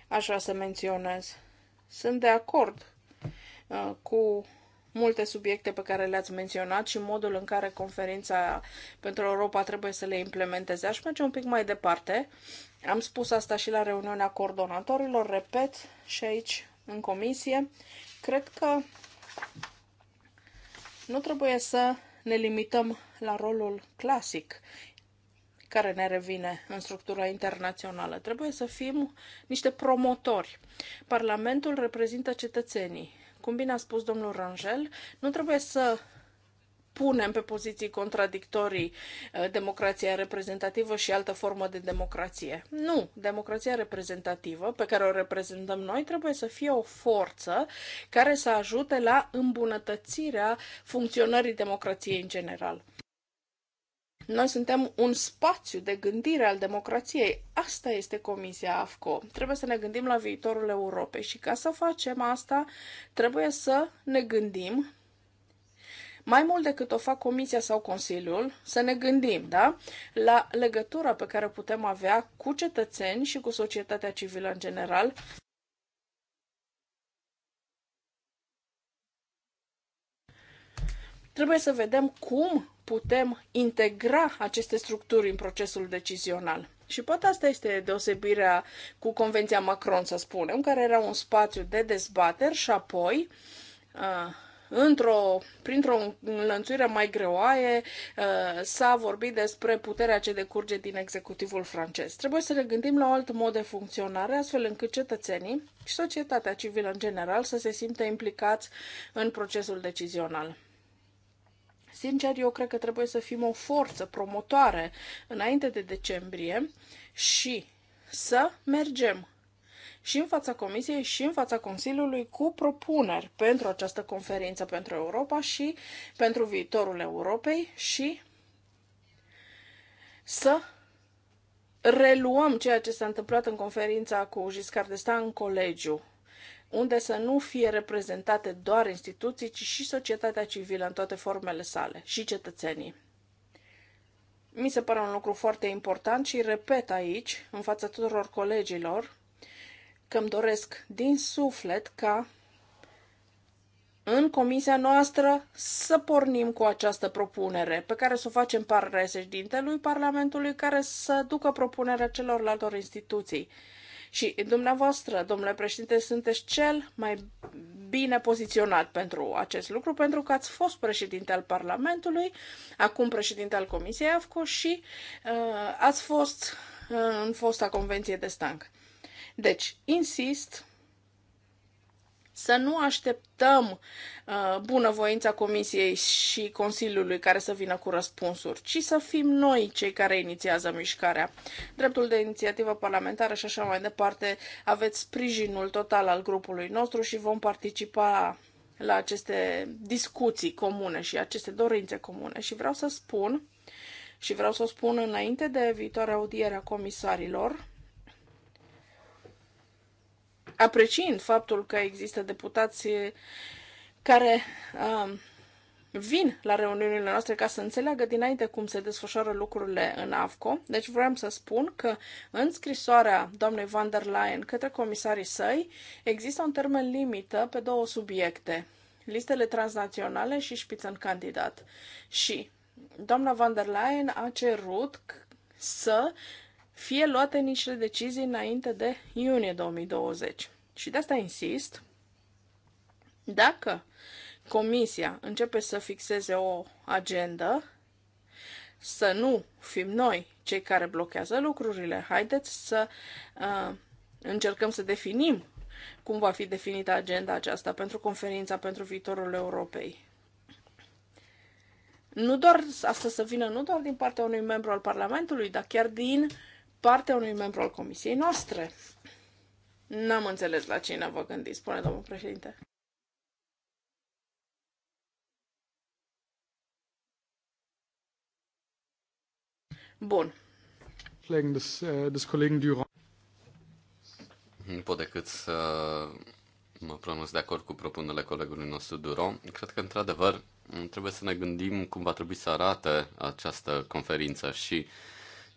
aș vrea să menționez. Sunt de acord uh, cu multe subiecte pe care le-ați menționat și modul în care conferința pentru Europa trebuie să le implementeze. Aș merge un pic mai departe. Am spus asta și la reuniunea coordonatorilor, repet, și aici în comisie. Cred că nu trebuie să ne limităm la rolul clasic care ne revine în structura internațională. Trebuie să fim niște promotori. Parlamentul reprezintă cetățenii cum bine a spus domnul Rangel, nu trebuie să punem pe poziții contradictorii uh, democrația reprezentativă și altă formă de democrație. Nu, democrația reprezentativă pe care o reprezentăm noi trebuie să fie o forță care să ajute la îmbunătățirea funcționării democrației în general. Noi suntem un spațiu de gândire al democrației. Asta este Comisia AFCO. Trebuie să ne gândim la viitorul Europei și ca să facem asta, trebuie să ne gândim mai mult decât o fac Comisia sau Consiliul, să ne gândim, da? La legătura pe care o putem avea cu cetățeni și cu societatea civilă în general. Trebuie să vedem cum putem integra aceste structuri în procesul decizional. Și poate asta este deosebirea cu Convenția Macron, să spunem, care era un spațiu de dezbateri și apoi uh, într-o, printr-o lănțuire mai greoaie, uh, s-a vorbit despre puterea ce decurge din executivul francez. Trebuie să ne gândim la alt mod de funcționare, astfel încât cetățenii și societatea civilă în general să se simtă implicați în procesul decizional. Sincer, eu cred că trebuie să fim o forță promotoare înainte de decembrie și să mergem și în fața Comisiei și în fața Consiliului cu propuneri pentru această conferință pentru Europa și pentru viitorul Europei și să reluăm ceea ce s-a întâmplat în conferința cu Giscard d'Estaing în colegiu unde să nu fie reprezentate doar instituții, ci și societatea civilă în toate formele sale și cetățenii. Mi se pare un lucru foarte important și repet aici, în fața tuturor colegilor, că îmi doresc din suflet ca în comisia noastră să pornim cu această propunere pe care să o facem par președintelui Parlamentului care să ducă propunerea celorlalte instituții și dumneavoastră, domnule președinte, sunteți cel mai bine poziționat pentru acest lucru, pentru că ați fost președinte al Parlamentului, acum președinte al Comisiei AFCO și uh, ați fost uh, în fosta convenție de stanc. Deci, insist să nu așteptăm uh, bunăvoința Comisiei și Consiliului care să vină cu răspunsuri, ci să fim noi cei care inițiază mișcarea. Dreptul de inițiativă parlamentară și așa mai departe, aveți sprijinul total al grupului nostru și vom participa la aceste discuții comune și aceste dorințe comune. Și vreau să spun, și vreau să spun înainte de viitoarea audiere a comisarilor, apreciind faptul că există deputați care um, vin la reuniunile noastre ca să înțeleagă dinainte cum se desfășoară lucrurile în AFCO. Deci vreau să spun că în scrisoarea doamnei van der Leyen către comisarii săi există un termen limită pe două subiecte, listele transnaționale și șpițăn candidat. Și doamna van der Leyen a cerut să uh, fie luate niște decizii înainte de iunie 2020. Și de asta insist, dacă Comisia începe să fixeze o agendă, să nu fim noi cei care blochează lucrurile. Haideți să uh, încercăm să definim cum va fi definită agenda aceasta pentru conferința pentru viitorul Europei. Nu doar asta să vină nu doar din partea unui membru al Parlamentului, dar chiar din uh, partea unui membru al comisiei noastre. N-am înțeles la cine vă gândiți, spune domnul președinte. Bun. Des, äh, des Nu pot decât să mă pronunț de acord cu propunerile colegului nostru Duro, Cred că, într-adevăr, trebuie să ne gândim cum va trebui să arate această conferință și uh,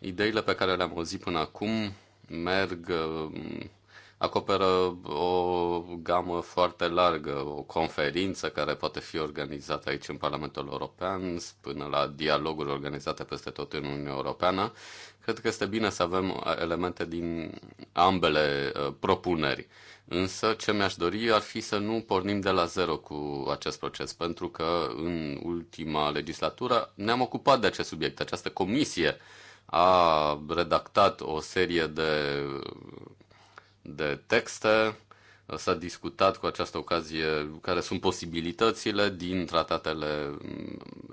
Ideile pe care le-am auzit până acum merg, uh, acoperă o gamă foarte largă, o conferință care poate fi organizată aici în Parlamentul European, până la dialoguri organizate peste tot în Uniunea Europeană. Cred că este bine să avem uh, elemente din ambele uh, propuneri. Însă, ce mi-aș dori ar fi să nu pornim de la zero cu acest proces, pentru că în ultima legislatură ne-am ocupat de acest subiect. Această comisie a redactat o serie de, de texte. S-a discutat cu această ocazie care sunt posibilitățile din tratatele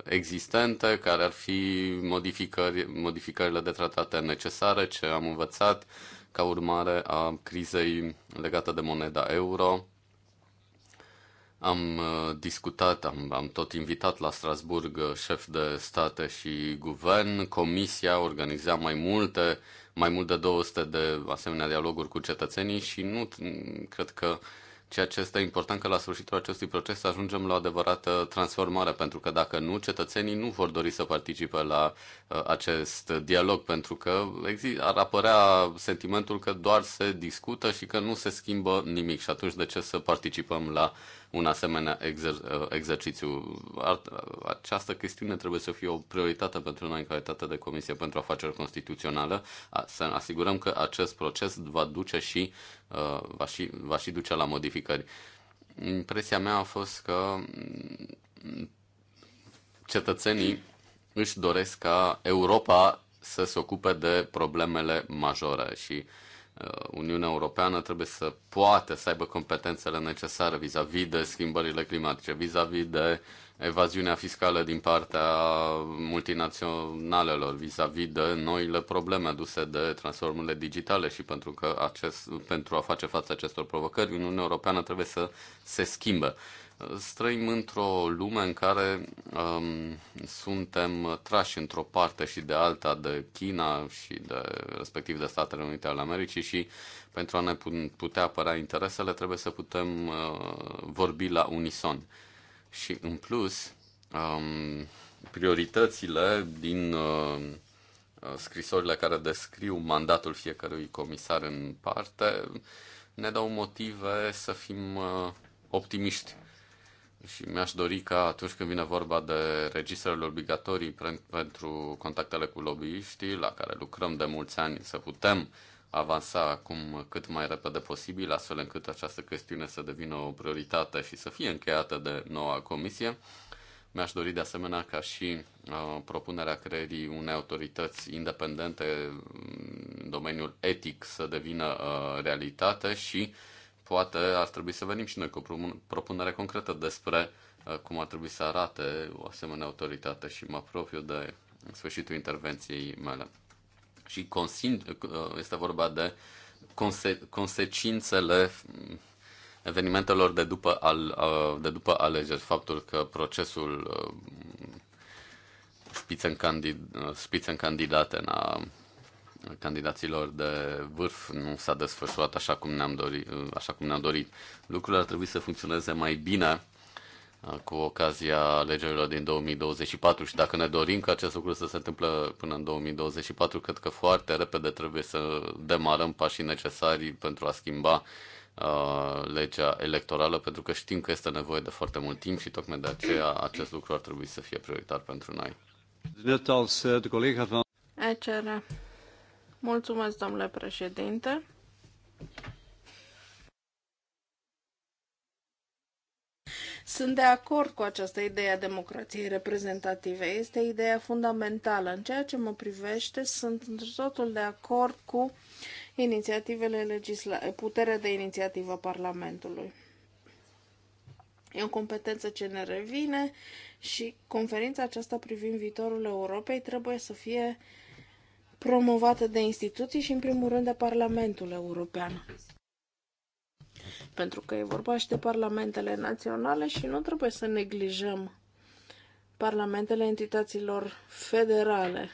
existente, care ar fi modificări, modificările de tratate necesare, ce am învățat ca urmare a crizei legată de moneda euro am uh, discutat, am, am tot invitat la Strasburg uh, șef de state și guvern. Comisia organiza mai multe, mai mult de 200 de asemenea dialoguri cu cetățenii și nu mm, cred că ceea ce este important că la sfârșitul acestui proces ajungem la o adevărată transformare, pentru că dacă nu, cetățenii nu vor dori să participe la uh, acest dialog, pentru că exist, ar apărea sentimentul că doar se discută și că nu se schimbă nimic și atunci de ce să participăm la uh, un asemenea exer- uh, exercițiu. Această chestiune trebuie să fie o prioritate pentru noi în calitate de Comisie pentru Afaceri Constituționale, să asigurăm că acest proces va duce și, uh, va și, va și duce la modificări. Impresia mea a fost că mm, cetățenii își doresc ca Europa să se ocupe de problemele majore și uh, Uh, Uniunea Europeană trebuie să poată să aibă competențele necesare vis-a-vis -vis de schimbările climatice, vis-a-vis -vis de evaziunea fiscală din partea multinaționalelor, vis-a-vis -vis de noile probleme aduse de transformările digitale și pentru că acest, pentru a face față acestor provocări, Uniunea Europeană trebuie să se schimbe. Străim într-o lume în care um, suntem trași într-o parte și de alta de China și de respectiv de Statele Unite ale Americii și pentru a ne putea apăra interesele trebuie să putem uh, vorbi la unison. Și în plus, um, prioritățile din uh, scrisorile care descriu mandatul fiecărui comisar în parte ne dau motive să fim uh, optimiști și mi-aș dori ca atunci când vine vorba de registrele obligatorii pentru contactele cu lobbyiștii, la care lucrăm de mulți ani, să putem avansa acum cât mai repede posibil, astfel încât această chestiune să devină o prioritate și să fie încheiată de noua comisie. Mi-aș dori de asemenea ca și uh, propunerea creierii unei autorități independente în domeniul etic să devină uh, realitate și uh, poate ar trebui să venim și noi cu o propunere concretă despre uh, cum ar trebui să arate o asemenea autoritate și mă apropiu de sfârșitul intervenției mele. Și uh, este vorba de conse- consecințele mm, evenimentelor de după, al, uh, de după alegeri, faptul că procesul spitzen, candid, candidate n a candidaților de vârf nu s-a desfășurat așa cum ne-am dorit, așa cum ne-am dorit. Lucrurile ar trebui să funcționeze mai bine uh, cu ocazia alegerilor din 2024 și dacă ne dorim ca acest lucru să se întâmple până în 2024, cred că foarte repede trebuie să demarăm pașii necesari pentru a schimba uh, legea electorală, pentru că știm că este nevoie de foarte mult timp și tocmai de aceea acest lucru ar trebui să fie prioritar pentru noi. Net eh, de Mulțumesc, domnule președinte. Sunt de acord cu această idee a democrației reprezentative. Este ideea fundamentală. În ceea ce mă privește, sunt totul de acord cu inițiativele legisla... puterea de inițiativă a Parlamentului. E o competență ce ne revine și conferința aceasta privind viitorul Europei trebuie să fie uh, promovată de instituții și, în primul rând, de Parlamentul European. Pentru că e vorba și de parlamentele naționale și nu trebuie să neglijăm parlamentele entităților federale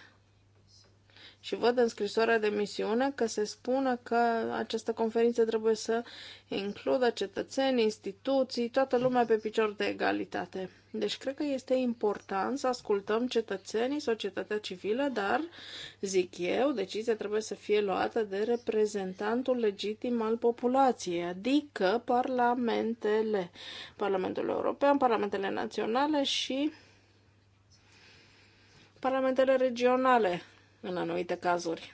și văd în scrisoarea de misiune că se spune că această conferință trebuie să includă cetățeni, instituții, toată lumea pe picior de egalitate. Deci cred că este important să ascultăm cetățenii, societatea civilă, dar, zic eu, decizia trebuie să fie luată de reprezentantul legitim al populației, adică parlamentele. Parlamentul European, parlamentele naționale și parlamentele regionale în anumite cazuri.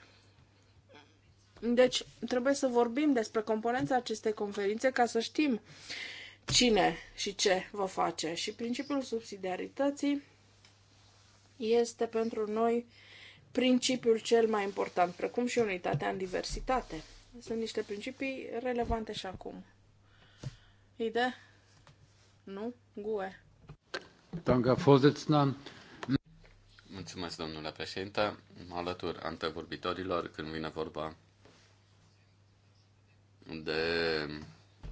Deci, trebuie să vorbim despre componența acestei conferințe ca să știm cine și ce vă face. Și principiul subsidiarității este pentru noi principiul cel mai important, precum și unitatea în diversitate. Sunt niște principii relevante și acum. Ide? Nu? Gue. Danke, Vorsitzender. Mulțumesc, domnule președinte. Mă alătur antevorbitorilor când vine vorba de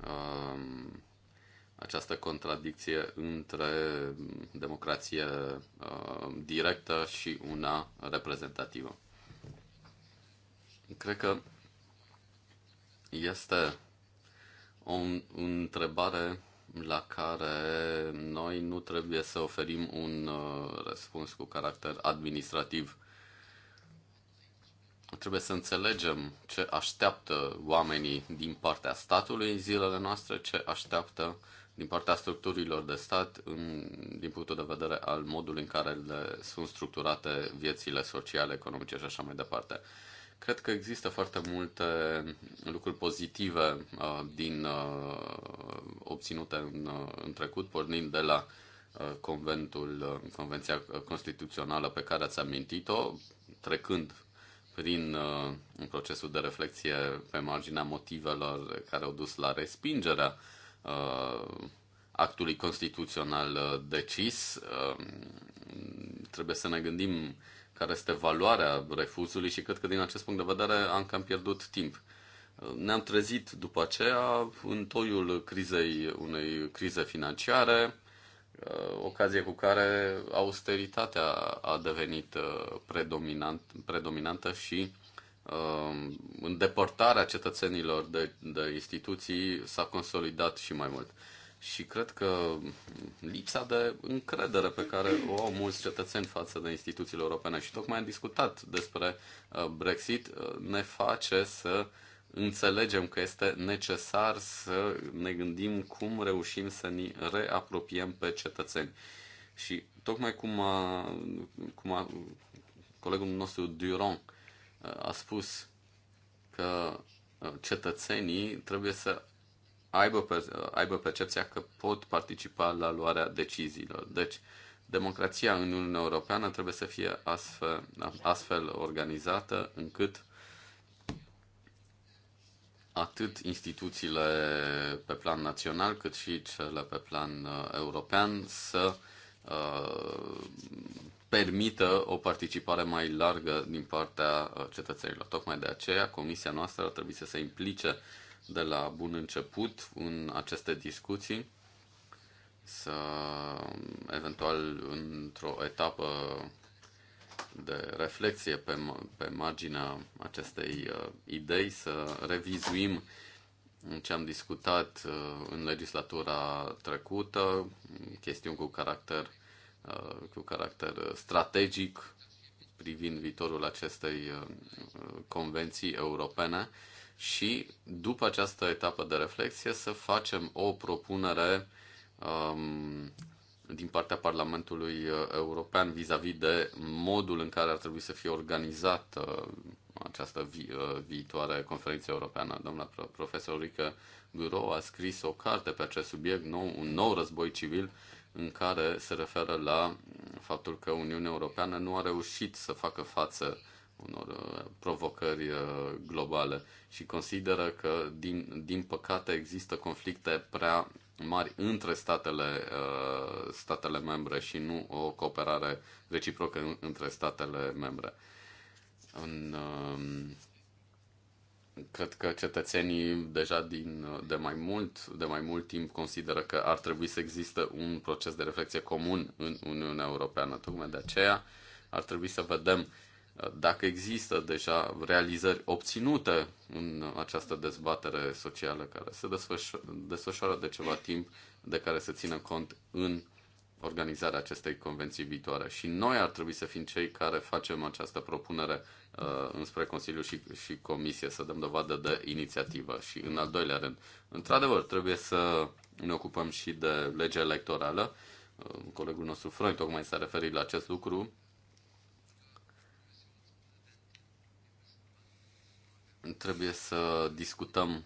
um, această contradicție între democrație uh, directă și una reprezentativă. Cred că este o întrebare la care noi nu trebuie să oferim un uh, răspuns cu caracter administrativ. Trebuie să înțelegem ce așteaptă oamenii din partea statului în zilele noastre, ce așteaptă din partea structurilor de stat în, din punctul de vedere al modului în care le sunt structurate viețile sociale, economice și așa mai departe. Cred că există foarte multe lucruri pozitive uh, din uh, obținute în, uh, în trecut, pornind de la conventul, Convenția Constituțională pe care ați amintit-o, trecând prin un procesul de reflexie pe marginea motivelor care au dus la respingerea actului constituțional decis. Trebuie să ne gândim care este valoarea refuzului și cred că din acest punct de vedere am cam pierdut timp. Ne-am trezit după aceea în toiul crizei, unei crize financiare, uh, ocazie cu care austeritatea a devenit uh, predominant, predominantă și uh, îndepărtarea cetățenilor de, de instituții s-a consolidat și mai mult și cred că lipsa de încredere pe care o au mulți cetățeni față de instituțiile europene și tocmai am discutat despre uh, Brexit uh, ne face să înțelegem că este necesar să ne gândim cum reușim să ne reapropiem pe cetățeni. Și tocmai cum a, cum a colegul nostru Durand uh, a spus că cetățenii trebuie să aibă, aibă percepția că pot participa la luarea deciziilor. Deci, democrația în Uniunea Europeană trebuie să fie astfel, astfel organizată încât atât instituțiile pe plan național cât și cele pe plan uh, european să uh, permită o participare mai largă din partea uh, cetățenilor. Tocmai de aceea, comisia noastră ar trebui să se implice de la bun început în aceste discuții, să eventual într-o etapă de reflexie pe, pe marginea acestei uh, idei, să revizuim ce am discutat uh, în legislatura trecută, chestiuni cu caracter, uh, cu caracter strategic privind viitorul acestei uh, convenții europene și după această etapă de reflexie să facem o propunere um, din partea Parlamentului uh, European vis-a-vis -vis de modul în care ar trebui să fie organizată uh, această vi- uh, viitoare conferință europeană. Doamna profesor Rică Guro a scris o carte pe acest subiect, nou, un nou război civil, în care se referă la faptul că Uniunea Europeană nu a reușit să facă față uh, unor uh, provocări uh, globale și consideră că, din, din păcate, există conflicte prea mari între statele, uh, statele membre și nu o cooperare reciprocă între statele membre. În, um, cred că cetățenii deja din, de, mai mult, de mai mult timp consideră că ar trebui să existe un proces de reflexie comun în Uniunea Europeană. Tocmai de aceea ar trebui să vedem dacă există deja realizări obținute în această dezbatere socială care se desfășoară de ceva timp, de care se țină cont în organizarea acestei convenții viitoare. Și noi ar trebui să fim cei care facem această propunere uh, înspre Consiliu și, și Comisie, să dăm dovadă de inițiativă. Și în al doilea rând, într-adevăr, trebuie să ne ocupăm și de legea electorală. Uh, colegul nostru Frank tocmai s-a referit la acest lucru trebuie să discutăm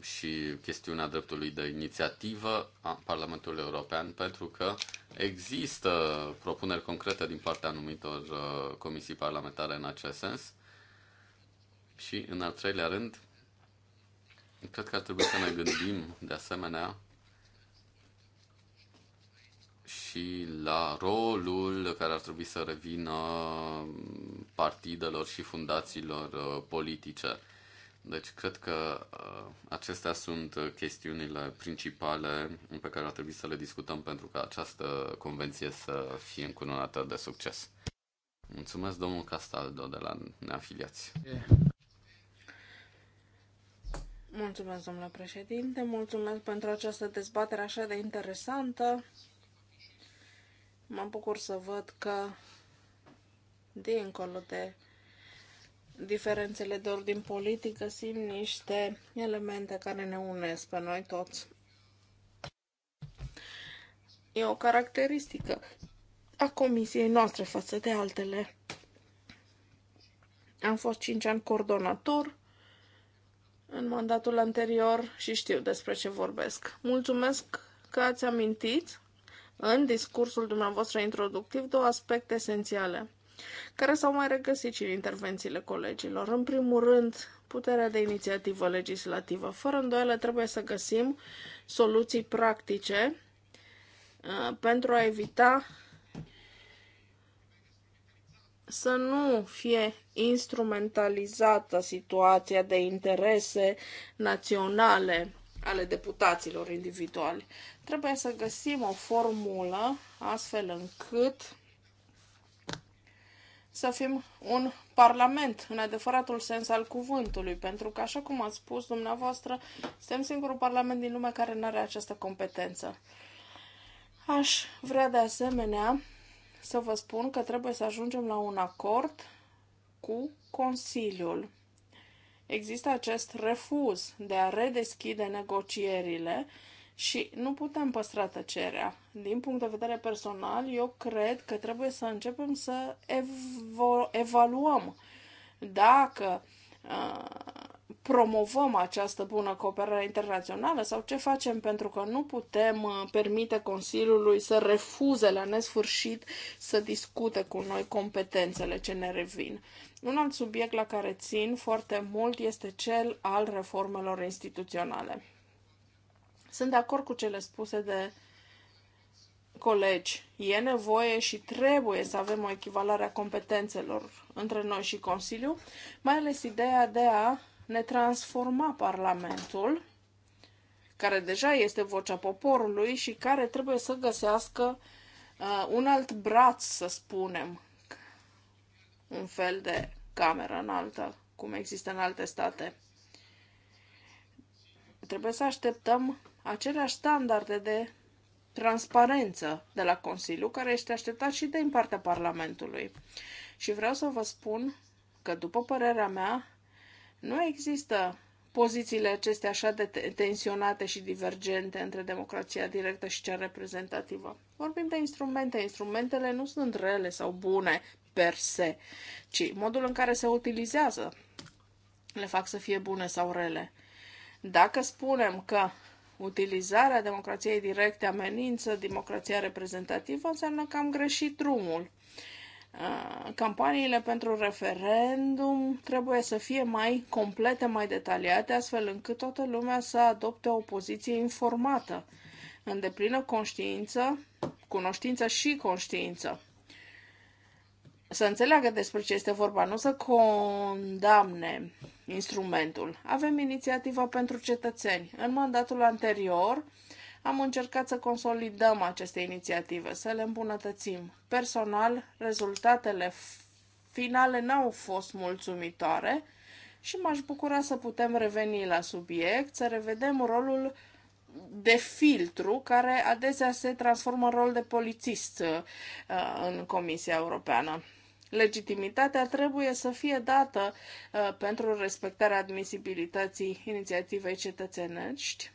și chestiunea dreptului de inițiativă a Parlamentului European, pentru că există propuneri concrete din partea anumitor uh, comisii parlamentare în acest sens. Și, în al treilea rând, cred că ar trebui să ne gândim, de asemenea, și la rolul care ar trebui să revină partidelor și fundațiilor uh, politice. Deci cred că uh, acestea sunt uh, chestiunile principale pe care ar trebui să le discutăm pentru ca această convenție să fie încununată de succes. Mulțumesc, domnul Castaldo, de la Neafiliați. Mulțumesc, domnule președinte, mulțumesc pentru această dezbatere așa de interesantă. Mă bucur să văd că, dincolo de diferențele de ordin politică simt niște elemente care ne unesc pe noi toți. E o caracteristică a comisiei noastre față de altele. Am fost 5 ani coordonator în mandatul anterior și știu despre ce vorbesc. Mulțumesc că ați amintit în discursul dumneavoastră introductiv două aspecte esențiale, care s-au mai regăsit și în intervențiile colegilor. În primul rând, puterea de inițiativă legislativă. Fără îndoială, trebuie să găsim soluții practice uh, pentru a evita să nu fie instrumentalizată situația de interese naționale ale deputaților individuali. Trebuie să găsim o formulă astfel încât să fim un parlament, în adevăratul sens al cuvântului, pentru că, așa cum ați spus dumneavoastră, suntem singurul parlament din lume care nu are această competență. Aș vrea de asemenea să vă spun că trebuie să ajungem la un acord cu Consiliul există acest refuz de a redeschide negocierile și nu putem păstra tăcerea. Din punct de vedere personal, eu cred că trebuie să începem să evo- evaluăm dacă uh, promovăm această bună cooperare internațională sau ce facem pentru că nu putem uh, permite Consiliului să refuze la nesfârșit să discute cu noi competențele ce ne revin. Un alt subiect la care țin foarte mult este cel al reformelor instituționale. Sunt de acord cu cele spuse de colegi, e nevoie și trebuie să avem o echivalare a competențelor între noi și Consiliu, mai ales ideea de a ne transforma Parlamentul, care deja este vocea poporului și care trebuie să găsească uh, un alt braț, să spunem, un fel de cameră înaltă, cum există în alte state. Trebuie să așteptăm aceleași standarde de transparență de la Consiliu, care este așteptat și din partea Parlamentului. Și vreau să vă spun că, după părerea mea, nu există pozițiile acestea așa de tensionate și divergente între democrația directă și cea reprezentativă. Vorbim de instrumente. Instrumentele nu sunt rele sau bune per se, ci modul în care se utilizează le fac să fie bune sau rele. Dacă spunem că utilizarea democrației directe amenință democrația reprezentativă, înseamnă că am greșit drumul. Uh, campaniile pentru referendum trebuie să fie mai complete, mai detaliate, astfel încât toată lumea să adopte o poziție informată, în deplină conștiință, cunoștință și conștiință. Să înțeleagă despre ce este vorba, nu să condamne instrumentul. Avem inițiativa pentru cetățeni. În mandatul anterior, am încercat să consolidăm aceste inițiative, să le îmbunătățim. Personal, rezultatele finale n-au fost mulțumitoare și m-aș bucura să putem reveni la subiect, să revedem rolul de filtru care adesea se transformă în rol de polițist uh, în Comisia Europeană. Legitimitatea trebuie să fie dată uh, pentru respectarea admisibilității inițiativei cetățenești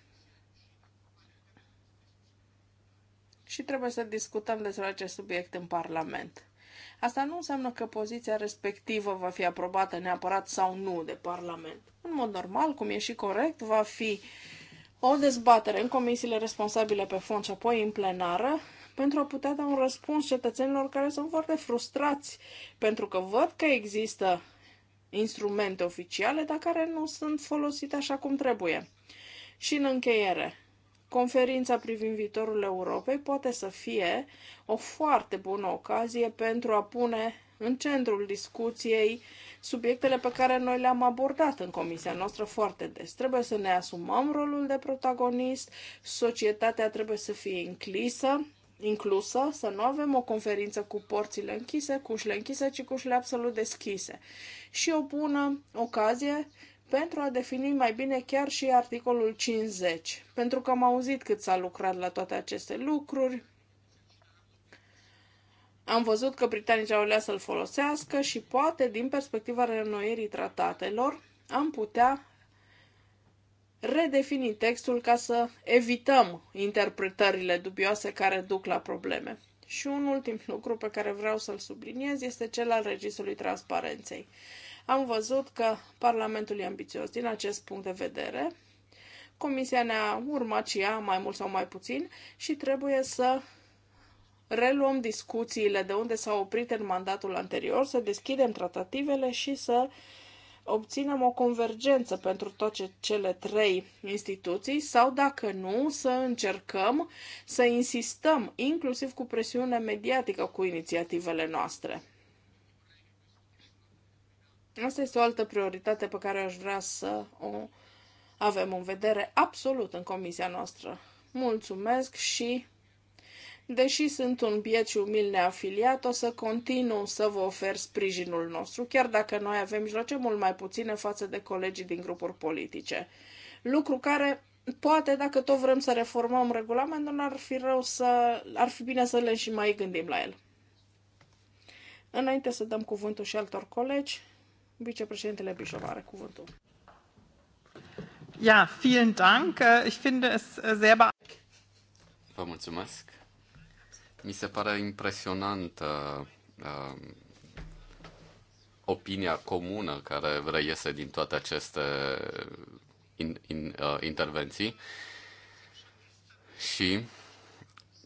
și trebuie să discutăm despre acest subiect în Parlament. Asta nu înseamnă că poziția respectivă va fi aprobată neapărat sau nu de Parlament. În mod normal, cum e și corect, va fi o dezbatere în comisiile responsabile pe fond și apoi în plenară pentru a putea da un răspuns cetățenilor care sunt foarte frustrați pentru că văd că există instrumente oficiale, dar care nu sunt folosite așa cum trebuie. Și în încheiere, conferința privind viitorul Europei poate să fie o foarte bună ocazie pentru a pune în centrul discuției subiectele pe care noi le-am abordat în comisia noastră foarte des. Trebuie să ne asumăm rolul de protagonist, societatea trebuie să fie inclisă, inclusă, să nu avem o conferință cu porțile închise, cu ușile închise, ci cu ușile absolut deschise. Și o bună ocazie pentru a defini mai bine chiar și articolul 50, pentru că am auzit cât s-a lucrat la toate aceste lucruri. Am văzut că britanicii au lea să-l folosească și poate, din perspectiva renoierii tratatelor, am putea redefini textul ca să evităm interpretările dubioase care duc la probleme. Și un ultim lucru pe care vreau să-l subliniez este cel al Registrului Transparenței. Am văzut că Parlamentul e ambițios din acest punct de vedere. Comisia ne-a urmat și ea, mai mult sau mai puțin, și trebuie să reluăm discuțiile de unde s-au oprit în mandatul anterior, să deschidem tratativele și să obținem o convergență pentru toate cele trei instituții sau, dacă nu, să încercăm să insistăm, inclusiv cu presiune mediatică, cu inițiativele noastre. Asta este o altă prioritate pe care aș vrea să o avem în vedere absolut în comisia noastră. Mulțumesc și, deși sunt un biet și umil neafiliat, o să continu să vă ofer sprijinul nostru, chiar dacă noi avem mijloace mult mai puține față de colegii din grupuri politice. Lucru care poate dacă tot vrem să reformăm regulamentul, ar fi rău să, ar fi bine să le și mai gândim la el. Înainte să dăm cuvântul și altor colegi, Vicepreședintele Bișov are cuvântul. Ja, vielen Dank. Ich finde es sehr Vă mulțumesc. Mi se pare impresionantă uh, um, opinia comună care reiese din toate aceste in, in, uh, intervenții și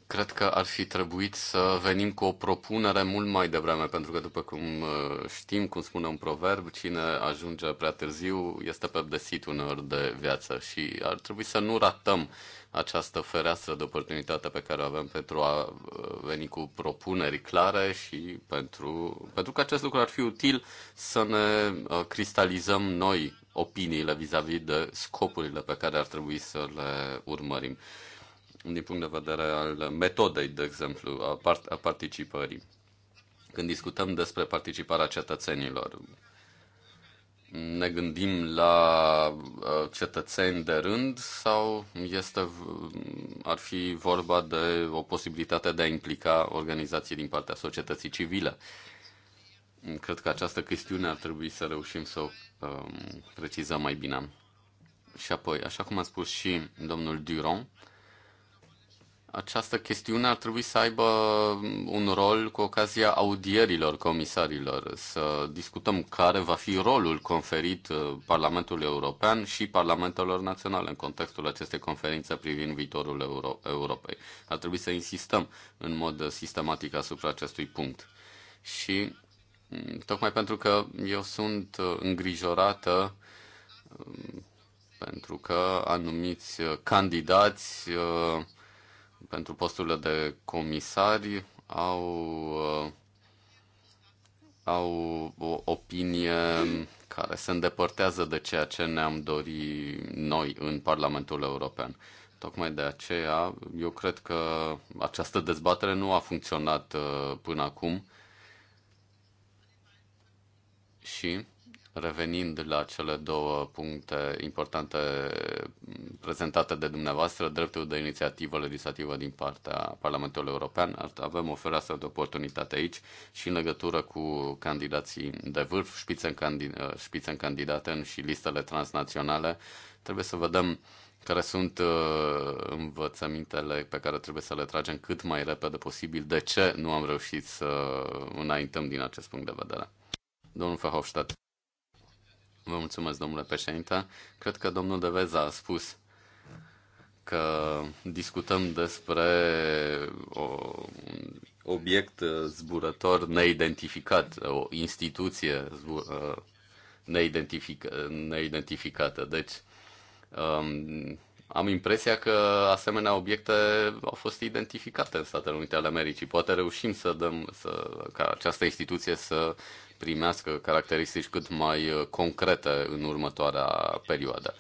cred că ar fi trebuit să venim cu o propunere mult mai devreme, pentru că, după cum uh, știm, cum spune un proverb, cine ajunge prea târziu este desit uneori de viață și ar trebui să nu ratăm această fereastră de oportunitate pe care o avem pentru a uh, veni cu propuneri clare și pentru, pentru că acest lucru ar fi util să ne uh, cristalizăm noi opiniile vis-a-vis -vis de scopurile pe care ar trebui să le urmărim din punct de vedere al metodei, de exemplu, a, part- a participării. Când discutăm despre participarea cetățenilor, ne gândim la cetățeni de rând sau este, ar fi vorba de o posibilitate de a implica organizații din partea societății civile? Cred că această chestiune ar trebui să reușim să o um, precizăm mai bine. Și apoi, așa cum a spus și domnul Durand, această chestiune ar trebui să aibă un rol cu ocazia audierilor comisarilor, să discutăm care va fi rolul conferit uh, Parlamentului European și Parlamentelor Naționale în contextul acestei conferințe privind viitorul Euro- Europei. Ar trebui să insistăm în mod sistematic asupra acestui punct. Și mm, tocmai pentru că eu sunt uh, îngrijorată um, pentru că anumiți uh, candidați uh, pentru posturile de comisari au, uh, au o opinie care se îndepărtează de ceea ce ne-am dori noi în Parlamentul European. Tocmai de aceea, eu cred că această dezbatere nu a funcționat uh, până acum și Revenind la cele două puncte importante prezentate de dumneavoastră, dreptul de inițiativă legislativă din partea Parlamentului European, avem o fereastră de oportunitate aici și în legătură cu candidații de vârf, șpițe uh, în candidate și listele transnaționale, trebuie să vedem care sunt uh, învățămintele pe care trebuie să le tragem cât mai repede posibil, de ce nu am reușit să înaintăm din acest punct de vedere. Domnul Fahofstadt. Vă mulțumesc, domnule președinte. Cred că domnul Deveza a spus că discutăm despre o, un obiect zburător neidentificat, o instituție zbur, uh, neidentific, neidentificată. Deci, um, am impresia că asemenea obiecte au fost identificate în Statele Unite ale Americii. Poate reușim să dăm să, ca această instituție să primească caracteristici cât mai uh, concrete în următoarea perioadă.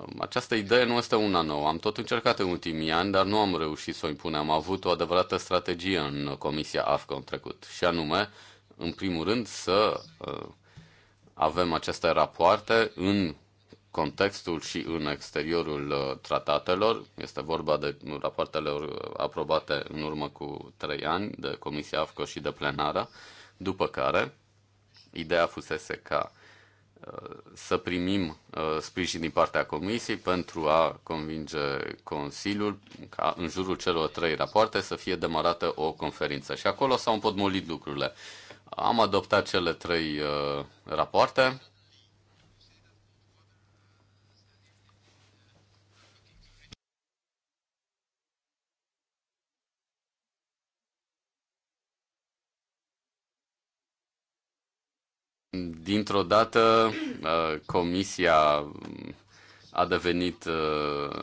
Um, această idee nu este una nouă. Am tot încercat în ultimii ani, dar nu am reușit să o impunem. Am avut o adevărată strategie în Comisia AFCO în trecut, și anume, în primul rând, să uh, avem aceste rapoarte în contextul și în exteriorul uh, tratatelor. Este vorba de rapoartele aprobate în urmă cu trei ani de Comisia AFCO și de plenară, după care ideea fusese ca uh, să primim uh, sprijin din partea Comisiei pentru a convinge Consiliul ca în jurul celor trei rapoarte să fie demarată o conferință. Și acolo s-au împotmolit lucrurile. Am adoptat cele trei uh, rapoarte Dintr-o dată, uh, comisia a devenit uh,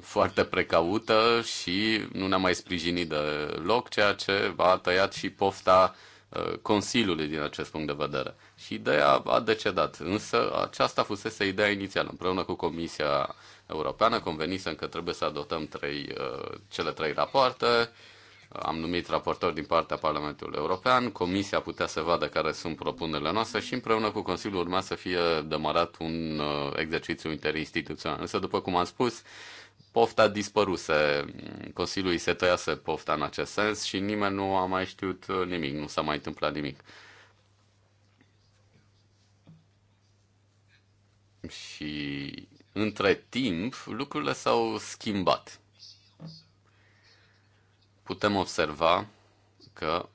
foarte precaută și nu ne-a mai sprijinit deloc, ceea ce a tăiat și pofta uh, Consiliului din acest punct de vedere. Și ideea a decedat, însă aceasta fusese ideea inițială. Împreună cu Comisia Europeană convenisem că trebuie să adoptăm trei, cele trei rapoarte, am numit raportori din partea Parlamentului European, Comisia putea să vadă care sunt propunerile noastre și împreună cu Consiliul urma să fie demarat un uh, exercițiu interinstituțional. Însă, după cum am spus, pofta dispăruse, Consiliul se tăiase pofta în acest sens și nimeni nu a mai știut uh, nimic, nu s-a mai întâmplat nimic. Și între timp, lucrurile s-au schimbat putem observa că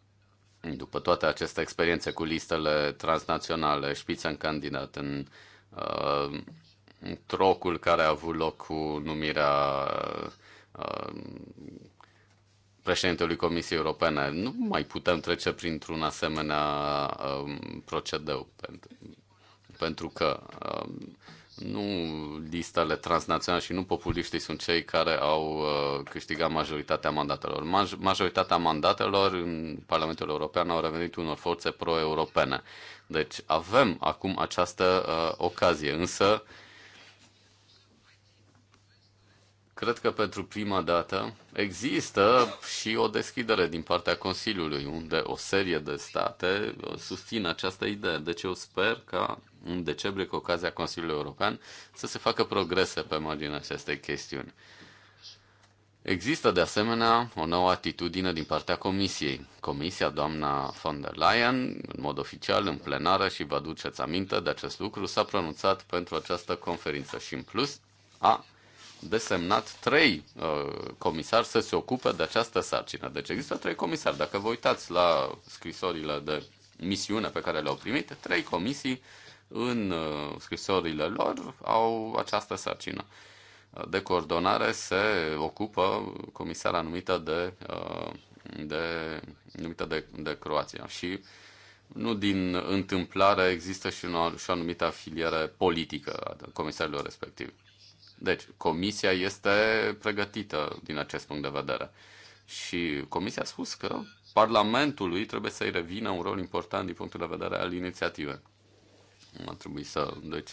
după toate aceste experiențe cu listele transnaționale, șpița în candidat, în uh, trocul care a avut loc cu numirea uh, președintelui Comisiei Europene, nu mai putem trece printr-un asemenea uh, procedeu, pentru, pentru că uh, nu listele transnaționale și nu populiștii sunt cei care au uh, câștigat majoritatea mandatelor. Maj- majoritatea mandatelor în Parlamentul European au revenit unor forțe pro-europene. Deci avem acum această uh, ocazie, însă uh, Cred că pentru prima dată există și o deschidere din partea Consiliului, unde o serie de state uh, susțin această idee. Deci eu sper ca în decembrie, cu ocazia Consiliului European, să se facă progrese pe marginea acestei chestiuni. Există de asemenea o nouă atitudine din partea Comisiei. Comisia, doamna von der Leyen, în mod oficial, în plenară și vă aduceți aminte de acest lucru, s-a pronunțat pentru această conferință și în plus a desemnat trei uh, comisari să se ocupe de această sarcină. Deci există trei comisari. Dacă vă uitați la scrisorile de misiune pe care le-au primit, trei comisii în uh, scrisorile lor au această sarcină. Uh, de coordonare se ocupă comisara numită de, uh, de, numită de, de Croația și nu din întâmplare există și o, și o anumită afiliere politică a comisarilor respectivi. Deci, comisia este pregătită din acest punct de vedere. Și comisia a spus că Parlamentului trebuie să-i revină un rol important din punctul de vedere al inițiativei. Ar trebui să... Deci,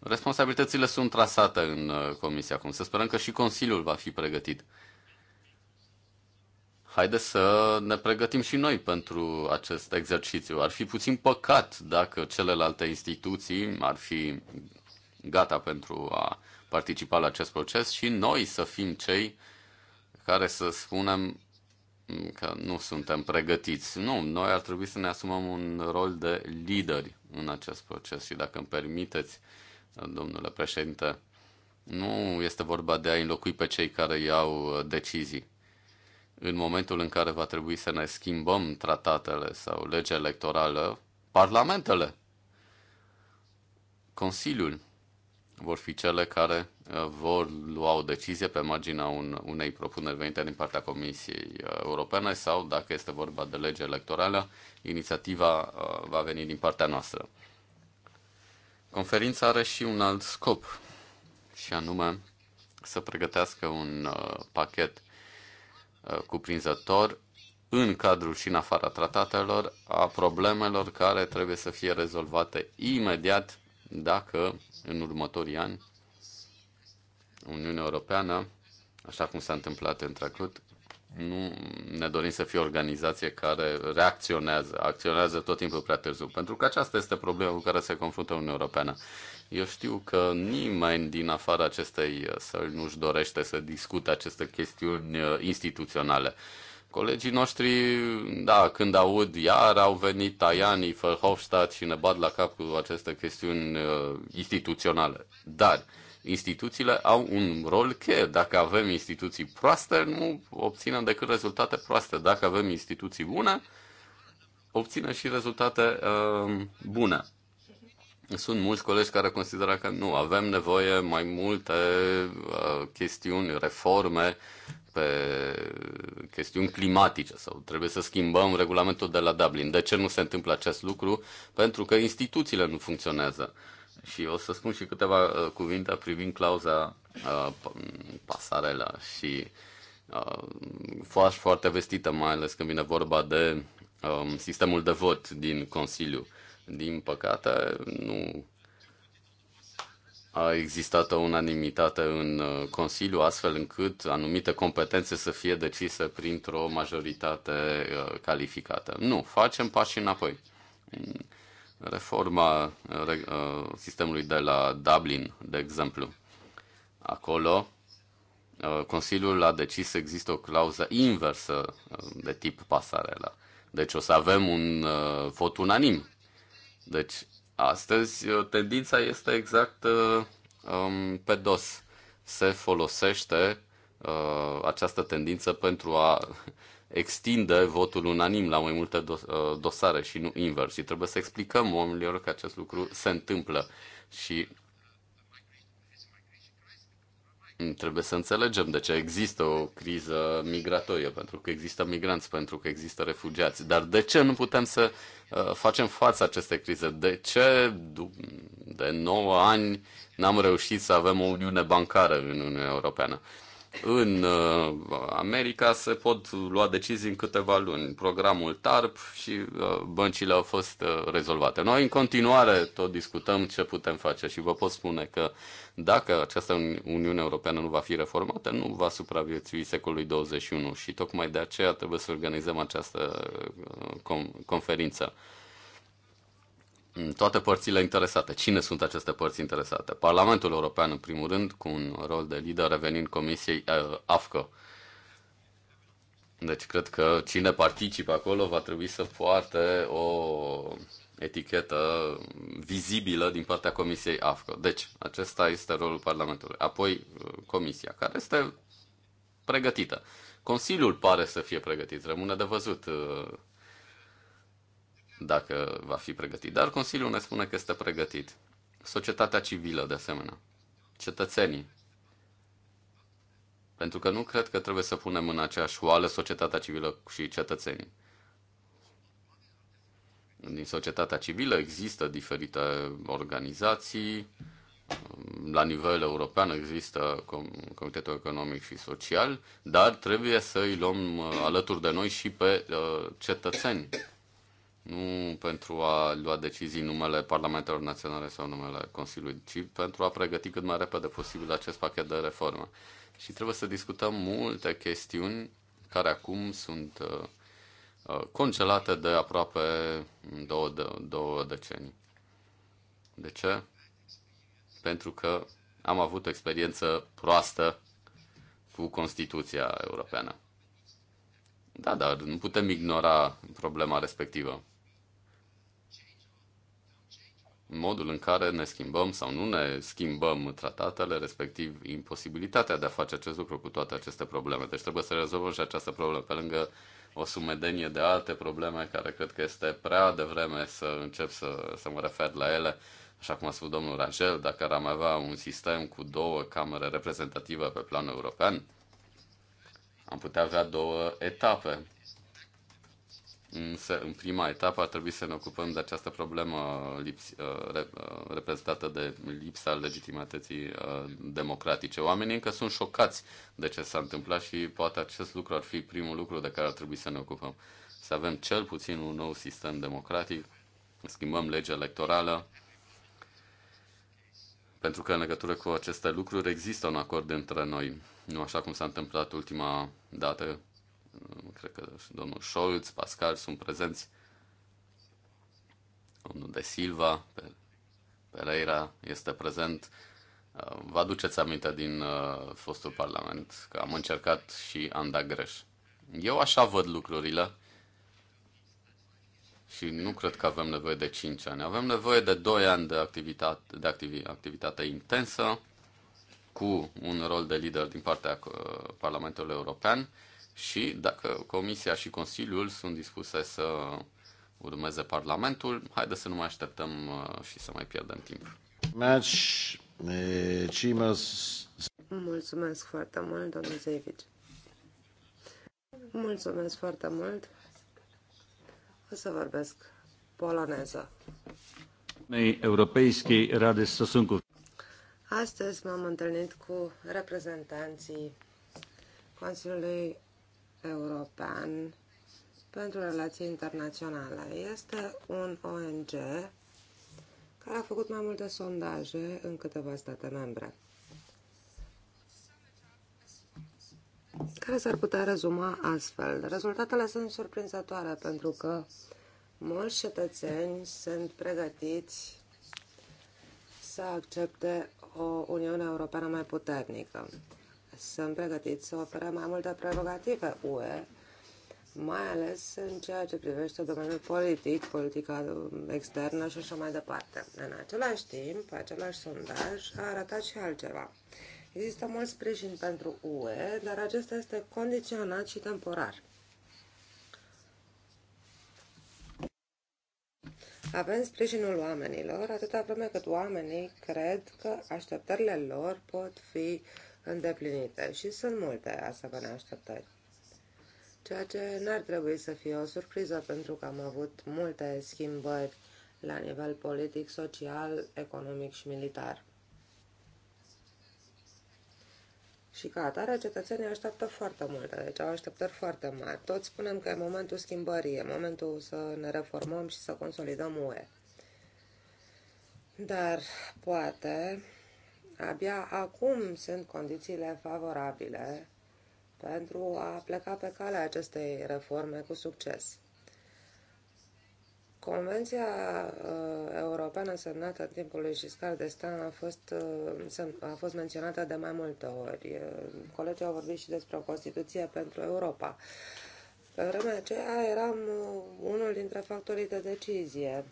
responsabilitățile sunt trasate în uh, comisia acum. Să sperăm că și Consiliul va fi pregătit. Haideți să ne pregătim și noi pentru acest exercițiu. Ar fi puțin păcat dacă celelalte instituții ar fi gata pentru a participa la acest proces și noi să fim cei care să spunem că nu suntem pregătiți. Nu, noi ar trebui să ne asumăm un rol de lideri în acest proces și dacă îmi permiteți, domnule președinte, nu este vorba de a înlocui pe cei care iau decizii. În momentul în care va trebui să ne schimbăm tratatele sau legea electorală, parlamentele, Consiliul vor fi cele care uh, vor lua o decizie pe marginea un, unei propuneri venite din partea Comisiei uh, Europene sau, dacă este vorba de lege electorală, inițiativa uh, va veni din partea noastră. Conferința are și un alt scop, și anume să pregătească un pachet cuprinzător în cadrul și în afara tratatelor a problemelor care trebuie să fie rezolvate imediat dacă în următorii ani Uniunea Europeană, așa cum s-a întâmplat în trecut, nu ne dorim să fie o organizație care reacționează, acționează tot timpul prea târziu, pentru că aceasta este problema cu care se confruntă Uniunea Europeană. Eu știu că nimeni din afara acestei săli nu-și dorește să discute aceste chestiuni uh, instituționale. Uh, Colegii noștri, da, când aud iar au venit Tajani, Verhofstadt și ne bat la cap cu aceste chestiuni uh, instituționale. Dar instituțiile au un rol cheie. Dacă avem instituții proaste, nu obținem decât rezultate proaste. Dacă avem instituții bune, obținem și rezultate uh, bune. Sunt mulți colegi care consideră că nu, avem nevoie mai multe uh, chestiuni, reforme pe chestiuni climatice sau trebuie să schimbăm regulamentul de la Dublin. De ce nu se întâmplă acest lucru? Pentru că instituțiile nu funcționează. Și o să spun și câteva uh, cuvinte privind clauza uh, pasarela și uh, foarte, foarte vestită, mai ales când vine vorba de uh, sistemul de vot din Consiliu din păcate, nu a existat o unanimitate în uh, Consiliu, astfel încât anumite competențe să fie decise printr-o majoritate uh, calificată. Nu, facem pași înapoi. Reforma uh, sistemului de la Dublin, de exemplu. Acolo, Consiliul a decis să există o clauză inversă de tip pasarela. Deci o să avem un vot unanim deci, astăzi, uh, tendința este exact uh, um, pe dos. Se folosește uh, această tendință pentru a [laughs] extinde votul unanim la mai multe uh, dosare și nu invers. Și trebuie să explicăm oamenilor că acest lucru se întâmplă. Și Trebuie să înțelegem de ce există o criză migratorie, pentru că există migranți, pentru că există refugiați. Dar de ce nu putem să uh, facem față acestei crize? De ce de 9 ani n-am reușit să avem o uniune bancară în Uniunea Europeană? În uh, America se pot lua decizii în câteva luni. Programul TARP și uh, băncile au fost rezolvate. Noi în continuare tot discutăm ce putem face și vă pot spune că dacă această Uniune Europeană nu va fi reformată, nu va supraviețui secolului 21 și tocmai de aceea trebuie să organizăm această uh, conferință mm, toate părțile interesate. Cine sunt aceste părți interesate? Parlamentul European, în primul rând, cu un rol de lider revenind Comisiei uh, AFCO. Deci cred că cine participă acolo va trebui să poarte o etichetă vizibilă din partea Comisiei AFCO. Deci, acesta este rolul Parlamentului. Apoi, Comisia, care este pregătită. Consiliul pare să fie pregătit, rămâne de văzut uh, dacă va fi pregătit. Dar Consiliul ne spune că este pregătit. Societatea civilă, de asemenea. Cetățenii pentru că nu cred că trebuie să punem în aceeași oală societatea civilă și cetățenii. Din societatea civilă există diferite organizații, um, la nivel european există Comitetul Economic și Social, dar trebuie să îi luăm uh, alături de noi și pe uh, cetățeni, nu pentru a lua decizii în numele Parlamentelor Naționale sau în numele Consiliului, ci pentru a pregăti cât mai repede posibil acest pachet de reformă și trebuie să discutăm multe chestiuni care acum sunt uh, uh, congelate de aproape două, de, două decenii. De ce? Pentru că am avut o experiență proastă cu Constituția Europeană. Da, dar nu putem ignora problema respectivă modul în care ne schimbăm sau nu ne schimbăm tratatele, respectiv imposibilitatea de a face acest lucru cu toate aceste probleme. Deci trebuie să rezolvăm și această problemă, pe lângă o sumedenie de alte probleme care cred că este prea devreme să încep să, să mă refer la ele. Așa cum a spus domnul Rangel, dacă ar avea un sistem cu două camere reprezentative pe plan european, am putea avea două etape însă în prima etapă ar trebui să ne ocupăm de această problemă lips, uh, uh, reprezentată de lipsa legitimității uh, democratice. Oamenii încă sunt șocați de ce s-a întâmplat și poate acest lucru ar fi primul lucru de care ar trebui să ne ocupăm. Să avem cel puțin un nou sistem democratic, schimbăm legea electorală, pentru că în legătură cu aceste lucruri există un acord între noi, nu așa cum s-a întâmplat ultima dată cred că domnul Scholz, Pascal sunt prezenți, domnul De Silva, Pereira este prezent. Uh, vă aduceți aminte din uh, fostul Parlament că am încercat și am dat greș. Eu așa văd lucrurile și nu cred că avem nevoie de 5 ani. Avem nevoie de 2 ani de activitate, de activi, activitate intensă cu un rol de lider din partea uh, Parlamentului European și dacă Comisia și Consiliul sunt dispuse să urmeze Parlamentul, haideți să nu mai așteptăm uh, și să mai pierdem timp. Match, eh, Mulțumesc foarte mult, domnul Zevici. Mulțumesc foarte mult. O să vorbesc poloneză. Astăzi m-am întâlnit cu reprezentanții Consiliului European pentru Relații Internaționale. Este un ONG care a făcut mai multe sondaje în câteva state membre. Care s-ar putea rezuma astfel? Rezultatele sunt surprinzătoare pentru că mulți cetățeni sunt pregătiți să accepte o Uniune Europeană mai puternică sunt pregătiți să ofere mai multe prerogative UE, mai ales în ceea ce privește domeniul politic, politica externă și așa mai departe. În același timp, același sondaj a arătat și altceva. Există mult sprijin pentru UE, dar acesta este condiționat și temporar. Avem sprijinul oamenilor, atâta vreme cât oamenii cred că așteptările lor pot fi îndeplinite și sunt multe asemenea așteptări. Ceea ce n-ar trebui să fie o surpriză pentru că am avut multe schimbări la nivel politic, social, economic și militar. Și ca atare, cetățenii așteaptă foarte multe, deci au așteptări foarte mari. Toți spunem că e momentul schimbării, e momentul să ne reformăm și să consolidăm UE. Dar poate Abia acum sunt condițiile favorabile pentru a pleca pe calea acestei reforme cu succes. Convenția uh, europeană semnată în timpul lui de Stan a fost, uh, a fost menționată de mai multe ori. Uh, colegii au vorbit și despre o Constituție pentru Europa. Pe vremea aceea eram uh, unul dintre factorii de decizie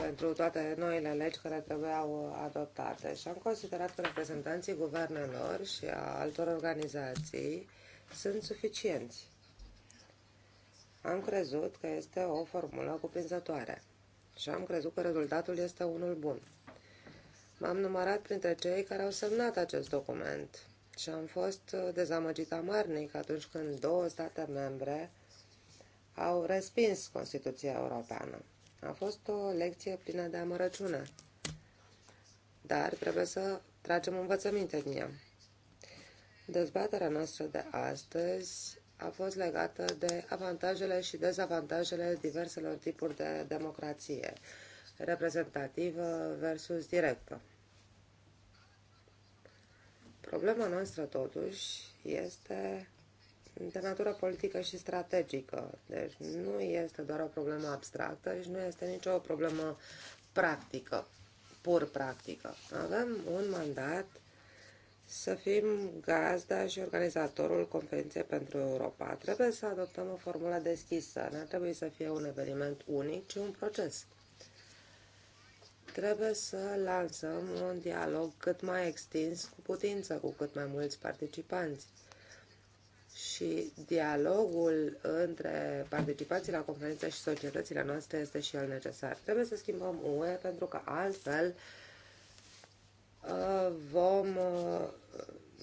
pentru toate noile legi care trebuiau uh, adoptate și am considerat că reprezentanții guvernelor și a altor organizații sunt suficienți. Am crezut că este o formulă cuprinzătoare și am crezut că rezultatul este unul bun. M-am numărat printre cei care au semnat acest document și am fost uh, dezamăgit amarnic atunci când două state membre au respins Constituția Europeană. A fost o lecție plină de amărăciune, dar trebuie să tragem învățăminte din ea. Dezbaterea noastră de astăzi a fost legată de avantajele și dezavantajele diverselor tipuri de democrație, reprezentativă versus directă. Problema noastră, totuși, este de natură politică și strategică. Deci nu este doar o problemă abstractă și nu este nicio o problemă practică, pur practică. Avem un mandat să fim gazda și organizatorul conferinței pentru Europa. Trebuie să adoptăm o formulă deschisă. Nu trebuie să fie un eveniment unic, ci un proces. Trebuie să lansăm un dialog cât mai extins cu putință, cu cât mai mulți participanți și dialogul între participații la conferință și societățile noastre este și el necesar. Trebuie să schimbăm UE pentru că altfel uh, vom uh,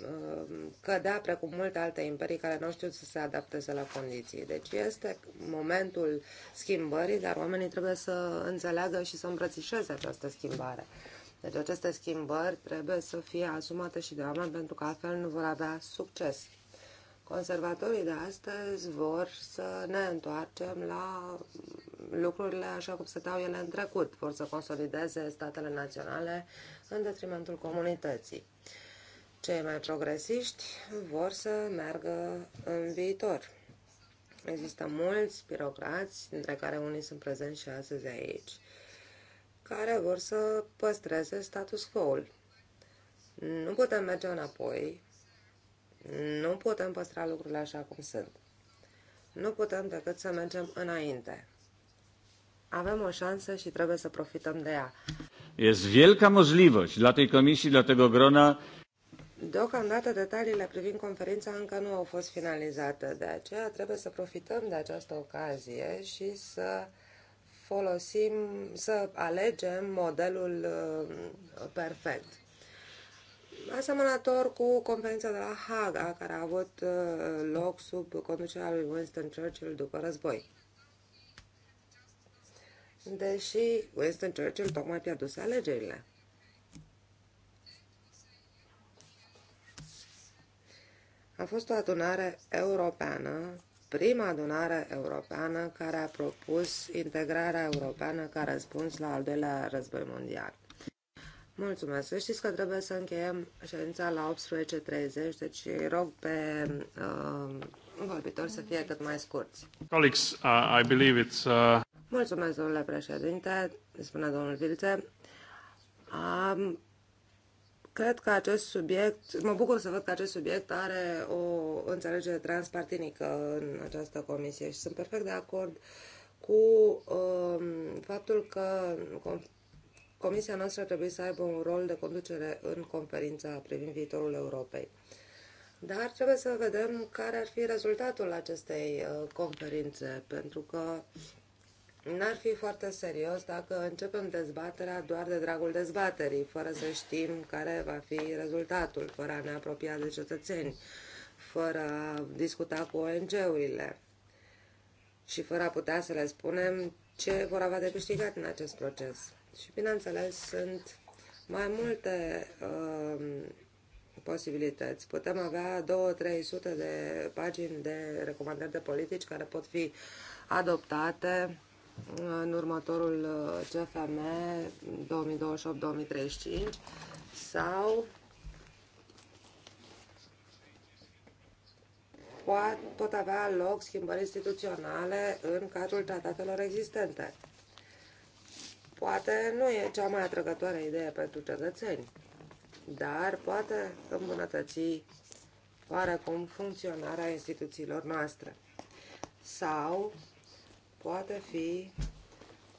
uh, cădea precum multe alte imperii care nu știu să se adapteze la condiții. Deci este momentul schimbării, dar oamenii trebuie să înțeleagă și să îmbrățișeze această schimbare. Deci aceste schimbări trebuie să fie asumate și de oameni pentru că altfel nu vor avea succes. Conservatorii de astăzi vor să ne întoarcem la lucrurile așa cum dau ele în trecut. Vor să consolideze statele naționale în detrimentul comunității. Cei mai progresiști vor să meargă în viitor. Există mulți birocrați, dintre care unii sunt prezenți și astăzi aici, care vor să păstreze status quo-ul. Nu putem merge înapoi, nu putem păstra lucrurile așa cum sunt. Nu putem decât să mergem înainte. Avem o șansă și trebuie să profităm de ea. Este wielka możliwość dla tej komisji, dla tego grona. Deocamdată detaliile privind conferința încă nu au fost finalizate, de aceea trebuie să profităm de această ocazie și să folosim, să alegem modelul uh, perfect asemănător cu conferința de la Haga, care a avut uh, loc sub conducerea lui Winston Churchill după război. Deși Winston Churchill tocmai pierduse alegerile. A fost o adunare europeană, prima adunare europeană care a propus integrarea europeană ca răspuns la al doilea război mondial. Mulțumesc. Să știți că trebuie să încheiem ședința la 18.30, deci rog pe uh, vorbitori să fie cât mai scurți. Colleagues, uh, I believe it's... Uh... Mulțumesc, domnule președinte, spune domnul Vilțe. Um, cred că acest subiect, mă bucur să văd că acest subiect are o înțelegere transpartinică în această comisie și sunt perfect de acord cu um, faptul că Comisia noastră trebuie să aibă un rol de conducere în conferința privind viitorul Europei. Dar trebuie să vedem care ar fi rezultatul acestei uh, conferințe, pentru că n-ar fi foarte serios dacă începem dezbaterea doar de dragul dezbaterii, fără să știm care va fi rezultatul, fără a ne apropia de cetățeni, fără a discuta cu ONG-urile și fără a putea să le spunem ce vor avea de câștigat în acest proces. Și, bineînțeles, sunt mai multe uh, posibilități. Putem avea 2-300 de pagini de recomandări de politici care pot fi adoptate în următorul uh, CFM 2028-2035 sau pot avea loc schimbări instituționale în cadrul tratatelor existente poate nu e cea mai atrăgătoare idee pentru cetățeni, dar poate îmbunătăți oarecum funcționarea instituțiilor noastre. Sau poate fi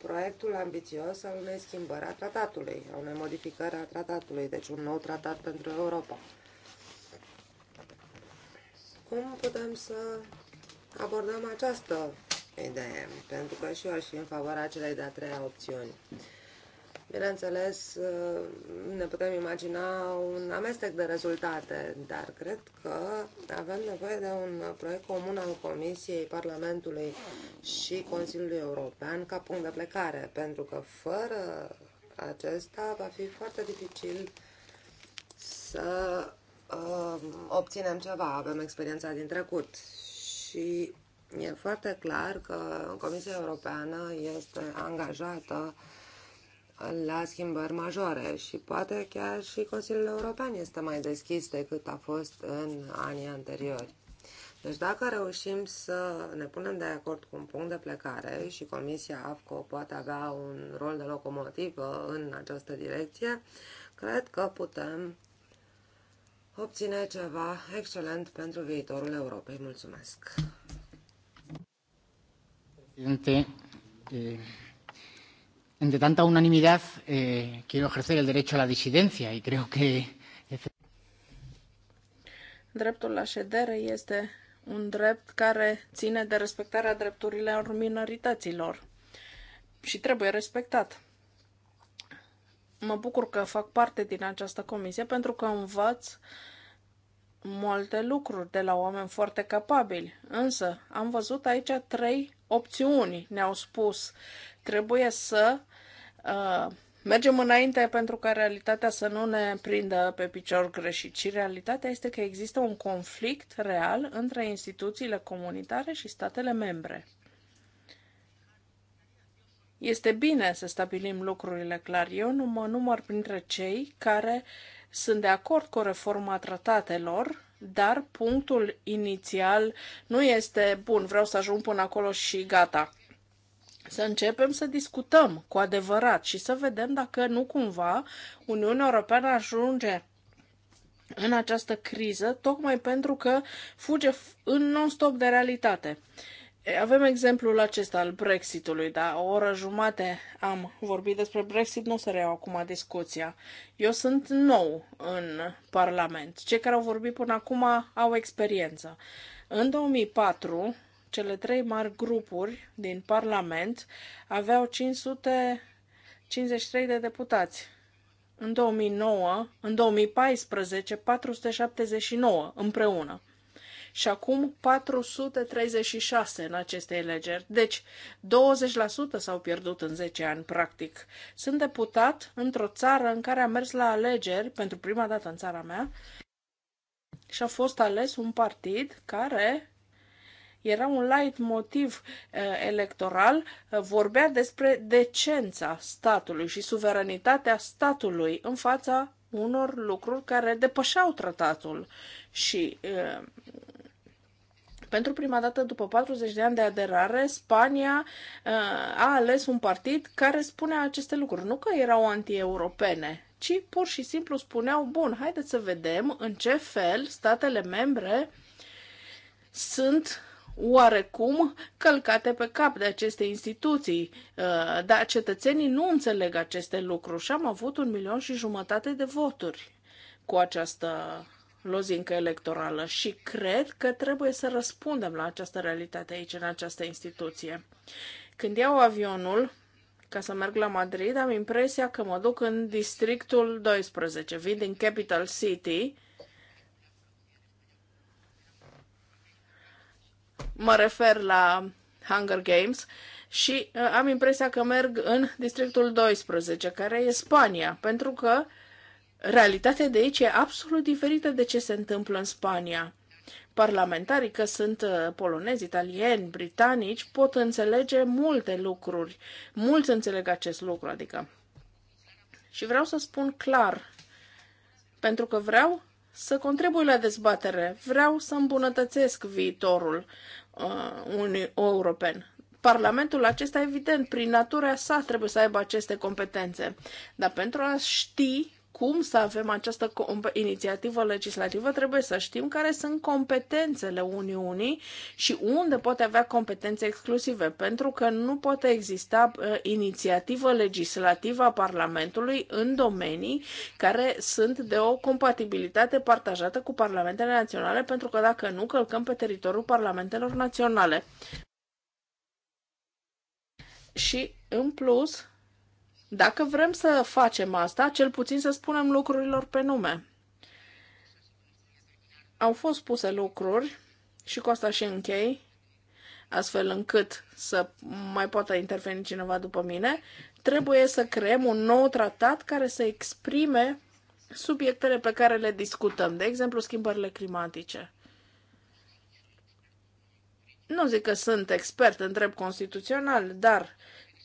proiectul ambițios al unei schimbări a tratatului, a unei modificări a tratatului, deci un nou tratat pentru Europa. Cum putem să abordăm această idee, păi pentru că și eu aș fi în favoarea acelei de-a treia opțiuni. Bineînțeles, uh, ne putem imagina un amestec de rezultate, dar cred că avem nevoie de un proiect comun al Comisiei, Parlamentului și Consiliului European ca punct de plecare, pentru că fără acesta va fi foarte dificil să uh, obținem ceva. Avem experiența din trecut și E foarte clar că Comisia Europeană este angajată la schimbări majore și poate chiar și Consiliul European este mai deschis decât a fost în anii anteriori. Deci dacă reușim să ne punem de acord cu un punct de plecare și Comisia AFCO poate avea un rol de locomotivă în această direcție, cred că putem obține ceva excelent pentru viitorul Europei. Mulțumesc! Presidente, eh, entre tanta unanimidad, eh, quiero ejercer el derecho a la disidencia y creo que. Dreptul la ședere este un drept care ține de respectarea drepturilor minorităților și trebuie respectat. Mă bucur că fac parte din această comisie pentru că învăț uh, multe lucruri de la oameni foarte capabili, însă am văzut aici trei opțiuni. Ne-au spus, trebuie să uh, mergem înainte pentru ca realitatea să nu ne prindă pe picior greșit. Și realitatea este că există un conflict real între instituțiile comunitare și statele membre. Este bine să stabilim lucrurile clar. Eu nu mă număr printre cei care uh, sunt de acord cu reforma tratatelor, dar punctul inițial nu este bun, vreau să ajung până acolo și gata. Să începem să discutăm cu adevărat și să vedem dacă nu cumva Uniunea Europeană ajunge în această criză, tocmai pentru că fuge în non-stop de realitate. Uh, avem exemplul acesta al Brexitului, da? O oră jumate am vorbit despre Brexit, nu o să reiau acum discuția. Eu sunt nou în Parlament. Cei care au vorbit până acum au experiență. În 2004, cele trei mari grupuri din Parlament aveau 553 de deputați. În 2009, în 2014, 479 împreună și acum 436 în aceste elegeri. Deci 20% s-au pierdut în 10 ani, practic. Sunt deputat într-o țară în care am mers la alegeri, pentru prima dată în țara mea, și a fost ales un partid care era un light motiv eh, electoral, eh, vorbea despre decența statului și suveranitatea statului în fața unor lucruri care depășeau tratatul și eh, pentru prima dată, după 40 de ani de aderare, Spania uh, a ales un partid care spunea aceste lucruri. Nu că erau anti-europene, ci pur și simplu spuneau, bun, haideți să vedem în ce fel statele membre sunt oarecum călcate pe cap de aceste instituții, uh, dar cetățenii nu înțeleg aceste lucruri și am avut un milion și jumătate de voturi cu această lozincă electorală și cred că trebuie să răspundem la această realitate aici, în această instituție. Când iau avionul ca să merg la Madrid, am impresia că mă duc în districtul 12, vin din Capital City, mă refer la Hunger Games, și uh, am impresia că merg în districtul 12, care e Spania, pentru că uh, Realitatea de aici e absolut diferită de ce se întâmplă în Spania. Parlamentarii, că sunt uh, polonezi, italieni, britanici, pot înțelege multe lucruri. Mulți înțeleg acest lucru, adică. Și vreau să spun clar, pentru că vreau să contribui la dezbatere, vreau să îmbunătățesc viitorul uh, unui european. Parlamentul acesta, evident, prin natura sa trebuie să aibă aceste competențe. Dar pentru a ști cum să avem această inițiativă legislativă, trebuie să știm care sunt competențele Uniunii și unde poate avea competențe exclusive, pentru că nu poate exista inițiativă legislativă a Parlamentului în domenii care sunt de o compatibilitate partajată cu parlamentele naționale, pentru că dacă nu, călcăm pe teritoriul parlamentelor naționale. Și, în plus, dacă vrem să facem asta, cel puțin să spunem lucrurilor pe nume. Au fost puse lucruri și cu asta și închei, astfel încât să mai poată interveni cineva după mine, trebuie să creăm un nou tratat care să exprime subiectele pe care le discutăm, de exemplu schimbările climatice. Nu zic că sunt expert în drept constituțional, dar uh,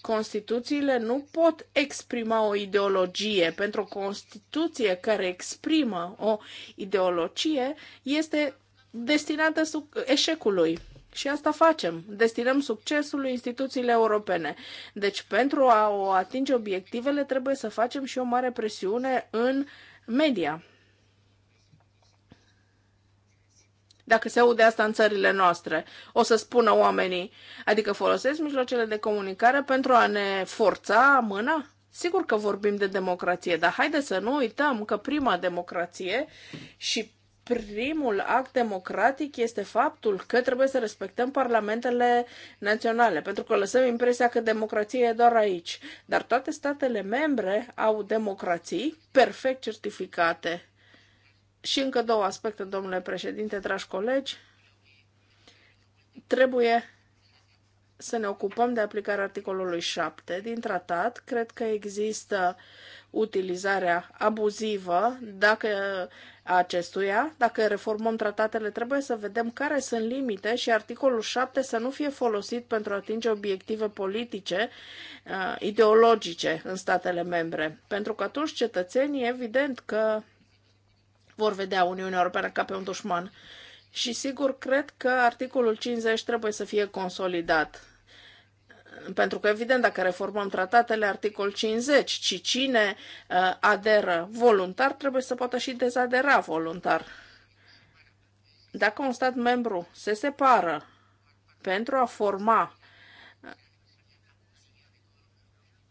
Constituțiile nu pot exprima o ideologie. Pentru o Constituție care exprimă o ideologie este destinată eșecului. Și asta facem. Destinăm succesului instituțiile europene. Deci, pentru a o atinge obiectivele, trebuie să facem și o mare presiune în media. dacă se aude asta în țările noastre. O să spună oamenii, adică folosesc mijloacele de comunicare pentru a ne forța mâna? Sigur că vorbim de democrație, dar haide să nu uităm că prima democrație și primul act democratic este faptul că trebuie să respectăm parlamentele naționale, pentru că lăsăm impresia că democrația e doar aici. Dar toate statele membre au democrații perfect certificate și încă două aspecte, domnule președinte, dragi colegi. Trebuie să ne ocupăm de aplicarea articolului 7 din tratat. Cred că există utilizarea abuzivă dacă acestuia. Dacă reformăm tratatele, trebuie să vedem care sunt limite și articolul 7 să nu fie folosit pentru a atinge obiective politice, uh, ideologice în statele membre. Pentru că atunci cetățenii, evident că vor vedea Uniunea Europeană ca pe un dușman. Și sigur, cred că articolul 50 trebuie să fie consolidat. Pentru că, evident, dacă reformăm tratatele, articol 50, ci cine uh, aderă voluntar trebuie să poată și dezadera voluntar. Dacă un stat membru se separă pentru a forma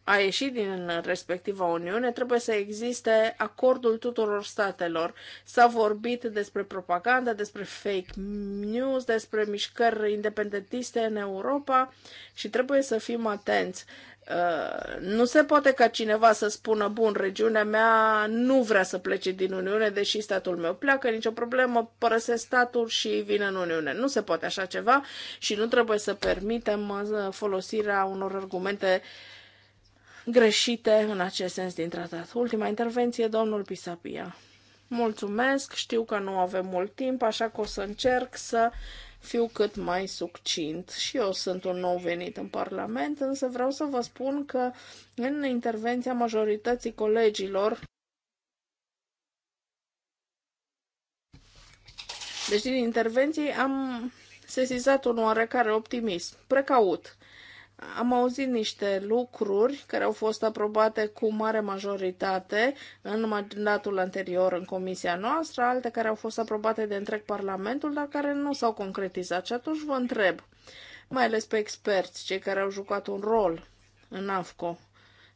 a ieși din respectiva Uniune, trebuie să existe acordul tuturor statelor. S-a vorbit despre propaganda, despre fake news, despre mișcări independentiste în Europa și trebuie să fim atenți. Uh, nu se poate ca cineva să spună, bun, regiunea mea nu vrea să plece din Uniune, deși statul meu pleacă, nicio problemă, părăsesc statul și vin în Uniune. Nu se poate așa ceva și nu trebuie să permitem uh, folosirea unor argumente uh, greșite în acest sens din tratat. Ultima intervenție, domnul Pisapia. Mulțumesc, știu că nu avem mult timp, așa că o să încerc să fiu cât mai succint. Și eu sunt un nou venit în Parlament, însă vreau să vă spun că în intervenția majorității colegilor Deci din intervenții am sesizat un oarecare optimism, precaut. Am auzit niște lucruri care au fost aprobate cu mare majoritate în mandatul anterior în comisia noastră, alte care au fost aprobate de întreg Parlamentul, dar care nu s-au concretizat. Și atunci vă întreb, mai ales pe experți, cei care au jucat un rol în AFCO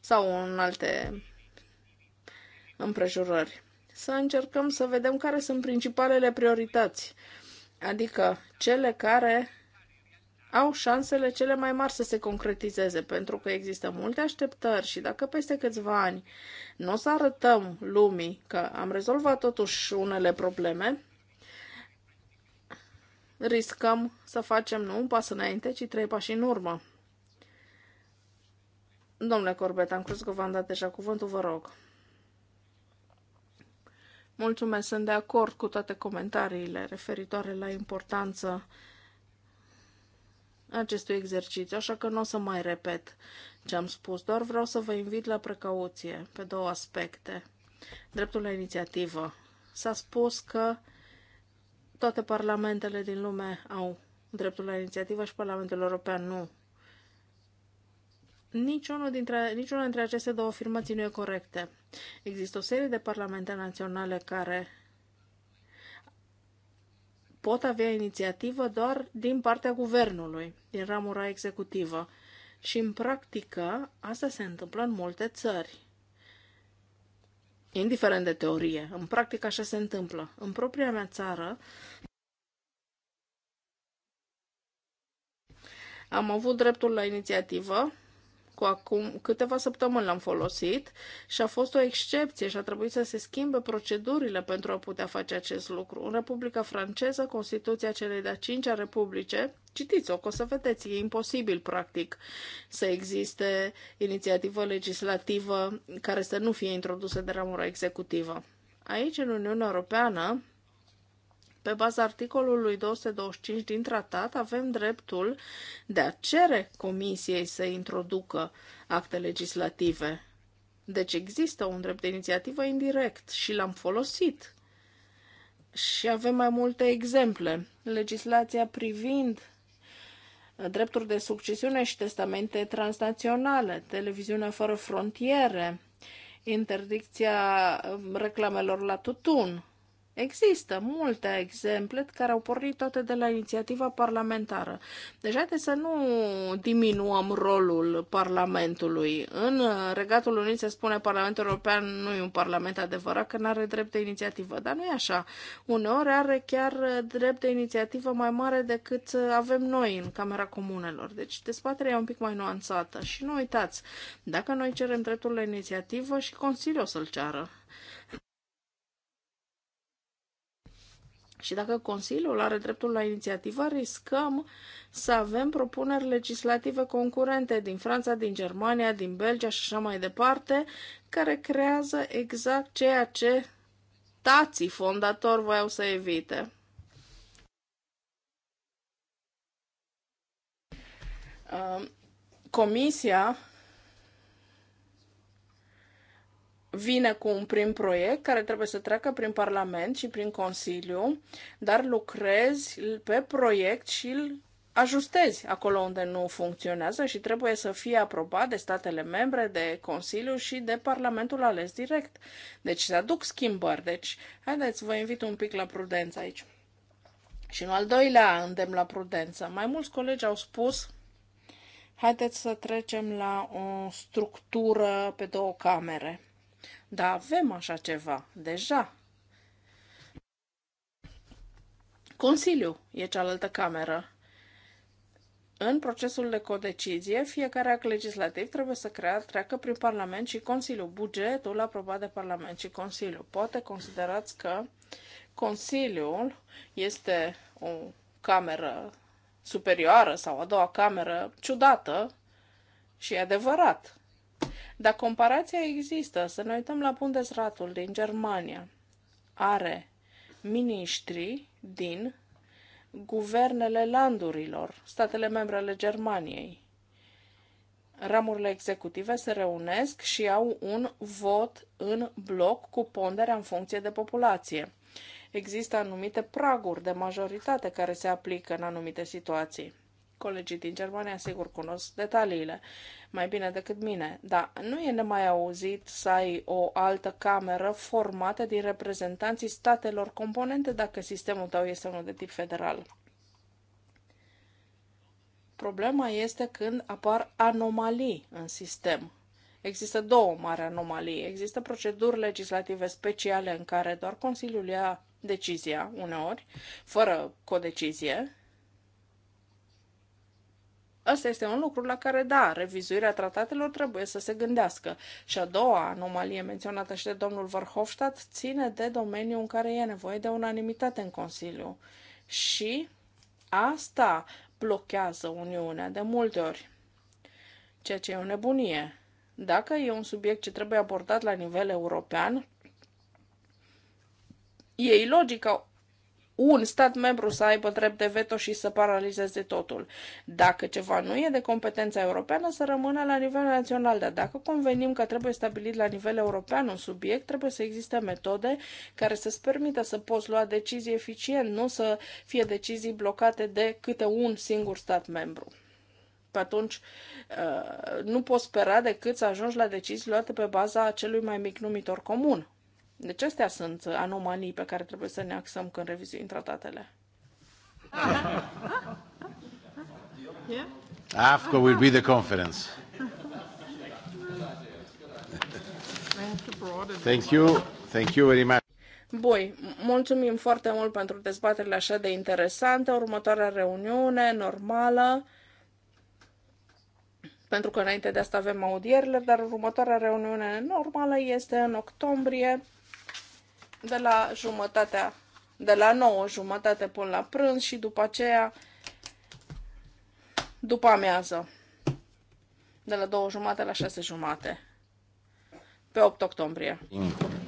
sau în alte împrejurări, să încercăm să vedem care sunt principalele priorități, adică cele care au șansele cele mai mari să se concretizeze, pentru că există multe așteptări și dacă peste câțiva ani nu o să arătăm lumii că am rezolvat totuși unele probleme, riscăm să facem nu un pas înainte, ci trei pași în urmă. Domnule Corbet, am crezut că v-am dat deja cuvântul, vă rog. Mulțumesc, sunt de acord cu toate comentariile referitoare la importanța acestui exercițiu, așa că nu o să mai repet ce am spus, doar vreau să vă invit la precauție pe două aspecte. Dreptul la inițiativă. S-a spus că toate parlamentele din lume au dreptul la inițiativă și Parlamentul European nu. Niciunul dintre, niciuna dintre aceste două afirmații nu e corecte. Există o serie de parlamente naționale care pot avea inițiativă doar din partea guvernului, din ramura executivă. Și în practică asta se întâmplă în multe țări. Indiferent de teorie, în practică așa se întâmplă. În propria mea țară am avut dreptul la inițiativă cu acum câteva săptămâni l-am folosit și a fost o excepție și a trebuit să se schimbe procedurile pentru a putea face acest lucru. În Republica Franceză, Constituția celei de-a cincea republice, citiți-o, că o să vedeți, e imposibil practic să existe inițiativă legislativă care să nu fie introdusă de ramura executivă. Aici, în Uniunea Europeană, pe baza articolului 225 din tratat, avem dreptul de a cere Comisiei să introducă acte legislative. Deci există un drept de inițiativă indirect și l-am folosit. Și avem mai multe exemple. Legislația privind drepturi de succesiune și testamente transnaționale, televiziunea fără frontiere, interdicția um, reclamelor la tutun, Există multe exemple care au pornit toate de la inițiativa parlamentară. Deci haideți să nu diminuăm rolul Parlamentului. În Regatul Unit se spune Parlamentul European nu e un parlament adevărat că nu are drept de inițiativă, dar nu e așa. Uneori are chiar drept de inițiativă mai mare decât avem noi în Camera Comunelor. Deci dezbaterea e un pic mai nuanțată. Și nu uitați, dacă noi cerem dreptul la inițiativă și Consiliul o să-l ceară. Și dacă Consiliul are dreptul la inițiativă, riscăm să avem propuneri legislative concurente din Franța, din Germania, din Belgia și așa mai departe, care creează exact ceea ce tații fondatori voiau să evite. Uh, Comisia vine cu un prim proiect care trebuie să treacă prin Parlament și prin Consiliu, dar lucrezi pe proiect și îl ajustezi acolo unde nu funcționează și trebuie să fie aprobat de statele membre, de Consiliu și de Parlamentul ales direct. Deci se aduc schimbări. Deci, haideți, vă invit un pic la prudență aici. Și în al doilea îndemn la prudență. Mai mulți colegi au spus, haideți să trecem la o structură pe două camere. Dar avem așa ceva deja. Consiliu e cealaltă cameră. În procesul de codecizie, fiecare act legislativ trebuie să crea, treacă prin Parlament și Consiliu. Bugetul aprobat de Parlament și Consiliu. Poate considerați că Consiliul este o cameră superioară sau a doua cameră ciudată și adevărat. Dar comparația există. Să ne uităm la Bundesratul din Germania. Are miniștri din guvernele landurilor, statele membre ale Germaniei. Ramurile executive se reunesc și au un vot în bloc cu ponderea în funcție de populație. Există anumite praguri de majoritate care se aplică în anumite situații. Colegii din Germania sigur cunosc detaliile mai bine decât mine, dar nu e nemai auzit să ai o altă cameră formată din reprezentanții statelor componente dacă sistemul tău este unul de tip federal. Problema este când apar anomalii în sistem. Există două mari anomalii. Există proceduri legislative speciale în care doar Consiliul ia decizia uneori, fără codecizie, Ăsta este un lucru la care, da, revizuirea tratatelor trebuie să se gândească. Și a doua anomalie menționată și de domnul Verhofstadt ține de domeniul în care e nevoie de unanimitate în Consiliu. Și asta blochează Uniunea de multe ori, ceea ce e o nebunie. Dacă e un subiect ce trebuie abordat la nivel european, e ilogică un stat membru să aibă drept de veto și să paralizeze totul. Dacă ceva nu e de competența europeană, să rămână la nivel național, dar dacă convenim că trebuie stabilit la nivel european un subiect, trebuie să existe metode care să-ți permită să poți lua decizii eficient, nu să fie decizii blocate de câte un singur stat membru pe atunci uh, nu poți spera decât să ajungi la decizii luate pe baza celui mai mic numitor comun. Deci astea sunt anomalii pe care trebuie să ne axăm când revizuim tratatele. AFCO will be the conference. Thank you. Thank you very much. Bun, mulțumim foarte mult pentru dezbaterile așa de interesante. Următoarea reuniune normală, pentru că înainte de asta avem audierile, dar următoarea reuniune normală este în octombrie de la jumătatea, de la 9 jumătate până la prânz și după aceea după amiază, de la 2 jumate la 6 jumate, pe 8 octombrie. Mm.